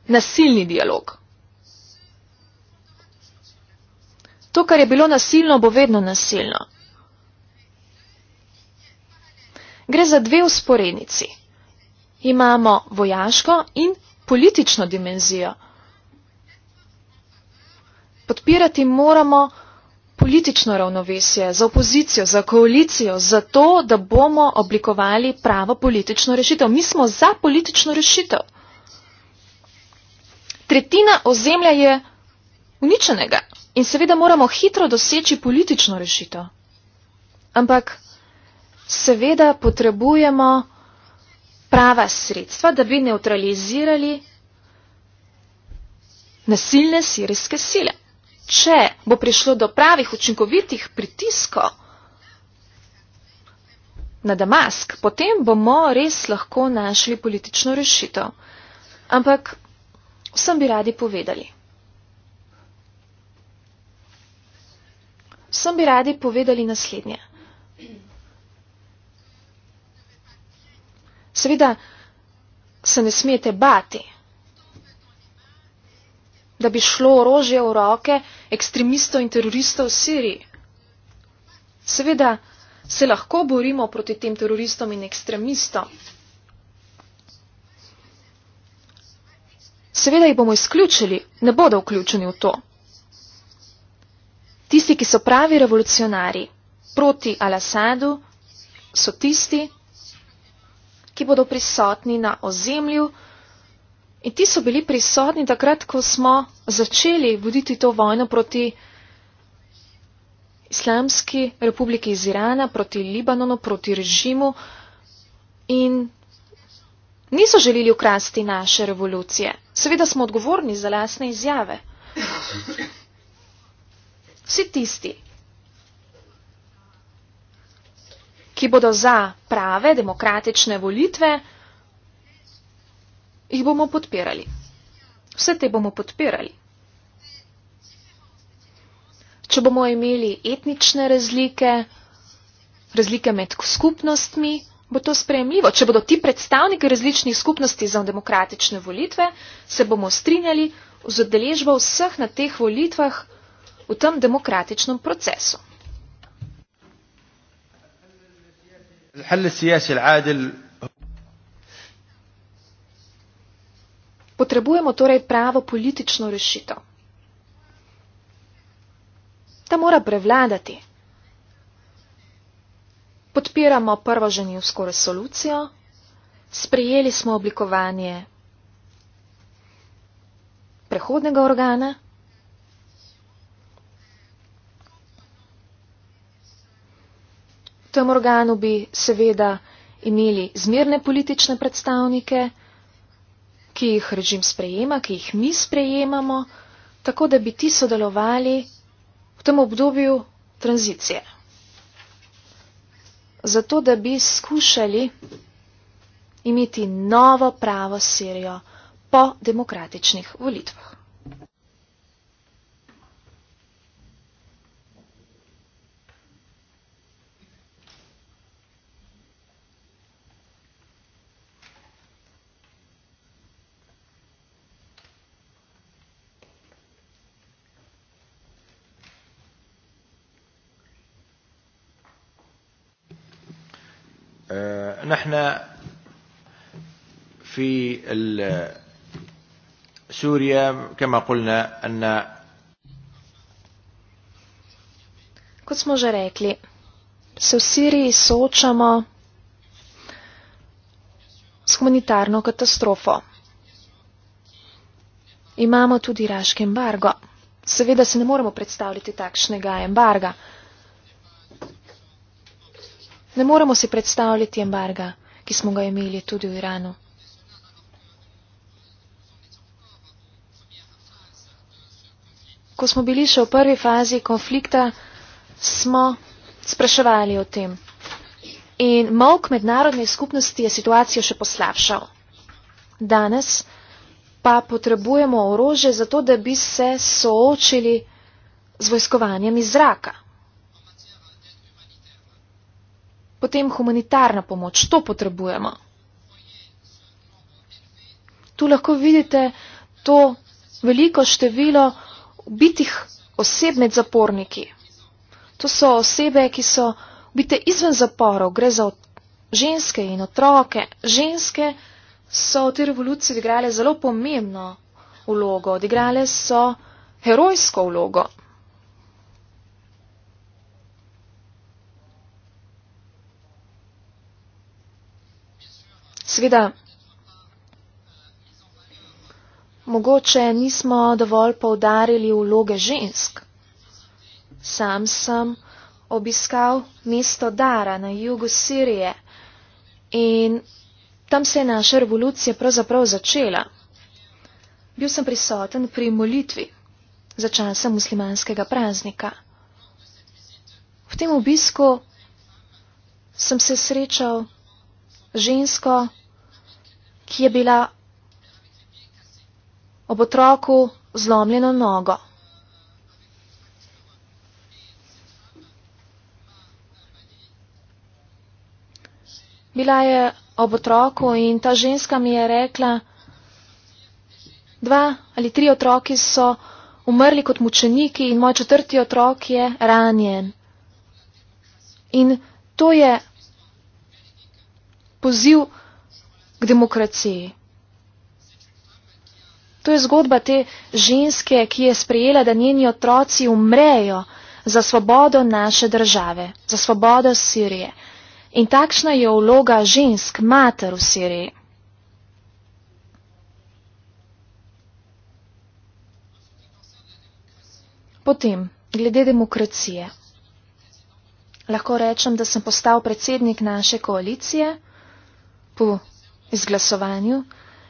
nasilni dialog. To, kar je bilo nasilno, bo vedno nasilno. Gre za dve usporednici. Imamo vojaško in politično dimenzijo. Podpirati moramo politično ravnovesje, za opozicijo, za koalicijo, za to, da bomo oblikovali pravo politično rešitev. Mi smo za politično rešitev. Tretjina ozemlja je uničenega in seveda moramo hitro doseči politično rešitev. Ampak seveda potrebujemo prava sredstva, da bi neutralizirali nasilne sirijske sile če bo prišlo do pravih učinkovitih pritiskov na Damask, potem bomo res lahko našli politično rešitev. Ampak vsem bi radi povedali. Vsem bi radi povedali naslednje. Seveda se ne smete bati, da bi šlo orožje v roke ekstremistov in teroristov v Siriji. Seveda se lahko borimo proti tem teroristom in ekstremistom. Seveda jih bomo izključili, ne bodo vključeni v to. Tisti, ki so pravi revolucionari proti Al-Asadu, so tisti, ki bodo prisotni na ozemlju, In ti so bili prisotni takrat, ko smo začeli voditi to vojno proti Islamski republiki iz Irana, proti Libanonu, proti režimu in niso želeli ukrasti naše revolucije. Seveda smo odgovorni za lasne izjave. Vsi tisti, ki bodo za prave demokratične volitve, jih bomo podpirali. Vse te bomo podpirali. Če bomo imeli etnične razlike, razlike med skupnostmi, bo to sprejemljivo. Če bodo ti predstavniki različnih skupnosti za demokratične volitve, se bomo strinjali z odeležbo vseh na teh volitvah v tem demokratičnem procesu. الحل السياسي العادل Potrebujemo torej pravo politično rešitev. Ta mora prevladati. Podpiramo prvo ženjivsko resolucijo, sprejeli smo oblikovanje prehodnega organa. V tem organu bi seveda imeli zmirne politične predstavnike, ki jih režim sprejema, ki jih mi sprejemamo, tako da bi ti sodelovali v tem obdobju tranzicije. Zato, da bi skušali imeti novo pravo Sirijo po demokratičnih volitvah. نحن في سوريا كما قلنا أن Kot smo že rekli, se v Siriji soočamo s humanitarno katastrofo. Imamo tudi iraški embargo. Seveda se ne moremo predstavljati takšnega embarga. Ne moremo si predstavljati embarga, ki smo ga imeli tudi v Iranu. Ko smo bili še v prvi fazi konflikta, smo spraševali o tem. In mok mednarodne skupnosti je situacijo še poslabšal. Danes pa potrebujemo orože za to, da bi se soočili z vojskovanjem iz zraka. potem humanitarna pomoč, to potrebujemo. Tu lahko vidite to veliko število ubitih oseb med zaporniki. To so osebe, ki so ubite izven zaporov, gre za ženske in otroke. Ženske so v tej revoluciji odigrale zelo pomembno vlogo, odigrale so herojsko vlogo. Sveda, mogoče nismo dovolj povdarili vloge žensk. Sam sem obiskal mesto Dara na jugu Sirije in tam se je naša revolucija pravzaprav začela. Bil sem prisoten pri molitvi za časa muslimanskega praznika. V tem obisku sem se srečal žensko, ki je bila ob otroku zlomljeno nogo. Bila je ob otroku in ta ženska mi je rekla, dva ali tri otroki so umrli kot mučeniki in moj četrti otrok je ranjen. In to je poziv k demokraciji. To je zgodba te ženske, ki je sprejela, da njeni otroci umrejo za svobodo naše države, za svobodo Sirije. In takšna je vloga žensk, mater v Siriji. Potem, glede demokracije. Lahko rečem, da sem postal predsednik naše koalicije po izglasovanju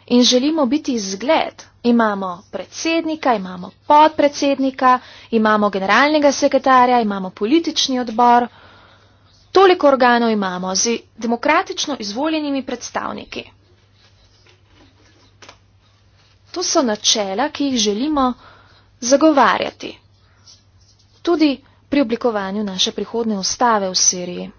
in želimo biti zgled. Imamo predsednika, imamo podpredsednika, imamo generalnega sekretarja, imamo politični odbor. Toliko organov imamo z demokratično izvoljenimi predstavniki. To so načela, ki jih želimo zagovarjati. Tudi pri oblikovanju naše prihodne ustave v Siriji.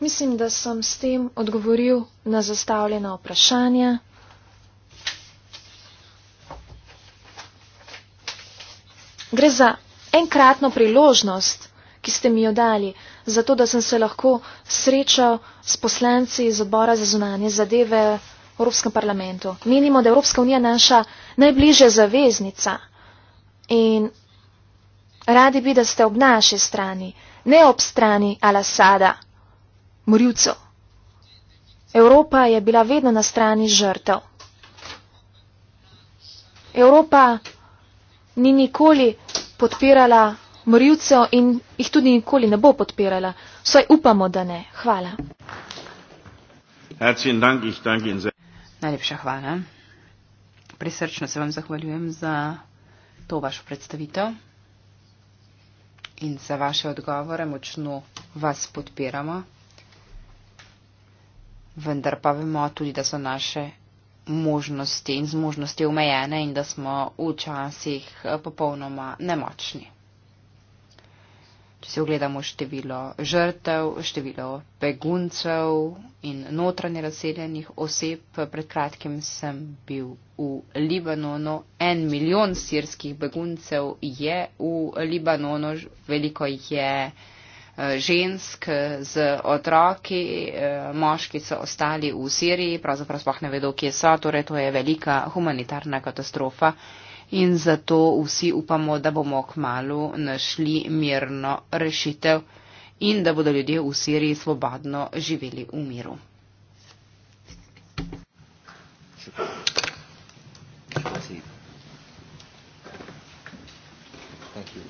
Mislim, da sem s tem odgovoril na zastavljena vprašanja. Gre za enkratno priložnost, ki ste mi jo dali, zato da sem se lahko srečal s poslanci iz odbora za zunanje zadeve v Evropskem parlamentu. Menimo, da je Evropska unija naša najbližja zaveznica in radi bi, da ste ob naši strani, ne ob strani Alasada morilcev. Evropa je bila vedno na strani žrtev. Evropa ni nikoli podpirala morilcev in jih tudi nikoli ne bo podpirala. Vsaj upamo, da ne. Hvala. Najlepša hvala. Prisrčno se vam zahvaljujem za to vašo predstavitev in za vaše odgovore. Močno vas podpiramo vendar pa vemo tudi, da so naše možnosti in zmožnosti omejene in da smo včasih eh, popolnoma nemočni. Če si ogledamo število žrtev, število beguncev in notranje razseljenih oseb, pred kratkim sem bil v Libanonu, en milijon sirskih beguncev je v Libanonu, veliko jih je. Eh, žensk eh, z otroki, eh, moški so ostali v Siriji, pravzaprav sploh ne vedo, kje so, torej to je velika humanitarna katastrofa in zato vsi upamo, da bomo k malu našli mirno rešitev in da bodo ljudje v Siriji svobodno živeli v miru. Thank you.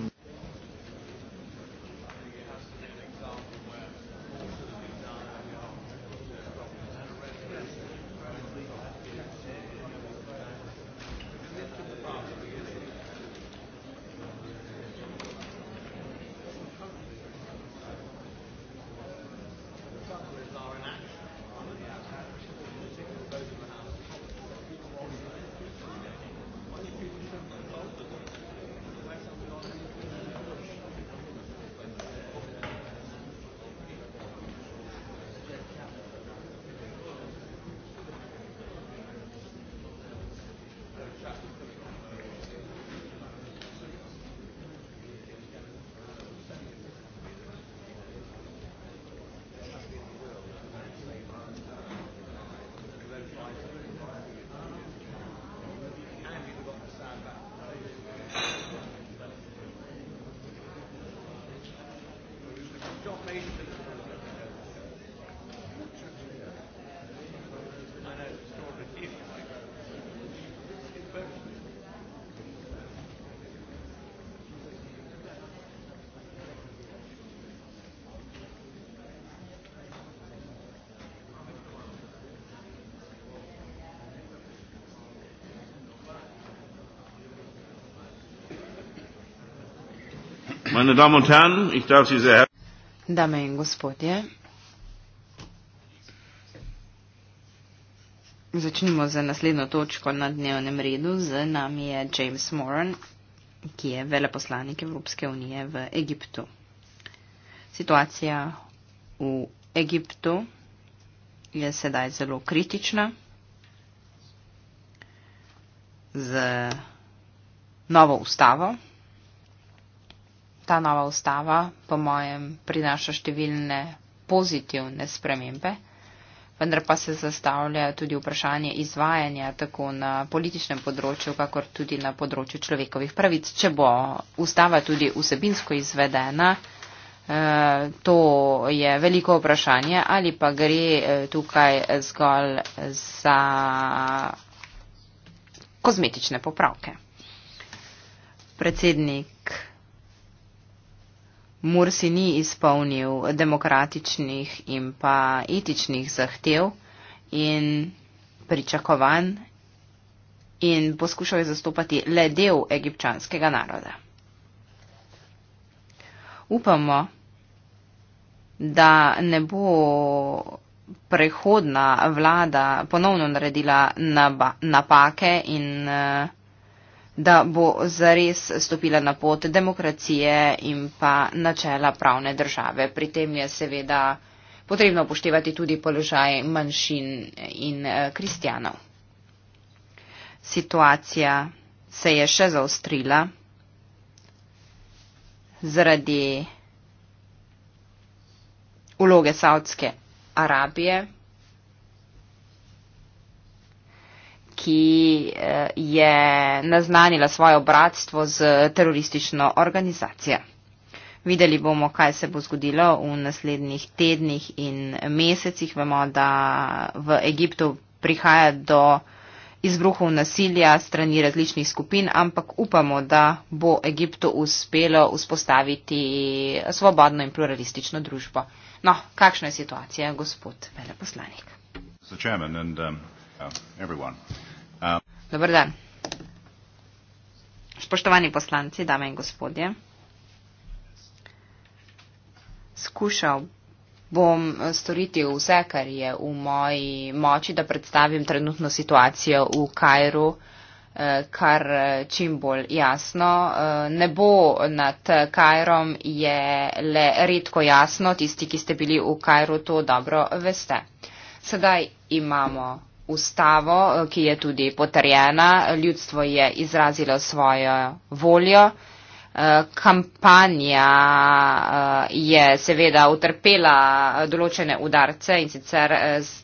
Meine Damen und Herren, ich darf Sie sehr herzlich. Začnimo z naslednjo točko na dnevnem redu. Z nami je James Moran, ki je veleposlanik Evropske unije v Egiptu. Situacija v Egiptu je sedaj zelo kritična z novo ustavo, ta nova ustava, po mojem, prinaša številne pozitivne spremembe, vendar pa se zastavlja tudi vprašanje izvajanja tako na političnem področju, kakor tudi na področju človekovih pravic. Če bo ustava tudi vsebinsko izvedena, eh, to je veliko vprašanje, ali pa gre eh, tukaj zgolj za kozmetične popravke. Predsednik Mursi ni izpolnil demokratičnih in pa etičnih zahtev in pričakovanj in poskušal je zastopati le del egipčanskega naroda. Upamo, da ne bo prehodna vlada ponovno naredila napake in uh, da bo zares stopila na pot demokracije in pa načela pravne države. Pri tem je seveda potrebno upoštevati tudi položaj manjšin in eh, kristjanov. Situacija se je še zaostrila zaradi uloge Saudske Arabije ki eh, je naznanila svoje bratstvo z teroristično organizacijo. Videli bomo, kaj se bo zgodilo v naslednjih tednih in mesecih. Vemo, da v Egiptu prihaja do izbruhov nasilja strani različnih skupin, ampak upamo, da bo Egiptu uspelo vzpostaviti svobodno in pluralistično družbo. No, kakšna je situacija, gospod veleposlanik? So chairman and um, uh, everyone. Dobar dan. Spoštovani poslanci, dame in gospodje, skušal bom eh, storiti vse, kar je v moji moči, da predstavim trenutno situacijo v Kajru, eh, kar eh, čim bolj jasno. Nebo nad Kajrom je le redko jasno, tisti, ki ste bili v Kajru, to dobro veste. Sedaj imamo ustavo, eh, ki je tudi potrjena. Ljudstvo je izrazilo svojo voljo. Eh, kampanja eh, je seveda utrpela določene udarce in sicer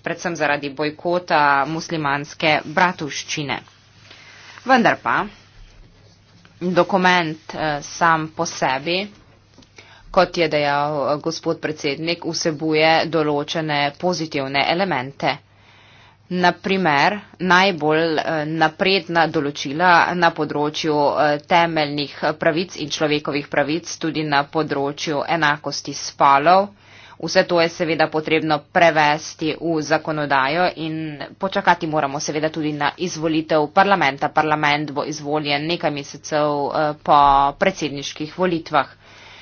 predvsem zaradi bojkota muslimanske bratuščine. Vendar pa dokument sam po sebi, kot je dejal gospod predsednik, vsebuje določene pozitivne elemente naprimer najbolj eh, napredna določila na področju eh, temeljnih pravic in človekovih pravic, tudi na področju enakosti spolov. Vse to je seveda potrebno prevesti v zakonodajo in počakati moramo seveda tudi na izvolitev parlamenta. Parlament bo izvoljen nekaj mesecev eh, po predsedniških volitvah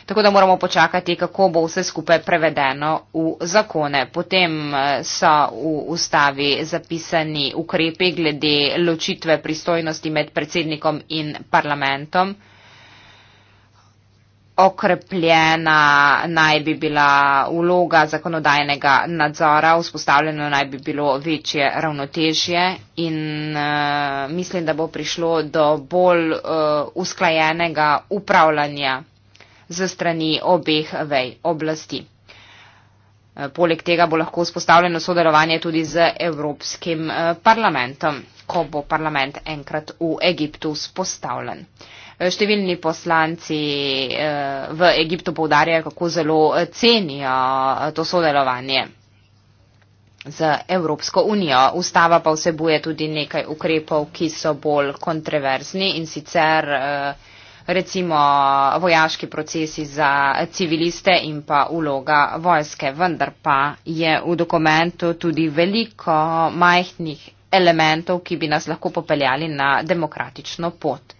tako da moramo počakati, kako bo vse skupaj prevedeno v zakone. Potem eh, so v ustavi zapisani ukrepe glede ločitve pristojnosti med predsednikom in parlamentom. Okrepljena naj bi bila uloga zakonodajnega nadzora, vzpostavljeno naj bi bilo večje ravnotežje in uh, mislim, da bo prišlo do bolj uh, usklajenega upravljanja za strani obeh vej oblasti. E, poleg tega bo lahko vzpostavljeno sodelovanje tudi z Evropskim e, parlamentom, ko bo parlament enkrat v Egiptu vzpostavljen. E, številni poslanci v Egiptu povdarjajo, kako zelo cenijo to sodelovanje z Evropsko unijo. Ustava pa vsebuje tudi nekaj ukrepov, ki so bolj kontroverzni in sicer recimo vojaški procesi za civiliste in pa uloga vojske. Vendar pa je v dokumentu tudi veliko majhnih elementov, ki bi nas lahko popeljali na demokratično pot.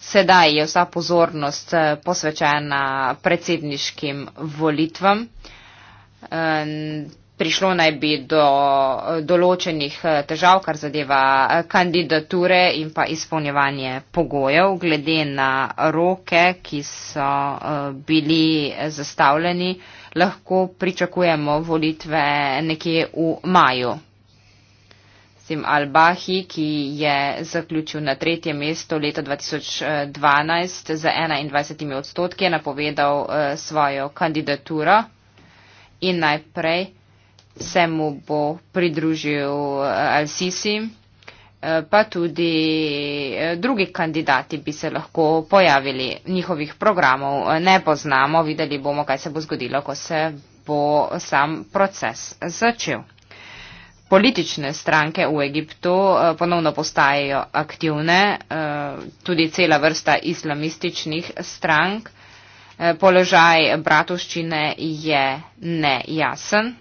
Sedaj je vsa pozornost eh, posvečena predsedniškim volitvam prišlo naj bi do eh, določenih eh, težav, kar zadeva eh, kandidature in pa izpolnjevanje pogojev, glede na roke, ki so bili zastavljeni, lahko pričakujemo volitve nekje v maju. Al-Bahi, ki je zaključil na tretje mesto leta 2012 z 21 odstotki, je napovedal svojo kandidaturo in najprej se mu bo pridružil eh, Al-Sisi, eh, pa tudi eh, drugi kandidati bi se lahko pojavili. Njihovih programov ne poznamo, videli bomo, kaj se bo zgodilo, ko se bo sam proces začel. Politične stranke v Egiptu ponovno postajajo aktivne, tudi cela vrsta islamističnih strank. Položaj bratovščine je nejasen.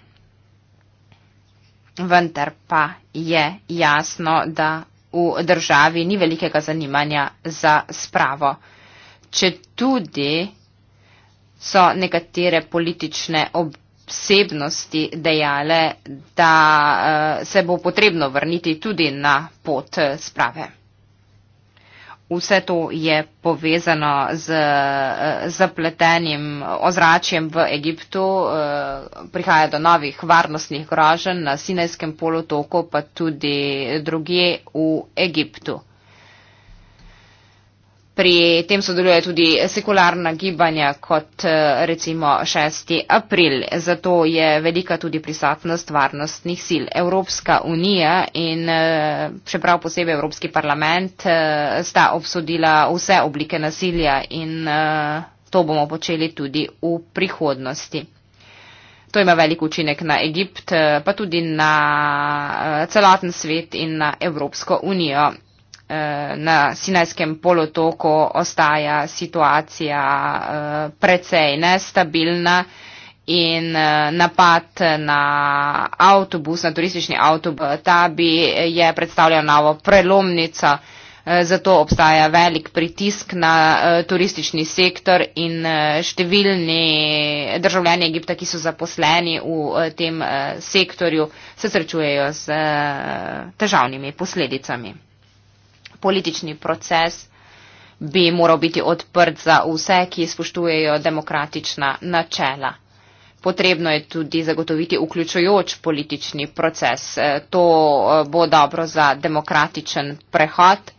Vendar pa je jasno, da v državi ni velikega zanimanja za spravo. Če tudi so nekatere politične obsebnosti dejale, da eh, se bo potrebno vrniti tudi na pot sprave vse to je povezano z eh, zapletenim ozračjem v Egiptu, eh, prihaja do novih varnostnih groženj na Sinajskem polotoku, pa tudi drugje v Egiptu. Pri tem sodeluje tudi sekularna gibanja kot eh, recimo 6. april. Zato je velika tudi prisotnost varnostnih sil. Evropska unija in eh, še prav posebej Evropski parlament eh, sta obsodila vse oblike nasilja in to bomo počeli tudi v prihodnosti. To ima velik učinek na Egipt, pa tudi na celoten svet in na Evropsko unijo. Eh, na Sinajskem polotoku ostaja situacija eh, precej nestabilna in eh, napad na avtobus, na turistični avtobus Tabi je predstavljal novo prelomnico, zato obstaja velik pritisk na turistični sektor in številni državljani Egipta, ki so zaposleni v tem sektorju, se srečujejo z težavnimi posledicami. Politični proces bi moral biti odprt za vse, ki spoštujejo demokratična načela. Potrebno je tudi zagotoviti vključujoč politični proces. E, to e, bo dobro za demokratičen prehod,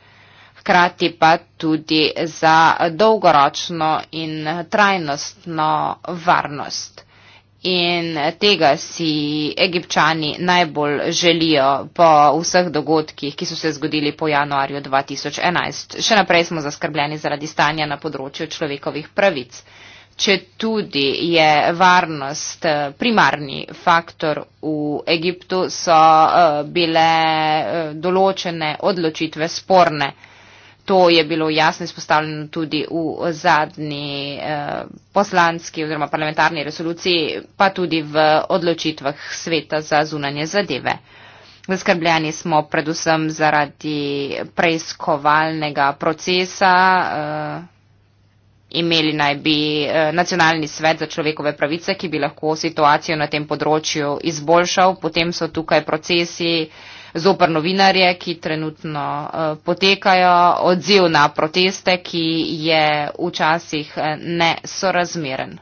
hkrati pa tudi za dolgoročno in trajnostno varnost in tega si egipčani najbolj želijo po vseh dogodkih, ki so se zgodili po januarju 2011. Še naprej smo zaskrbljeni zaradi stanja na področju človekovih pravic. Če tudi je varnost eh, primarni faktor v Egiptu, so eh, bile eh, določene odločitve sporne. To je bilo jasno izpostavljeno tudi v zadnji eh, poslanski oziroma parlamentarni resoluciji, pa tudi v odločitvah sveta za zunanje zadeve. Zaskrbljeni smo predvsem zaradi preiskovalnega procesa. Eh, imeli naj bi eh, nacionalni svet za človekove pravice, ki bi lahko situacijo na tem področju izboljšal. Potem so tukaj procesi, zopr novinarje, ki trenutno eh, potekajo, odziv na proteste, ki je včasih eh, nesorazmeren.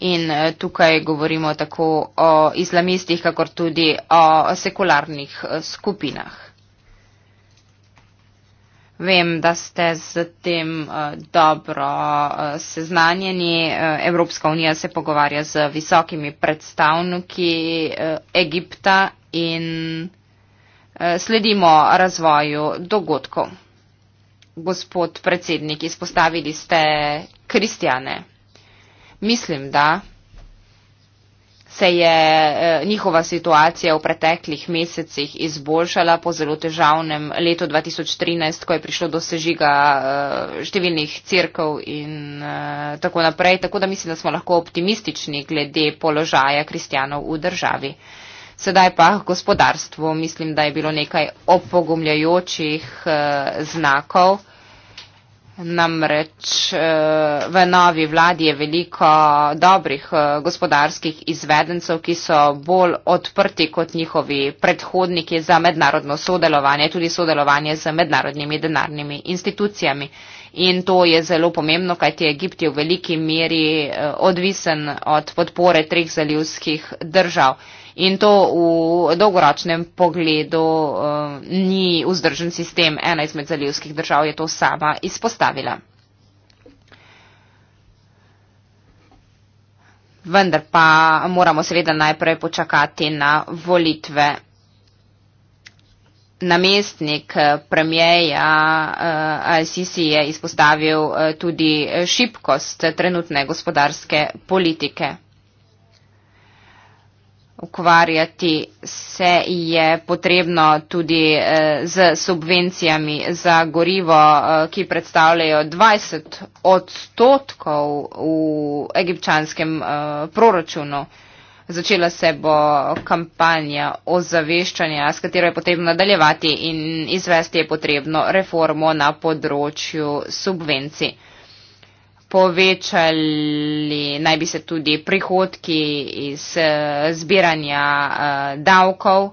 In eh, tukaj govorimo tako o islamistih, kakor tudi o sekularnih skupinah. Vem, da ste z tem eh, dobro eh, seznanjeni. Eh, Evropska unija se pogovarja z visokimi predstavniki Egipta in sledimo razvoju dogodkov. Gospod predsednik, izpostavili ste kristjane. Mislim, da se je eh, njihova situacija v preteklih mesecih izboljšala po zelo težavnem letu 2013, ko je prišlo do sežiga eh, številnih crkv in eh, tako naprej. Tako da mislim, da smo lahko optimistični glede položaja kristjanov v državi. Sedaj pa gospodarstvo. Mislim, da je bilo nekaj opogumljajočih znakov. Namreč eh, v novi vladi je veliko dobrih eh, gospodarskih izvedencev, ki so bolj odprti kot njihovi predhodniki za mednarodno sodelovanje, tudi sodelovanje z mednarodnimi denarnimi institucijami. In to je zelo pomembno, kajti Egipt je v veliki meri eh, odvisen od podpore treh zalivskih držav in to v dolgoročnem pogledu uh, ni vzdržen sistem. Ena izmed zalivskih držav je to sama izpostavila. Vendar pa moramo seveda najprej počakati na volitve. Namestnik eh, premjeja eh, Sisi je izpostavil tudi šibkost trenutne gospodarske politike ukvarjati se je potrebno tudi eh, z subvencijami za gorivo, eh, ki predstavljajo 20 odstotkov v egipčanskem eh, proračunu. Začela se bo kampanja o zaveščanju, s katero je potrebno nadaljevati in izvesti je potrebno reformo na področju subvencij povečali, naj bi se tudi prihodki iz uh, zbiranja uh, davkov.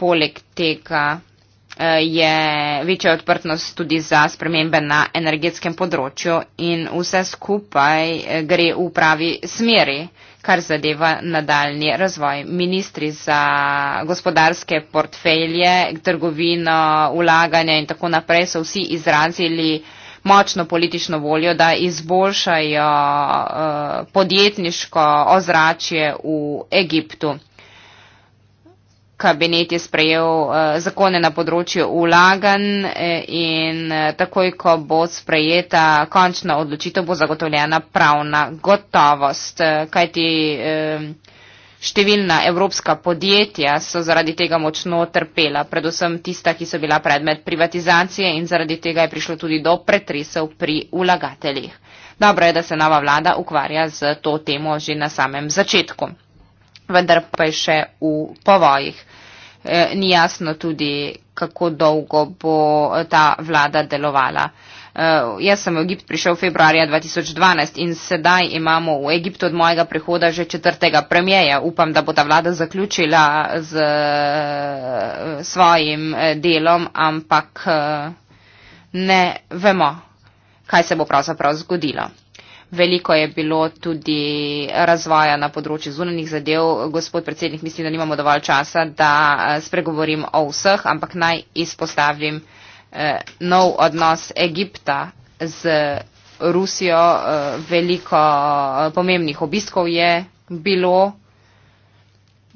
Poleg tega uh, je večja odprtnost tudi za spremembe na energetskem področju in vse skupaj gre v pravi smeri, kar zadeva nadaljni razvoj. Ministri za gospodarske portfelje, trgovino, ulaganje in tako naprej so vsi izrazili, uh, močno politično voljo, da izboljšajo eh, podjetniško ozračje v Egiptu. Kabinet je sprejel eh, zakone na področju ulagan eh, in takoj, ko bo sprejeta končna odločitev, bo zagotovljena pravna gotovost. Kajti, eh, Številna evropska podjetja so zaradi tega močno trpela, predvsem tista, ki so bila predmet privatizacije in zaradi tega je prišlo tudi do pretresov pri vlagateljih. Dobro je, da se nova vlada ukvarja z to temo že na samem začetku, vendar pa je še v povojih. E, ni jasno tudi, kako dolgo bo ta vlada delovala. Uh, jaz sem v Egipt prišel februarja 2012 in sedaj imamo v Egiptu od mojega prihoda že četrtega premijeja. Upam, da bo ta vlada zaključila z uh, svojim uh, delom, ampak uh, ne vemo, kaj se bo pravzaprav zgodilo. Veliko je bilo tudi razvoja na področju zunanih zadev. Gospod predsednik, mislim, da nimamo dovolj časa, da spregovorim o vseh, ampak naj izpostavim eh, nov odnos Egipta z Rusijo, eh, veliko eh, pomembnih obiskov je bilo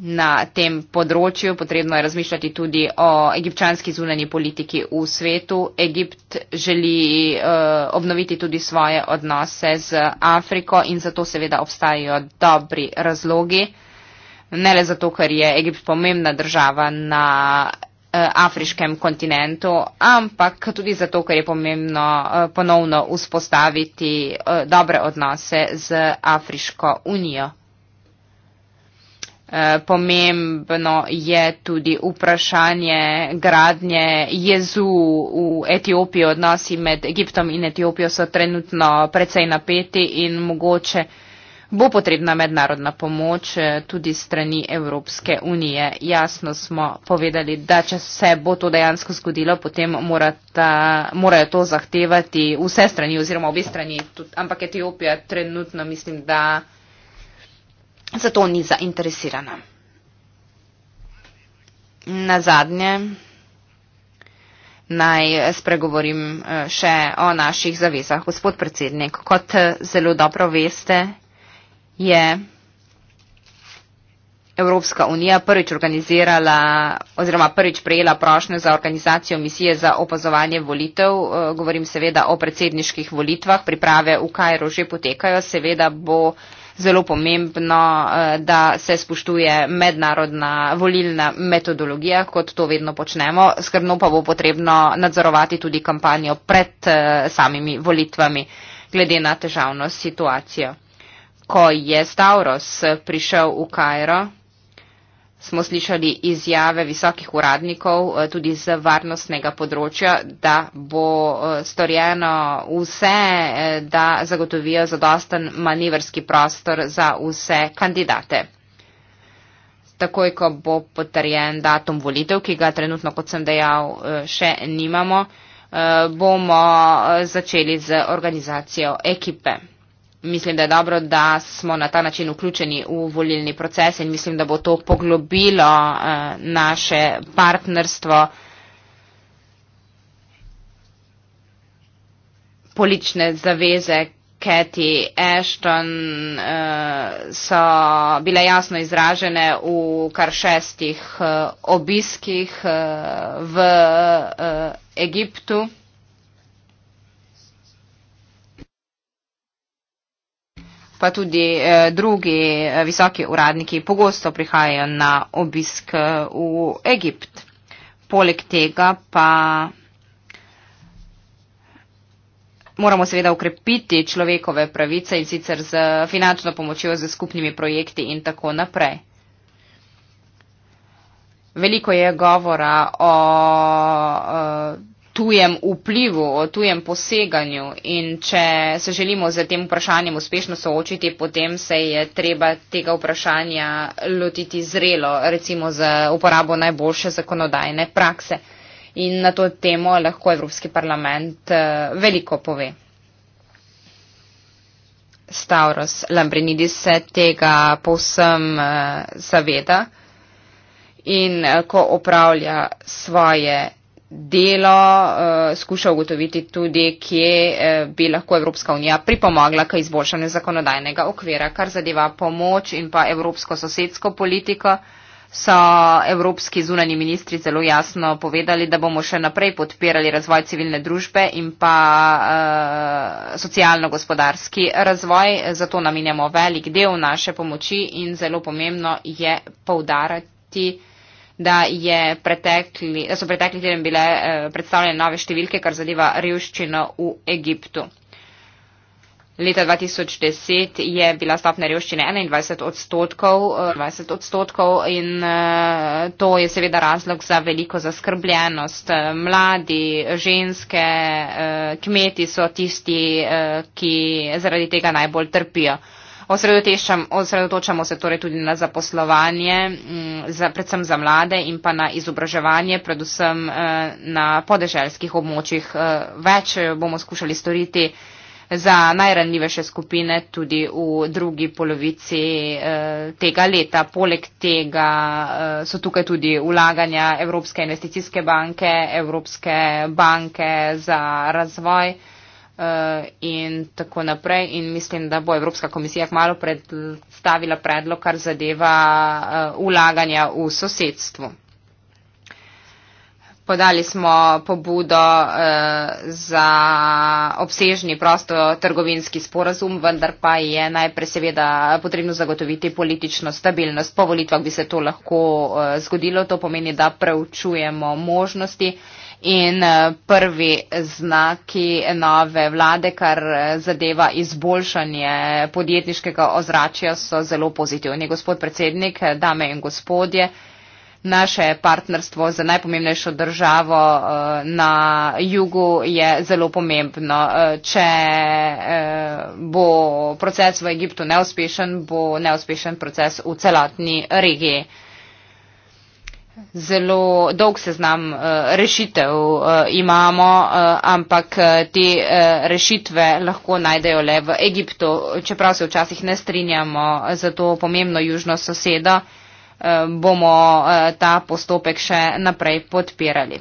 na tem področju. Potrebno je razmišljati tudi o egipčanski zunanji politiki v svetu. Egipt želi eh, obnoviti tudi svoje odnose z Afriko in zato seveda obstajajo dobri razlogi. Ne le zato, ker je Egipt pomembna država na Eh, afriškem kontinentu, ampak tudi zato, ker je pomembno eh, ponovno vzpostaviti eh, dobre odnose z Afriško unijo. Pomembno je tudi vprašanje gradnje jezu v Etiopiji. Odnosi med Egiptom in Etiopijo so trenutno precej napeti in mogoče uh, bo potrebna mednarodna pomoč eh, tudi strani Evropske unije. Jasno smo povedali, da če se bo to dejansko zgodilo, potem morata, morajo to zahtevati vse strani oziroma obe strani, tudi, ampak Etiopija trenutno mislim, da za to ni zainteresirana. Na zadnje naj eh, spregovorim eh, še o naših zavezah. Gospod predsednik, kot zelo dobro veste, je Evropska unija prvič organizirala oziroma prvič prejela prošnjo za organizacijo misije za opazovanje volitev. Eh, govorim seveda o predsedniških volitvah. Priprave v Kajru že potekajo. Seveda bo zelo pomembno, eh, da se spoštuje mednarodna volilna metodologija, kot to vedno počnemo. Skrbno pa bo potrebno nadzorovati tudi kampanjo pred eh, samimi volitvami, glede na težavno situacijo ko je Stavros prišel v Kajro, smo slišali izjave visokih uradnikov eh, tudi z varnostnega področja, da bo eh, storjeno vse, eh, da zagotovijo zadosten manevrski prostor za vse kandidate. Takoj, ko bo potrjen datum volitev, ki ga trenutno, kot sem dejal, še nimamo, bomo začeli z organizacijo ekipe mislim, da je dobro, da smo na ta način vključeni v volilni proces in mislim, da bo to poglobilo uh, naše partnerstvo politične zaveze. Kathy Ashton uh, so bile jasno izražene v kar šestih uh, obiskih uh, v uh, Egiptu. pa tudi eh, drugi eh, visoki uradniki pogosto prihajajo na obisk eh, v Egipt. Poleg tega pa moramo seveda ukrepiti človekove pravice in sicer z finančno pomočjo, z skupnimi projekti in tako naprej. Veliko je govora o. Eh, tujem vplivu, o tujem poseganju in če se želimo z tem vprašanjem uspešno soočiti, potem se je treba tega vprašanja lotiti zrelo, recimo z uporabo najboljše zakonodajne prakse. In na to temo lahko Evropski parlament eh, veliko pove. Stavros Lambrinidis se tega povsem eh, zaveda in eh, ko opravlja svoje delo eh, skuša ugotoviti tudi, kje eh, bi lahko Evropska unija pripomogla k izboljšanju zakonodajnega okvira, kar zadeva pomoč in pa evropsko sosedsko politiko. So evropski zunani ministri zelo jasno povedali, da bomo še naprej podpirali razvoj civilne družbe in pa e, socialno-gospodarski razvoj. Zato namenjamo velik del naše pomoči in zelo pomembno je poudarati, da, pretekli, da so pretekli teden bile eh, predstavljene nove številke, kar zadeva revščino v Egiptu. Leta 2010 je bila stopna revščine 21 odstotkov, 20 eh, odstotkov in eh, to je seveda razlog za veliko zaskrbljenost. Mladi, ženske, eh, kmeti so tisti, ki zaradi tega najbolj trpijo. Osredotočamo se torej tudi na zaposlovanje, za, predvsem za mlade in pa na izobraževanje, predvsem eh, na podeželskih območjih. Eh, več bomo skušali storiti za najranjivejše skupine tudi v drugi polovici eh, tega leta. Poleg tega so tukaj tudi ulaganja Evropske investicijske banke, Evropske banke za razvoj uh, in tako naprej. In mislim, da bo Evropska komisija kmalo predstavila predlog, kar zadeva uh, ulaganja v sosedstvu. Podali smo pobudo eh, za obsežni prosto trgovinski sporazum, vendar pa je najprej seveda potrebno zagotoviti politično stabilnost. Po volitvah bi se to lahko eh, zgodilo, to pomeni, da preučujemo možnosti. Eh, in eh, prvi znaki nove vlade, kar eh, zadeva izboljšanje podjetniškega ozračja, so zelo pozitivni. Gospod predsednik, eh, dame in gospodje, naše partnerstvo za najpomembnejšo državo na jugu je zelo pomembno. Če bo proces v Egiptu neuspešen, bo neuspešen proces v celotni regiji. Zelo dolg seznam eh, rešitev eh, imamo, eh, ampak te rešitve lahko najdejo le v Egiptu, čeprav se včasih ne strinjamo za to pomembno južno sosedo, bomo ta postopek še naprej podpirali.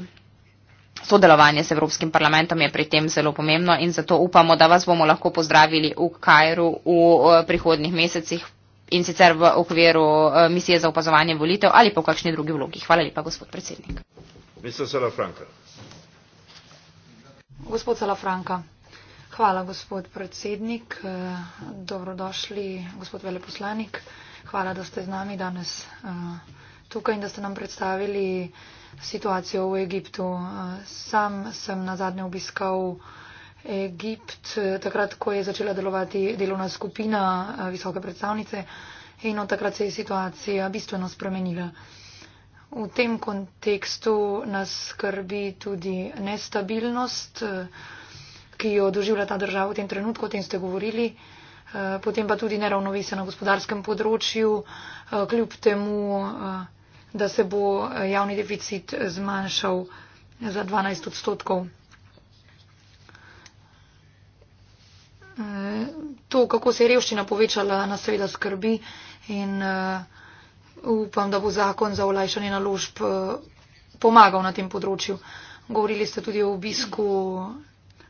Sodelovanje s Evropskim parlamentom je pri tem zelo pomembno in zato upamo, da vas bomo lahko pozdravili v Kajru v prihodnih mesecih in sicer v okviru eh, misije za opazovanje volitev ali pa v kakšni drugi vlogi. Hvala lepa, gospod predsednik. Gospod Salafranka, hvala, gospod predsednik. Eh, dobrodošli, gospod veleposlanik. Hvala, da ste z nami danes eh, tukaj in da ste nam predstavili situacijo v Egiptu. Sam sem na zadnje obiskal. Egipt, takrat, ko je začela delovati delovna skupina eh, visoke predstavnice in od takrat se je situacija bistveno spremenila. V tem kontekstu nas skrbi tudi nestabilnost, eh, ki jo doživlja ta država v tem trenutku, o tem ste govorili, eh, potem pa tudi neravnovesje na gospodarskem področju, kljub temu, da se bo javni deficit zmanjšal za 12 odstotkov. to, kako se je revščina povečala, nas seveda skrbi in eh, upam, da bo zakon za olajšanje naložb eh, pomagal na tem področju. Govorili ste tudi o obisku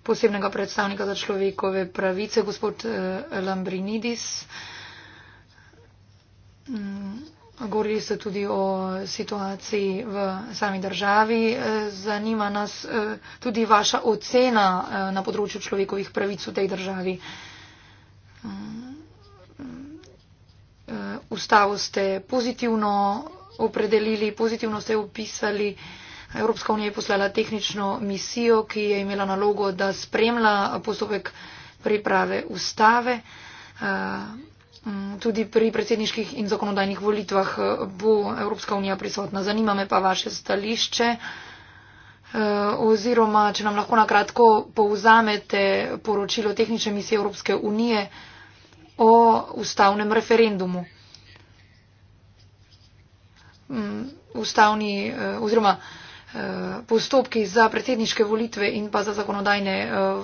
posebnega predstavnika za človekove pravice, gospod eh, Lambrinidis. Mm, Govorili ste tudi o situaciji v sami državi. Zanima nas eh, tudi vaša ocena eh, na področju človekovih pravic v tej državi. Eh, ustavo ste pozitivno opredelili, pozitivno ste opisali. Evropska unija je poslala tehnično misijo, ki je imela nalogo, da spremlja postopek priprave ustave. Mm, tudi pri predsedniških in zakonodajnih volitvah eh, bo Evropska unija prisotna. Zanima me pa vaše stališče eh, oziroma, če nam lahko nakratko povzamete poročilo tehnične misije Evropske unije o ustavnem referendumu. Mm, ustavni eh, oziroma postopki za predsedniške volitve in pa za zakonodajne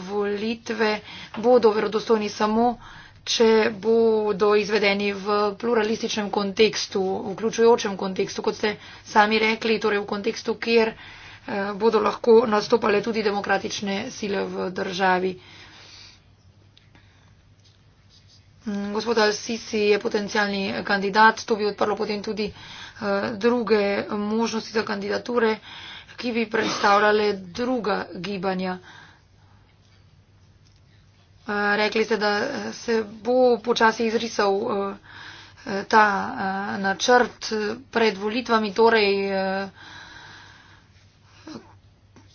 volitve bodo verodostojni samo če bodo izvedeni v pluralističnem kontekstu, vključujočem kontekstu, kot ste sami rekli, torej v kontekstu, kjer eh, bodo lahko nastopale tudi demokratične sile v državi. Mm, gospod Sisi je potencijalni kandidat, to bi odprlo potem tudi eh, druge možnosti za kandidature, ki bi predstavljale druga gibanja rekli ste, da se bo počasi izrisal eh, ta eh, načrt pred volitvami, torej eh,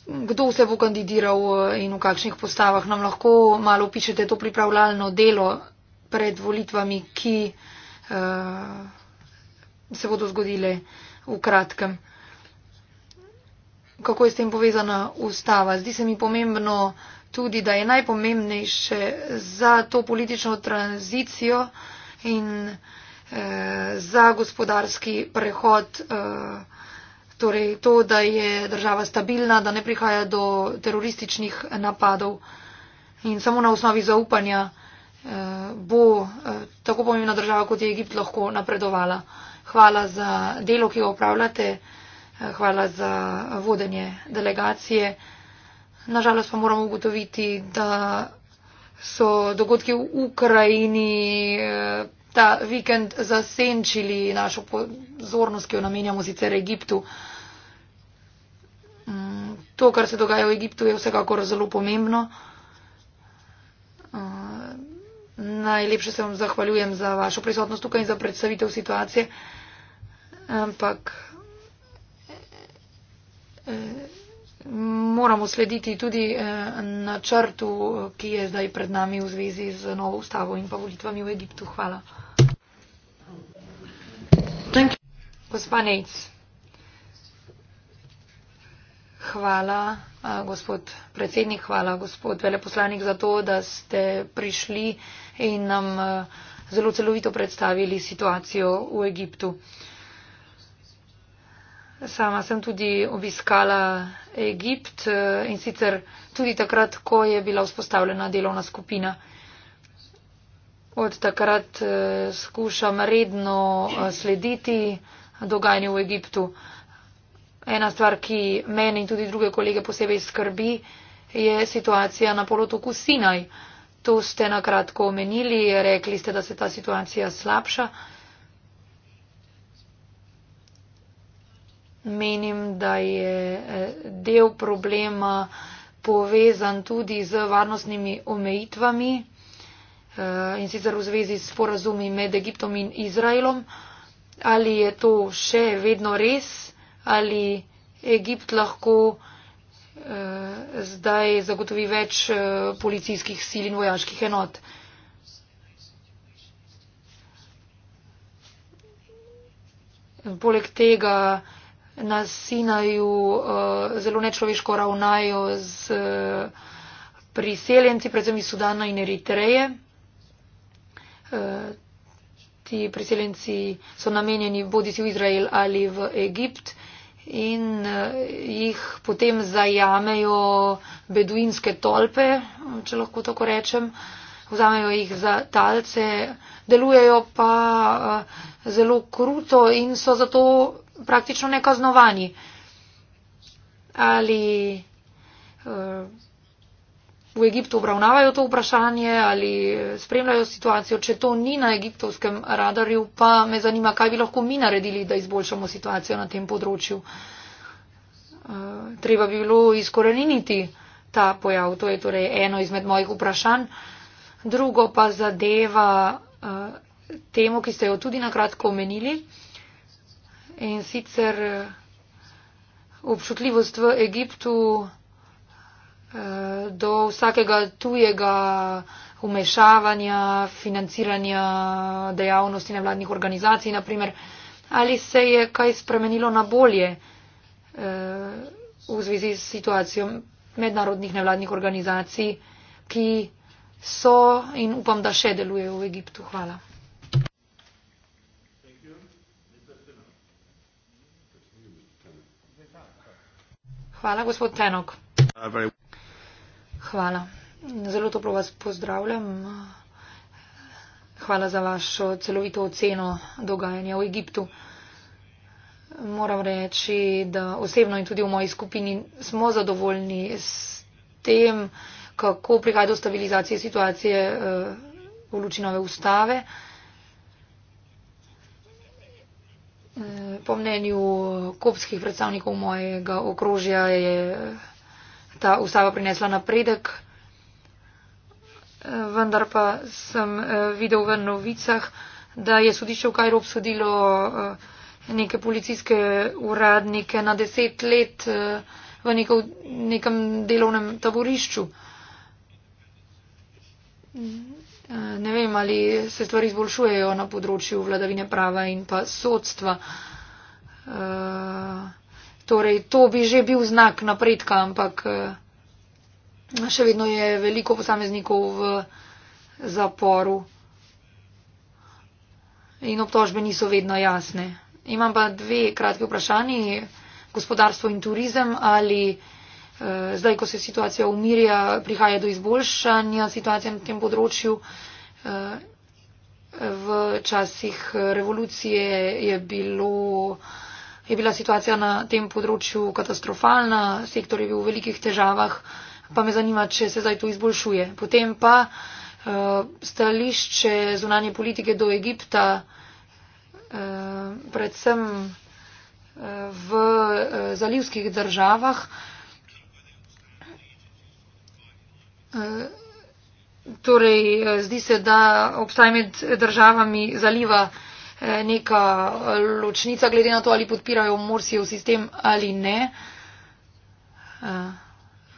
kdo se bo kandidiral in v kakšnih postavah. Nam lahko malo pišete to pripravljalno delo pred volitvami, ki se bodo zgodile v kratkem. Kako je s tem povezana ustava? Zdi se mi pomembno, tudi, da je najpomembnejše za to politično tranzicijo in eh, za gospodarski prehod, eh, torej to, da je država stabilna, da ne prihaja do terorističnih napadov in samo na osnovi zaupanja eh, bo eh, tako pomembna država, kot je Egipt, lahko napredovala. Hvala za delo, ki ga opravljate, eh, hvala za vodenje delegacije. Nažalost pa moramo ugotoviti, da so dogodki v Ukrajini eh, ta vikend zasenčili našo pozornost, ki jo namenjamo sicer Egiptu. Mm, to, kar se dogaja v Egiptu, je vsekakor zelo pomembno. Eh, najlepše se vam zahvaljujem za vašo prisotnost tukaj in za predstavitev situacije. Ampak. Eh, eh moramo slediti tudi eh, načrtu, ki je zdaj pred nami v zvezi z novo ustavo in pa volitvami v Egiptu. Hvala. Gospa Nejc. Hvala, eh, gospod predsednik, hvala, gospod veleposlanik, za to, da ste prišli in nam eh, zelo celovito predstavili situacijo v Egiptu. Sama sem tudi obiskala Egipt eh, in sicer tudi takrat, ko je bila vzpostavljena delovna skupina. Od takrat eh, skušam redno eh, slediti dogajanju v Egiptu. Ena stvar, ki mene in tudi druge kolege posebej skrbi, je situacija na polotoku Sinaj. To ste nakratko omenili, rekli ste, da se ta situacija slabša. menim, da je eh, del problema povezan tudi z varnostnimi omejitvami eh, in sicer v zvezi s porazumi med Egiptom in Izraelom. Ali je to še vedno res, ali Egipt lahko eh, zdaj zagotovi več policijskih sil in vojaških enot. Poleg tega na Sinaju eh, zelo nečloveško ravnajo z eh, priseljenci, predvsem iz Sudana in Eritreje. Eh, ti priseljenci so namenjeni bodi si v Izrael ali v Egipt in jih potem zajamejo beduinske tolpe, če lahko tako rečem, vzamejo jih za talce, delujejo pa zelo kruto in so zato praktično nekaznovani. Ali eh, v Egiptu obravnavajo to vprašanje ali eh, spremljajo situacijo. Če to ni na egiptovskem radarju, pa me zanima, kaj bi lahko mi naredili, da izboljšamo situacijo na tem področju. Eh, treba bi bilo izkoreniniti ta pojav. To je torej eno izmed mojih vprašanj. Drugo pa zadeva temo, ki ste jo tudi nakratko omenili in sicer eh, občutljivost v Egiptu eh, do vsakega tujega umešavanja, financiranja dejavnosti nevladnih organizacij, naprimer, ali se je kaj spremenilo na bolje eh, v zvezi s situacijo mednarodnih nevladnih organizacij, ki so in upam, da še delujejo v Egiptu. Hvala. Hvala, gospod Tenok. Uh, Hvala. Zelo toplo vas pozdravljam. Hvala za vašo celovito oceno dogajanja v Egiptu. Moram reči, da osebno in tudi v moji skupini smo zadovoljni s tem, kako prihaja do stabilizacije situacije uh, v luči nove ustave. Po mnenju kopskih predstavnikov mojega okrožja je ta ustava prinesla napredek, vendar pa sem eh, videl v novicah, da je sodišče v Kajru obsodilo eh, neke policijske uradnike na deset let eh, v neko, nekem delovnem taborišču. Eh, ne vem, ali se stvari izboljšujejo na področju vladavine prava in pa sodstva. Eh, torej, to bi že bil znak napredka, ampak eh, še vedno je veliko posameznikov v zaporu in obtožbe niso vedno jasne. Imam pa dve kratke vprašanje, gospodarstvo in turizem ali. Eh, zdaj, ko se situacija umirja, prihaja do izboljšanja situacije na tem področju. Eh, v časih revolucije je, bilo, je bila situacija na tem področju katastrofalna, sektor je bil v velikih težavah, pa me zanima, če se zdaj to izboljšuje. Potem pa eh, stališče zunanje politike do Egipta, predvsem v zalivskih državah, Eh, torej, eh, zdi se, da obstaja med državami zaliva eh, neka ločnica, glede na to, ali podpirajo Morsijev sistem ali ne.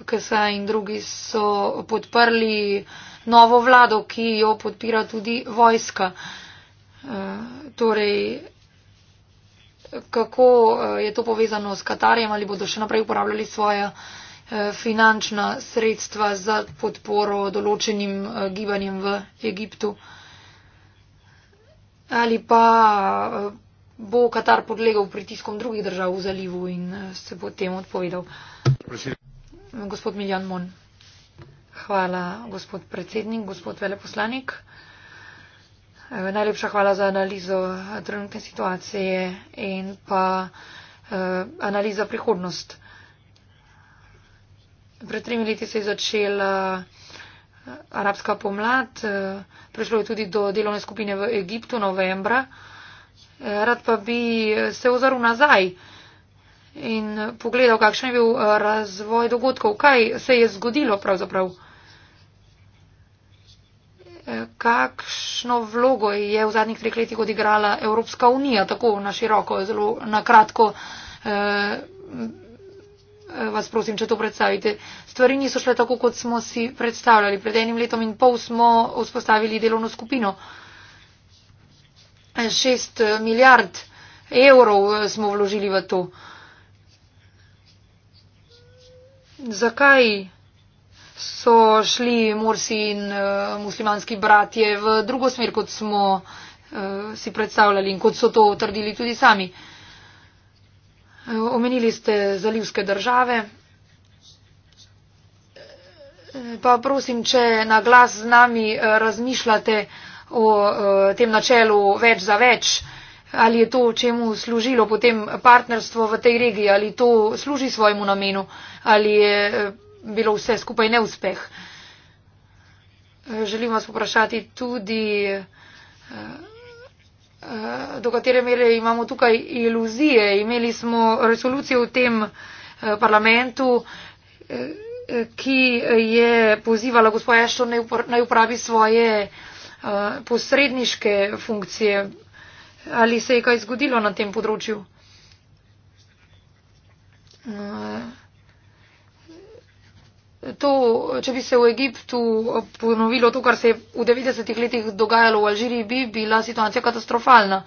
KSA in drugi so podprli novo vlado, ki jo podpira tudi vojska. Torej, kako je to povezano s Katarjem, ali bodo še naprej uporabljali svoje. Eh, finančna sredstva za podporo določenim eh, gibanjem v Egiptu. Ali pa eh, bo Katar podlegal pritiskom drugih držav v zalivu in se bo tem odpovedal. Gospod Miljan Mon. Hvala, gospod predsednik, gospod veleposlanik. Najlepša hvala za analizo trenutne situacije in pa analiza prihodnosti. Pred tremi leti se je začela eh, arabska pomlad, eh, prišlo je tudi do delovne skupine v Egiptu novembra. Eh, rad pa bi se ozaril nazaj in pogledal, kakšen je bil razvoj dogodkov, kaj se je zgodilo pravzaprav. Kakšno vlogo je v zadnjih treh letih odigrala Evropska unija, tako na široko, zelo na kratko, Eh, vas prosim, če to predstavite. Stvari niso šle tako, kot smo si predstavljali. Pred enim letom in pol smo vzpostavili delovno skupino. Eh, šest eh, milijard evrov smo vložili v to. Zakaj so šli morsi in uh, muslimanski bratje v drugo smer, kot smo uh, si predstavljali in kot so to utrdili tudi sami? Uh, Omenili ste zalivske države. Pa prosim, če na glas z nami eh, razmišljate o eh, tem načelu več za več, ali je to, čemu služilo potem partnerstvo v tej regiji, ali to služi svojemu namenu, ali je eh, bilo vse skupaj neuspeh. Želim vas vprašati tudi Eh, do katere mere imamo tukaj iluzije. Imeli smo resolucijo v tem eh, parlamentu, eh, ki je pozivala gospoda Ešton naj upravi svoje posredniške funkcije. Ali se je kaj zgodilo na tem področju? Uh, to, če bi se v Egiptu ponovilo to, kar se je v 90-ih letih dogajalo v Alžiriji, bi bila situacija katastrofalna.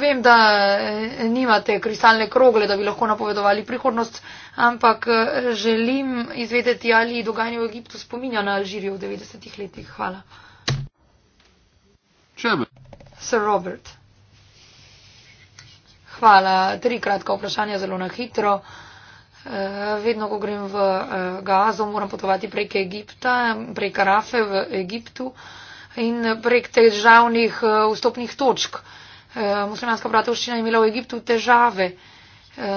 Vem, da nimate kristalne krogle, da bi lahko napovedovali prihodnost, ampak želim izvedeti, ali dogajanje v Egiptu spominja na Alžirijo v 90-ih letih. Hvala. Čeme? Sir Robert. Hvala. Tri kratka vprašanja, zelo na hitro. Eh, vedno, ko grem v eh, Gazo, moram potovati prek Egipta, prek Rafe v Egiptu in prek težavnih eh, vstopnih točk. Muslimanska bratovščina je imela v Egiptu težave,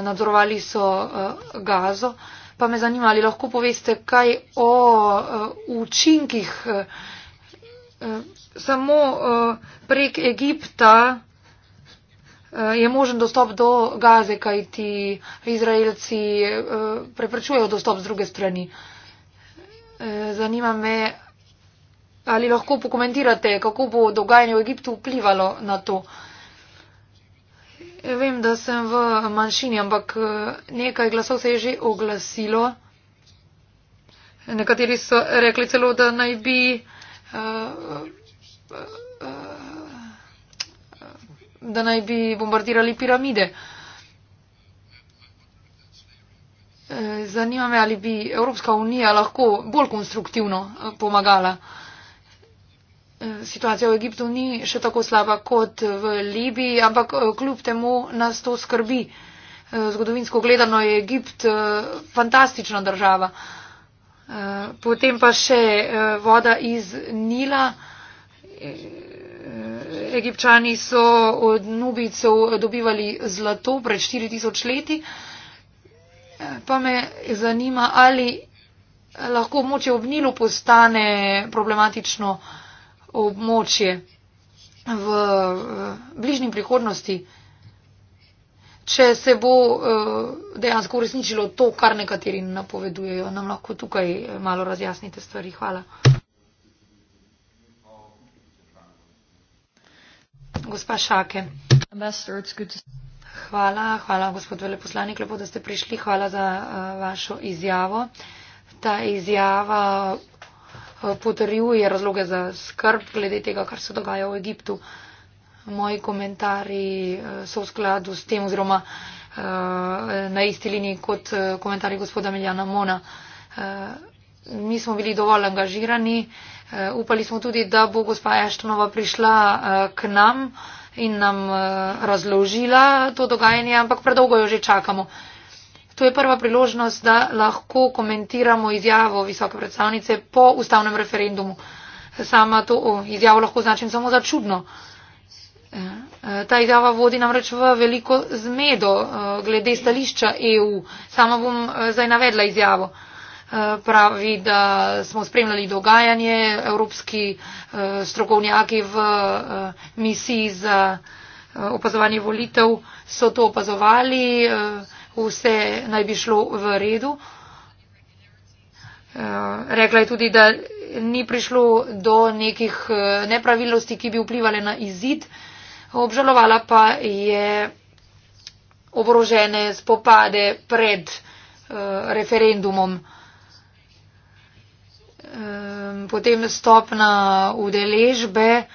nadzorovali so Gazo. Pa me zanima, ali lahko poveste kaj o učinkih samo prek Egipta. Eh, je možen dostop do gaze, kaj ti izraelci eh, preprečujejo dostop z druge strani. Eh, zanima me, ali lahko pokomentirate, kako bo dogajanje v Egiptu vplivalo na to. Vem, da sem v manjšini, ampak nekaj glasov se je že oglasilo. Nekateri so rekli celo, da naj bi. Uh, uh, uh, da naj bi bombardirali piramide. E, zanima me, ali bi Evropska unija lahko bolj konstruktivno e, pomagala. E, situacija v Egiptu ni še tako slaba kot v Libiji, ampak kljub temu nas to skrbi. Zgodovinsko gledano je Egipt fantastična država. Potem pa še voda iz Nila. Egipčani so od nubicev dobivali zlato pred 4000 leti. Pa me zanima, ali lahko območje ob Nilu postane problematično območje v bližnji prihodnosti, če se bo eh, dejansko uresničilo to, kar nekateri napovedujejo. Nam lahko tukaj malo razjasnite stvari. Hvala. gospa Šake. Hvala, hvala, gospod veleposlanik, lepo, da ste prišli. Hvala za uh, vašo izjavo. Ta izjava eh, potrjuje razloge za skrb glede tega, kar se dogaja v Egiptu. Moji komentari eh, so v skladu s tem oziroma na isti liniji kot komentari gospoda Miljana Mona. Mi smo bili dovolj angažirani, Eh, upali smo tudi, da bo gospa Eštonova prišla eh, k nam in nam eh, razložila to dogajanje, ampak predolgo jo že čakamo. To je prva priložnost, da lahko komentiramo izjavo visoke predstavnice po ustavnem referendumu. Sama to izjavo lahko značim samo za čudno. Ta izjava vodi namreč v veliko zmedo glede stališča EU. Sama bom zdaj navedla izjavo. Eh, pravi, da smo spremljali dogajanje, evropski eh, strokovnjaki v eh, misiji za opazovanje volitev so to opazovali, vse naj bi šlo v redu. Rekla je tudi, da ni prišlo do nekih nepravilnosti, ki bi vplivali na izid, obžalovala pa je oborožene spopade pred referendumom potem stopna udeležbe, eh,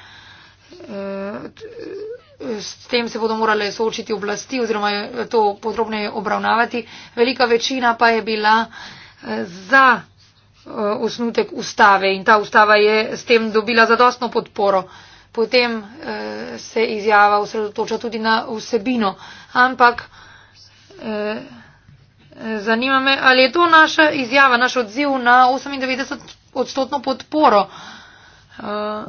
s tem se bodo morale soočiti oblasti oziroma to podrobneje obravnavati. Velika večina pa je bila eh, za eh, osnutek ustave in ta ustava je s tem dobila zadostno podporo. Potem se izjava osredotoča tudi na vsebino. Ampak zanima me, ali je to naša izjava, naš odziv na 98 odstotno podporo. Eh,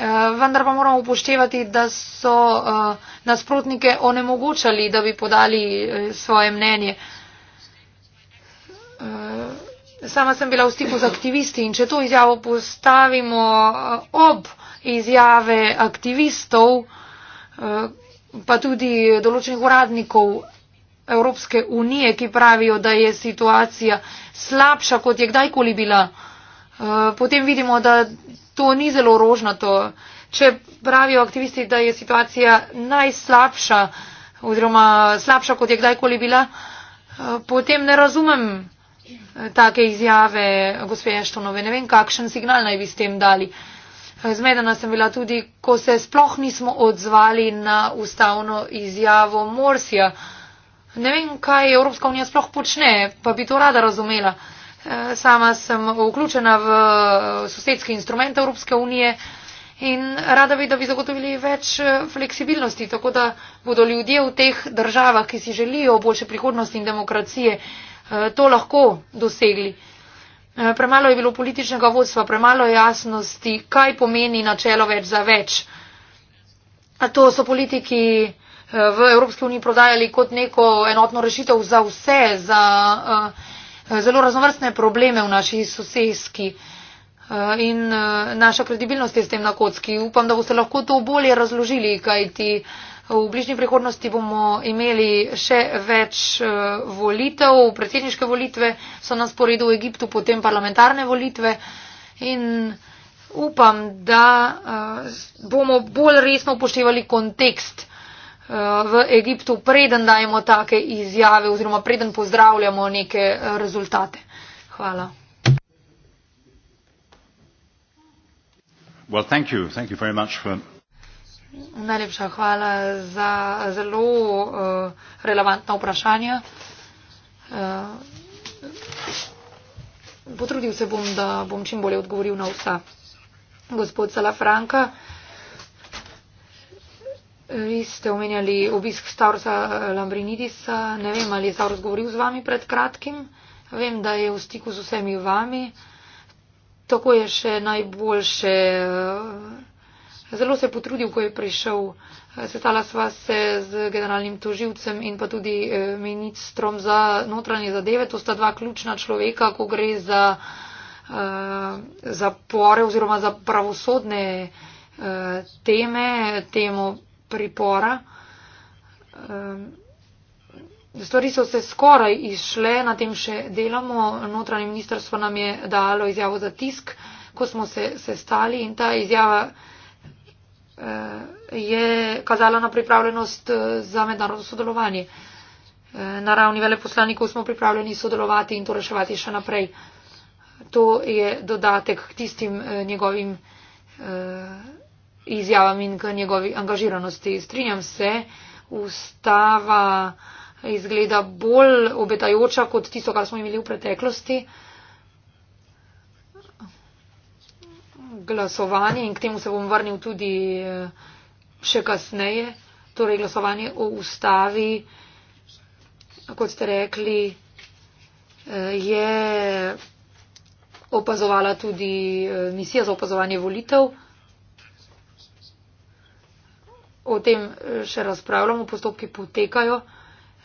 eh, vendar pa moramo upoštevati, da so eh, nasprotnike onemogočali, da bi podali svoje mnenje. Sama sem bila v stiku z aktivisti in če to izjavo postavimo ob izjave aktivistov, pa tudi določenih uradnikov, Evropske unije, ki pravijo, da je situacija slabša, kot je kdajkoli bila, eh, potem vidimo, da to ni zelo rožnato. Če pravijo aktivisti, da je situacija najslabša oziroma slabša, kot je kdajkoli bila, eh, potem ne razumem eh, take izjave gospe Eštonove. Ne vem, kakšen signal naj bi s tem dali. Zmedena sem bila tudi, ko se sploh nismo odzvali na ustavno izjavo Morsija. Ne vem, kaj Evropska unija sploh počne, pa bi to rada razumela. E, sama sem vključena v e, sosedske instrumente Evropske unije in rada bi, da bi zagotovili več e, fleksibilnosti, tako da bodo ljudje v teh državah, ki si želijo boljše prihodnosti in demokracije, to lahko dosegli. Premalo je bilo političnega vodstva, premalo je jasnosti, kaj pomeni načelo več za več. A to so politiki v Evropski uniji prodajali kot neko enotno rešitev za vse, za eh, eh, zelo raznovrstne probleme v naši sosedski eh, in naša kredibilnost je s tem na kocki. Upam, da boste lahko to bolje razložili, kajti v bližnji prihodnosti bomo imeli še več volitev, predsedniške volitve so na sporedu v Egiptu, potem parlamentarne volitve in upam, da bomo bolj resno upoštevali kontekst v Egiptu, preden dajemo take izjave oziroma preden pozdravljamo neke eh, rezultate. Hvala. Well, thank you. Thank you for... Najlepša hvala za zelo uh, relevantna vprašanja. Uh, potrudil se bom, da bom čim bolje odgovoril na vsa. Gospod Salafranka. Uh, Vi ste omenjali obisk Stavrza Lambrinidisa. Ne vem, ali je Stavrz govoril z vami pred kratkim. Vem, da je v stiku z vsemi vami. Tako je še najboljše. Zelo se je potrudil, ko je prišel. Sestala sva se z generalnim toživcem in pa tudi eh, ministrom za notranje zadeve. To sta dva ključna človeka, ko gre za eh, zapore oziroma za pravosodne eh, teme, temo pripora. Ehm, stvari so se skoraj izšle, na tem še delamo. Notranje ministrstvo nam je dalo izjavo za tisk, ko smo se sestali in ta izjava eh, je kazala na pripravljenost eh, za mednarodno sodelovanje. Eh, na ravni veleposlanikov smo pripravljeni sodelovati in to reševati še naprej. To je dodatek k tistim njegovim izjavami in k njegovi angažiranosti. Strinjam se, ustava izgleda bolj obetajoča kot tisto, kar smo imeli v preteklosti. Glasovanje in k temu se bom vrnil tudi eh, še kasneje. Torej, glasovanje o ustavi, kot ste rekli, eh, je opazovala tudi eh, misija za opazovanje volitev o tem eh, še razpravljamo, postopki potekajo.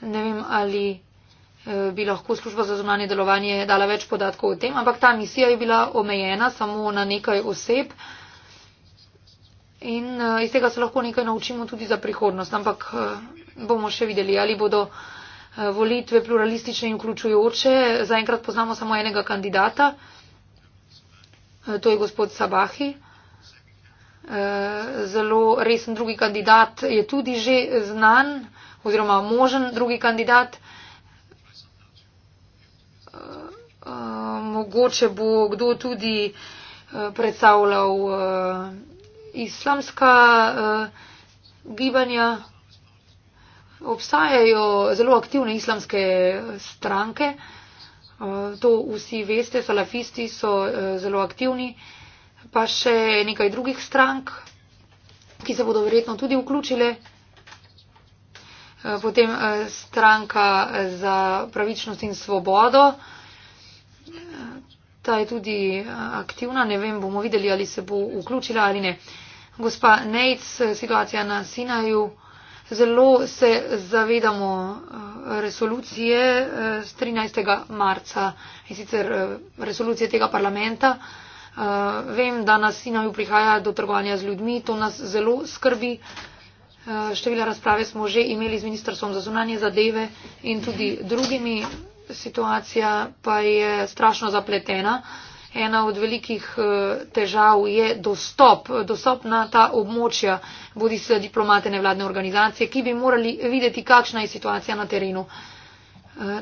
Ne vem, ali eh, bi lahko služba za zunanje delovanje dala več podatkov o tem, ampak ta misija je bila omejena samo na nekaj oseb. In eh, iz tega se lahko nekaj naučimo tudi za prihodnost, ampak bomo še videli, ali bodo volitve pluralistične in vključujoče. Zaenkrat poznamo samo enega kandidata, to je gospod Sabahi. Eh, zelo resen drugi kandidat je tudi že znan oziroma možen drugi kandidat. Eh, eh, mogoče bo kdo tudi predstavljal islamska gibanja. Obstajajo zelo aktivne islamske stranke, to vsi veste, salafisti so zelo aktivni pa še nekaj drugih strank, ki se bodo verjetno tudi vključile. Eh, potem eh, stranka eh, za pravičnost in svobodo. Ta je tudi aktivna, ne vem, bomo videli, ali se bo vključila ali ne. Gospa Neitz, situacija na Sinaju. Zelo se zavedamo resolucije z 13. marca in sicer resolucije tega parlamenta Eh, vem, da nas sinami prihaja do trgovanja z ljudmi, to nas zelo skrbi. Eh, Števila razprave smo že imeli z ministrstvom za zunanje zadeve in tudi drugimi. Situacija pa je strašno zapletena. Ena od velikih eh, težav je dostop, dostop na ta območja, bodi se diplomate nevladne organizacije, ki bi morali videti, kakšna je situacija na terenu.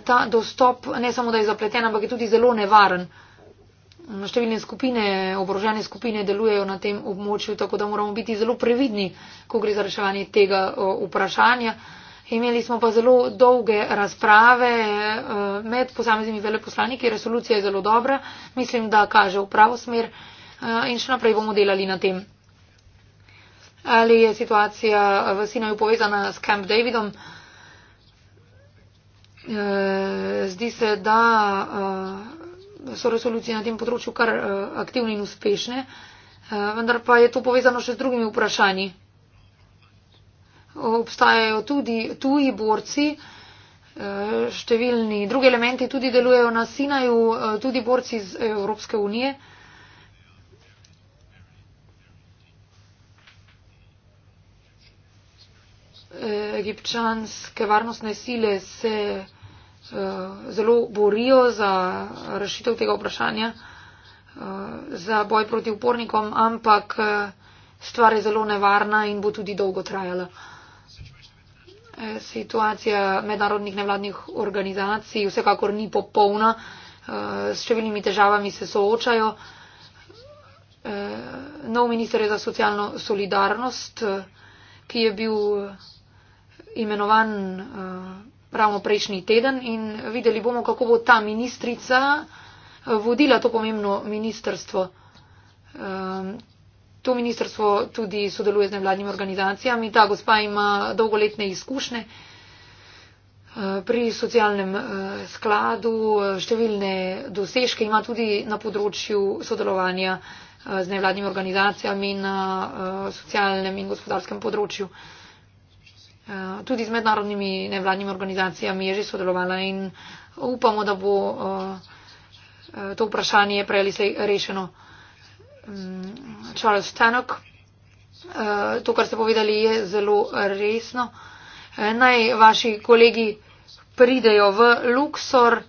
Ta dostop ne samo, da je zapleten, ampak je tudi zelo nevaren številne skupine, oborožene skupine delujejo na tem območju, tako da moramo biti zelo previdni, ko gre za reševanje tega vprašanja. Imeli smo pa zelo dolge razprave e, med posameznimi veleposlaniki. Resolucija je zelo dobra, mislim, da kaže v pravo smer e, in še naprej bomo delali na tem. Ali je situacija v Sinaju povezana s Camp Davidom? E, zdi se, da so resolucije na tem področju kar eh, aktivne in uspešne, eh, vendar pa je to povezano še z drugimi vprašanji. Obstajajo tudi tuji borci, eh, številni drugi elementi tudi delujejo na Sinaju, tudi borci iz Evropske unije. Egipčanske varnostne sile se Eh, zelo borijo za rešitev tega vprašanja, eh, za boj proti upornikom, ampak eh, stvar je zelo nevarna in bo tudi dolgo trajala. Situacija mednarodnih nevladnih organizacij vsekakor ni popolna, s številnimi težavami se soočajo. Nov minister je za socialno solidarnost, ki je bil imenovan ravno prejšnji teden in videli bomo, kako bo ta ministrica eh, vodila to pomembno ministrstvo. Ehm, to ministrstvo tudi sodeluje z nevladnimi organizacijami. Ta gospa ima dolgoletne izkušnje eh, pri socialnem eh, skladu, številne dosežke ima tudi na področju sodelovanja z nevladnimi organizacijami na socialnem in gospodarskem področju. Eh, tudi z mednarodnimi nevladnimi organizacijami je že sodelovala in upamo, da bo eh, eh, to vprašanje prej ali slej rešeno. Mm, Charles Tannock, to, kar ste povedali, je zelo resno. Naj vaši kolegi pridejo v Luxor.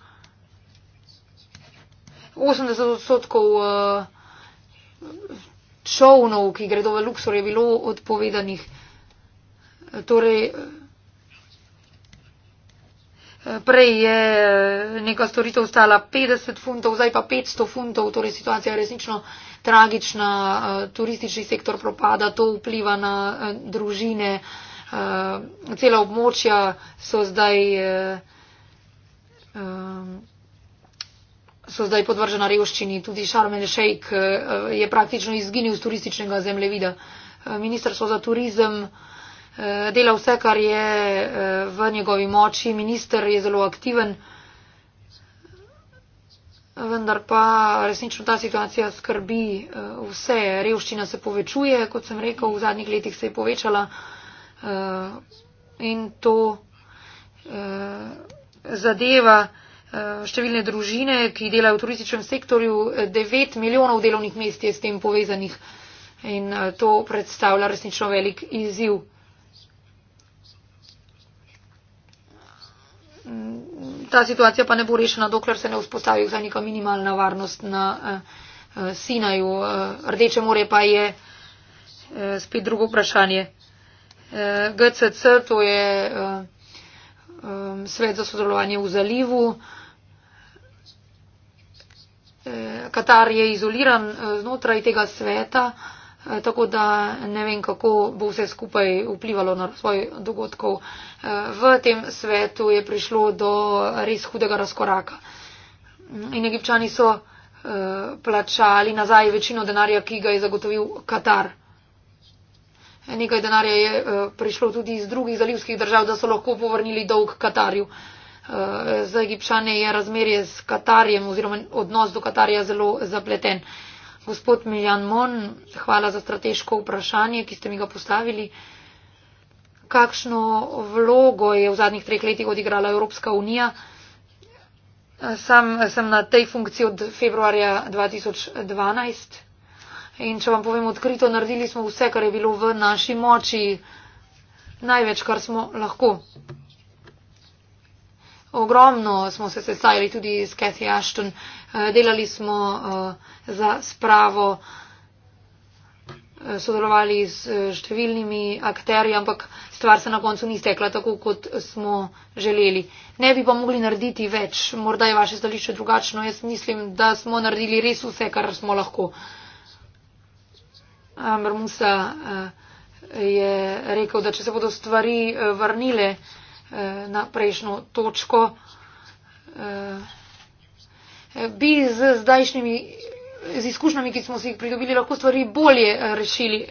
80 odstotkov čovnov, ki gredo v Luxor, je bilo odpovedanih torej, prej je neka storitev stala 50 funtov, zdaj pa 500 funtov, torej situacija je resnično tragična, eh, turistični sektor propada, to vpliva na eh, družine, eh, cela območja so zdaj, so zdaj podvržena revščini, tudi Šarmen Šejk je praktično izginil z turističnega zemljevida. Ministrstvo za turizem Eh, dela vse, kar je eh, v njegovi moči. Minister je zelo aktiven, vendar pa resnično ta situacija skrbi eh, vse. Revščina se povečuje, kot sem rekel, v zadnjih letih se je povečala in to zadeva številne družine, ki delajo v turističnem sektorju. 9 milijonov delovnih mest je s tem povezanih. In to predstavlja resnično velik izziv. Mm, ta situacija pa ne bo rešena, dokler se ne vzpostavi vsaj neka minimalna varnost na eh, eh, Sinaju. Eh, Rdeče more pa je spet drugo vprašanje. GCC, to je svet za sodelovanje v zalivu. Katar je izoliran znotraj tega sveta. Eh, tako da ne vem, kako bo vse skupaj vplivalo na razvoj dogodkov. Eh, v tem svetu je prišlo do res hudega razkoraka in egipčani so eh, plačali nazaj večino denarja, ki ga je zagotovil Katar. Nekaj denarja je prišlo tudi iz drugih zalivskih držav, da so lahko povrnili dolg Katarju. Za egipčane je razmerje z Katarjem oziroma odnos do Katarja zelo zapleten. Gospod Miljan Mon, hvala za strateško vprašanje, ki ste mi ga postavili. Kakšno vlogo je v zadnjih treh letih odigrala Evropska unija? Sam sem na tej funkciji od februarja 2012 in če vam povem odkrito, naredili smo vse, kar je bilo v naši moči, največ, kar smo lahko ogromno smo se sestajali tudi s Cathy Ashton, eh, delali smo eh, za spravo, eh, sodelovali s številnimi akterji, ampak stvar se na koncu ni stekla tako, kot smo želeli. Ne bi pa mogli narediti več, morda je vaše stališče drugačno, jaz mislim, da smo naredili res vse, kar smo lahko. Amr Musa je rekel, da če se bodo stvari vrnile, Eh, na prejšnjo točko. Eh, bi z zdajšnjimi z izkušnjami, ki smo si jih pridobili, lahko stvari bolje rešili.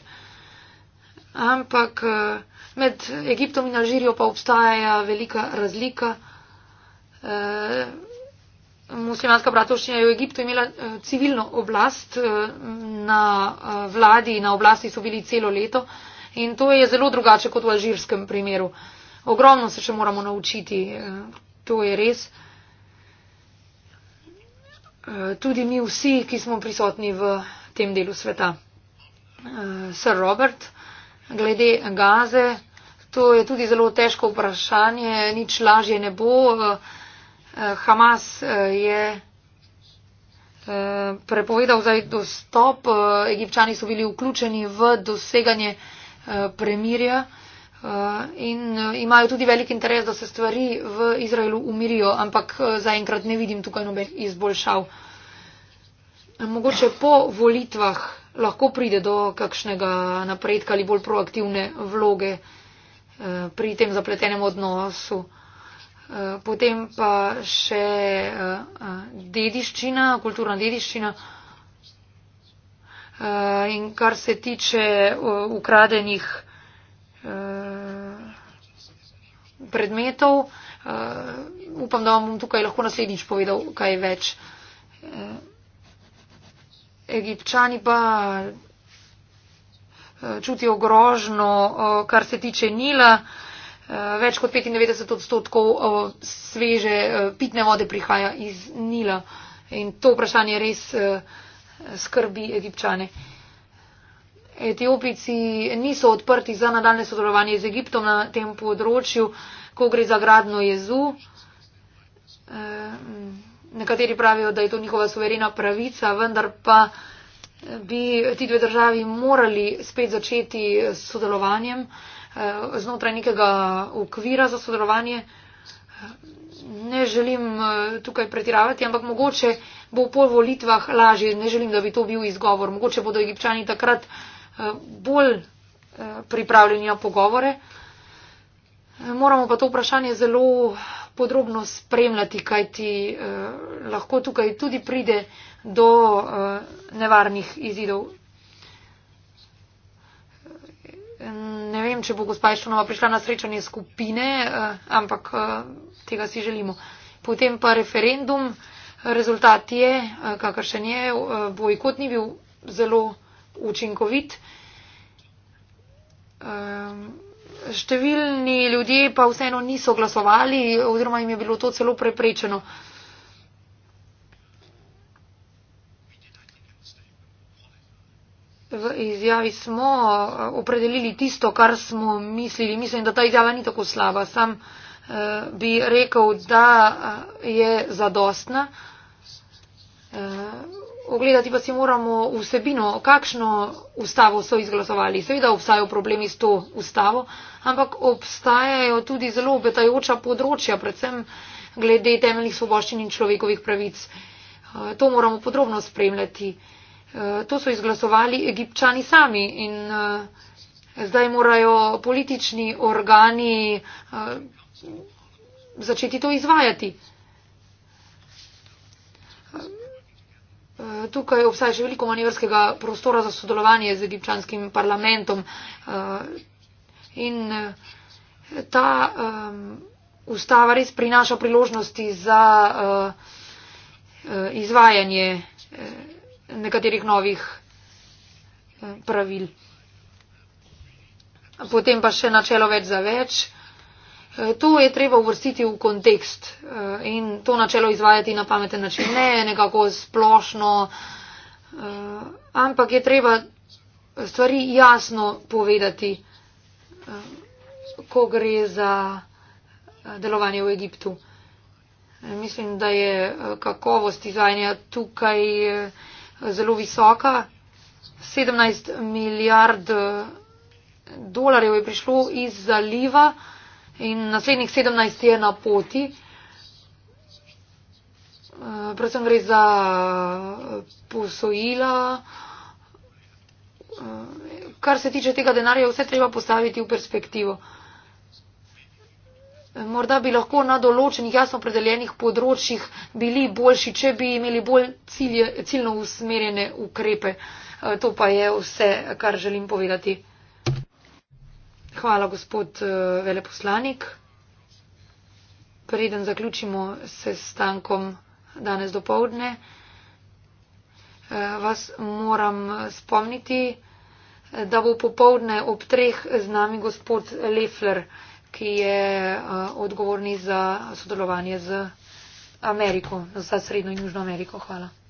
Ampak eh, med Egiptom in Alžirijo pa obstaja velika razlika. Muslimanska bratovščina je v Egiptu imela civilno oblast, na vladi in na oblasti so bili celo leto in to je zelo drugače kot v alžirskem primeru ogromno se še moramo naučiti, eh, to je res. Eh, tudi mi vsi, ki smo prisotni v tem delu sveta. Eh, Sir Robert, glede gaze, to je tudi zelo težko vprašanje, nič lažje ne bo. Hamas je prepovedal zdaj dostop, egipčani so bili vključeni v doseganje premirja. Eh, in eh, imajo tudi velik interes, da se stvari v Izraelu umirijo, ampak eh, zaenkrat ne vidim tukaj nobenih izboljšav. Mogoče po volitvah lahko pride do kakšnega napredka ali bolj proaktivne vloge pri tem zapletenem odnosu. Potem pa še dediščina, kulturna dediščina. In kar se tiče ukradenih predmetov. Uh, upam, da vam bom tukaj lahko naslednjič povedal kaj več. Uh, Egipčani pa uh, čutijo grožno, uh, kar se tiče Nila. Uh, več kot 95 odstotkov uh, sveže uh, pitne vode prihaja iz Nila. In to vprašanje res uh, skrbi Egipčane. Uh, Etiopici niso odprti za nadaljne sodelovanje z Egiptom na tem področju, ko gre za gradno jezu. Eh, nekateri pravijo, da je to njihova suverena pravica, vendar pa bi ti dve državi morali spet začeti s sodelovanjem eh, znotraj nekega okvira za sodelovanje. Eh, ne želim tukaj pretiravati, ampak mogoče bo po volitvah lažje. Ne želim, da bi to bil izgovor. Mogoče bodo egipčani takrat Eh, bolj eh, pripravljeni na pogovore. Eh, moramo pa to vprašanje zelo podrobno spremljati, kajti lahko tukaj tudi pride do nevarnih izidov. Ne vem, če bo gospa Ištonova prišla na srečanje skupine, ampak tega si želimo. Potem pa referendum. Rezultat je, kakršen je, bojkot ni bil zelo učinkovit. Um, številni ljudje pa vseeno niso glasovali oziroma jim je bilo to celo preprečeno. V izjavi smo eh, opredelili tisto, kar smo mislili. Mislim, da ta izjava ni tako slaba. Sam eh, bi rekel, da eh, je zadostna ogledati pa si moramo vsebino, kakšno ustavo so izglasovali. Seveda obstajajo problemi s to ustavo, ampak obstajajo tudi zelo obetajoča področja, predvsem glede temeljnih svoboščin in človekovih pravic. Eh, to moramo podrobno spremljati. Eh, to so izglasovali egipčani sami in eh, zdaj morajo politični organi začeti to izvajati. Tukaj obstaja še veliko manevrskega prostora za sodelovanje z egipčanskim parlamentom eh, in eh, ta eh, ustava res prinaša priložnosti za izvajanje nekaterih novih pravil. Potem pa še načelo več za več. Eh, to je treba uvrstiti v kontekst eh, in to načelo izvajati na pameten način, ne nekako splošno, eh, ampak je treba stvari jasno povedati, ko gre za delovanje v Egiptu. Mislim, da je kakovost izvajanja tukaj zelo visoka. 17 milijard dolarjev je prišlo iz zaliva. In naslednjih 17 je na poti. Eh, predvsem gre za eh, posojila. Eh, kar se tiče tega denarja, vse treba postaviti v perspektivo. Morda bi lahko na določenih jasno predeljenih področjih bili boljši, če bi imeli bolj cilje, ciljno usmerjene ukrepe. To pa je vse, kar želim povedati. Hvala, gospod eh, veleposlanik. Preden zaključimo se s stankom danes do povdne, eh, vas moram eh, spomniti, da bo popovdne ob treh z nami gospod Lefler, ki je odgovorni za sodelovanje z Ameriko, za Srednjo in Južno Ameriko. Hvala.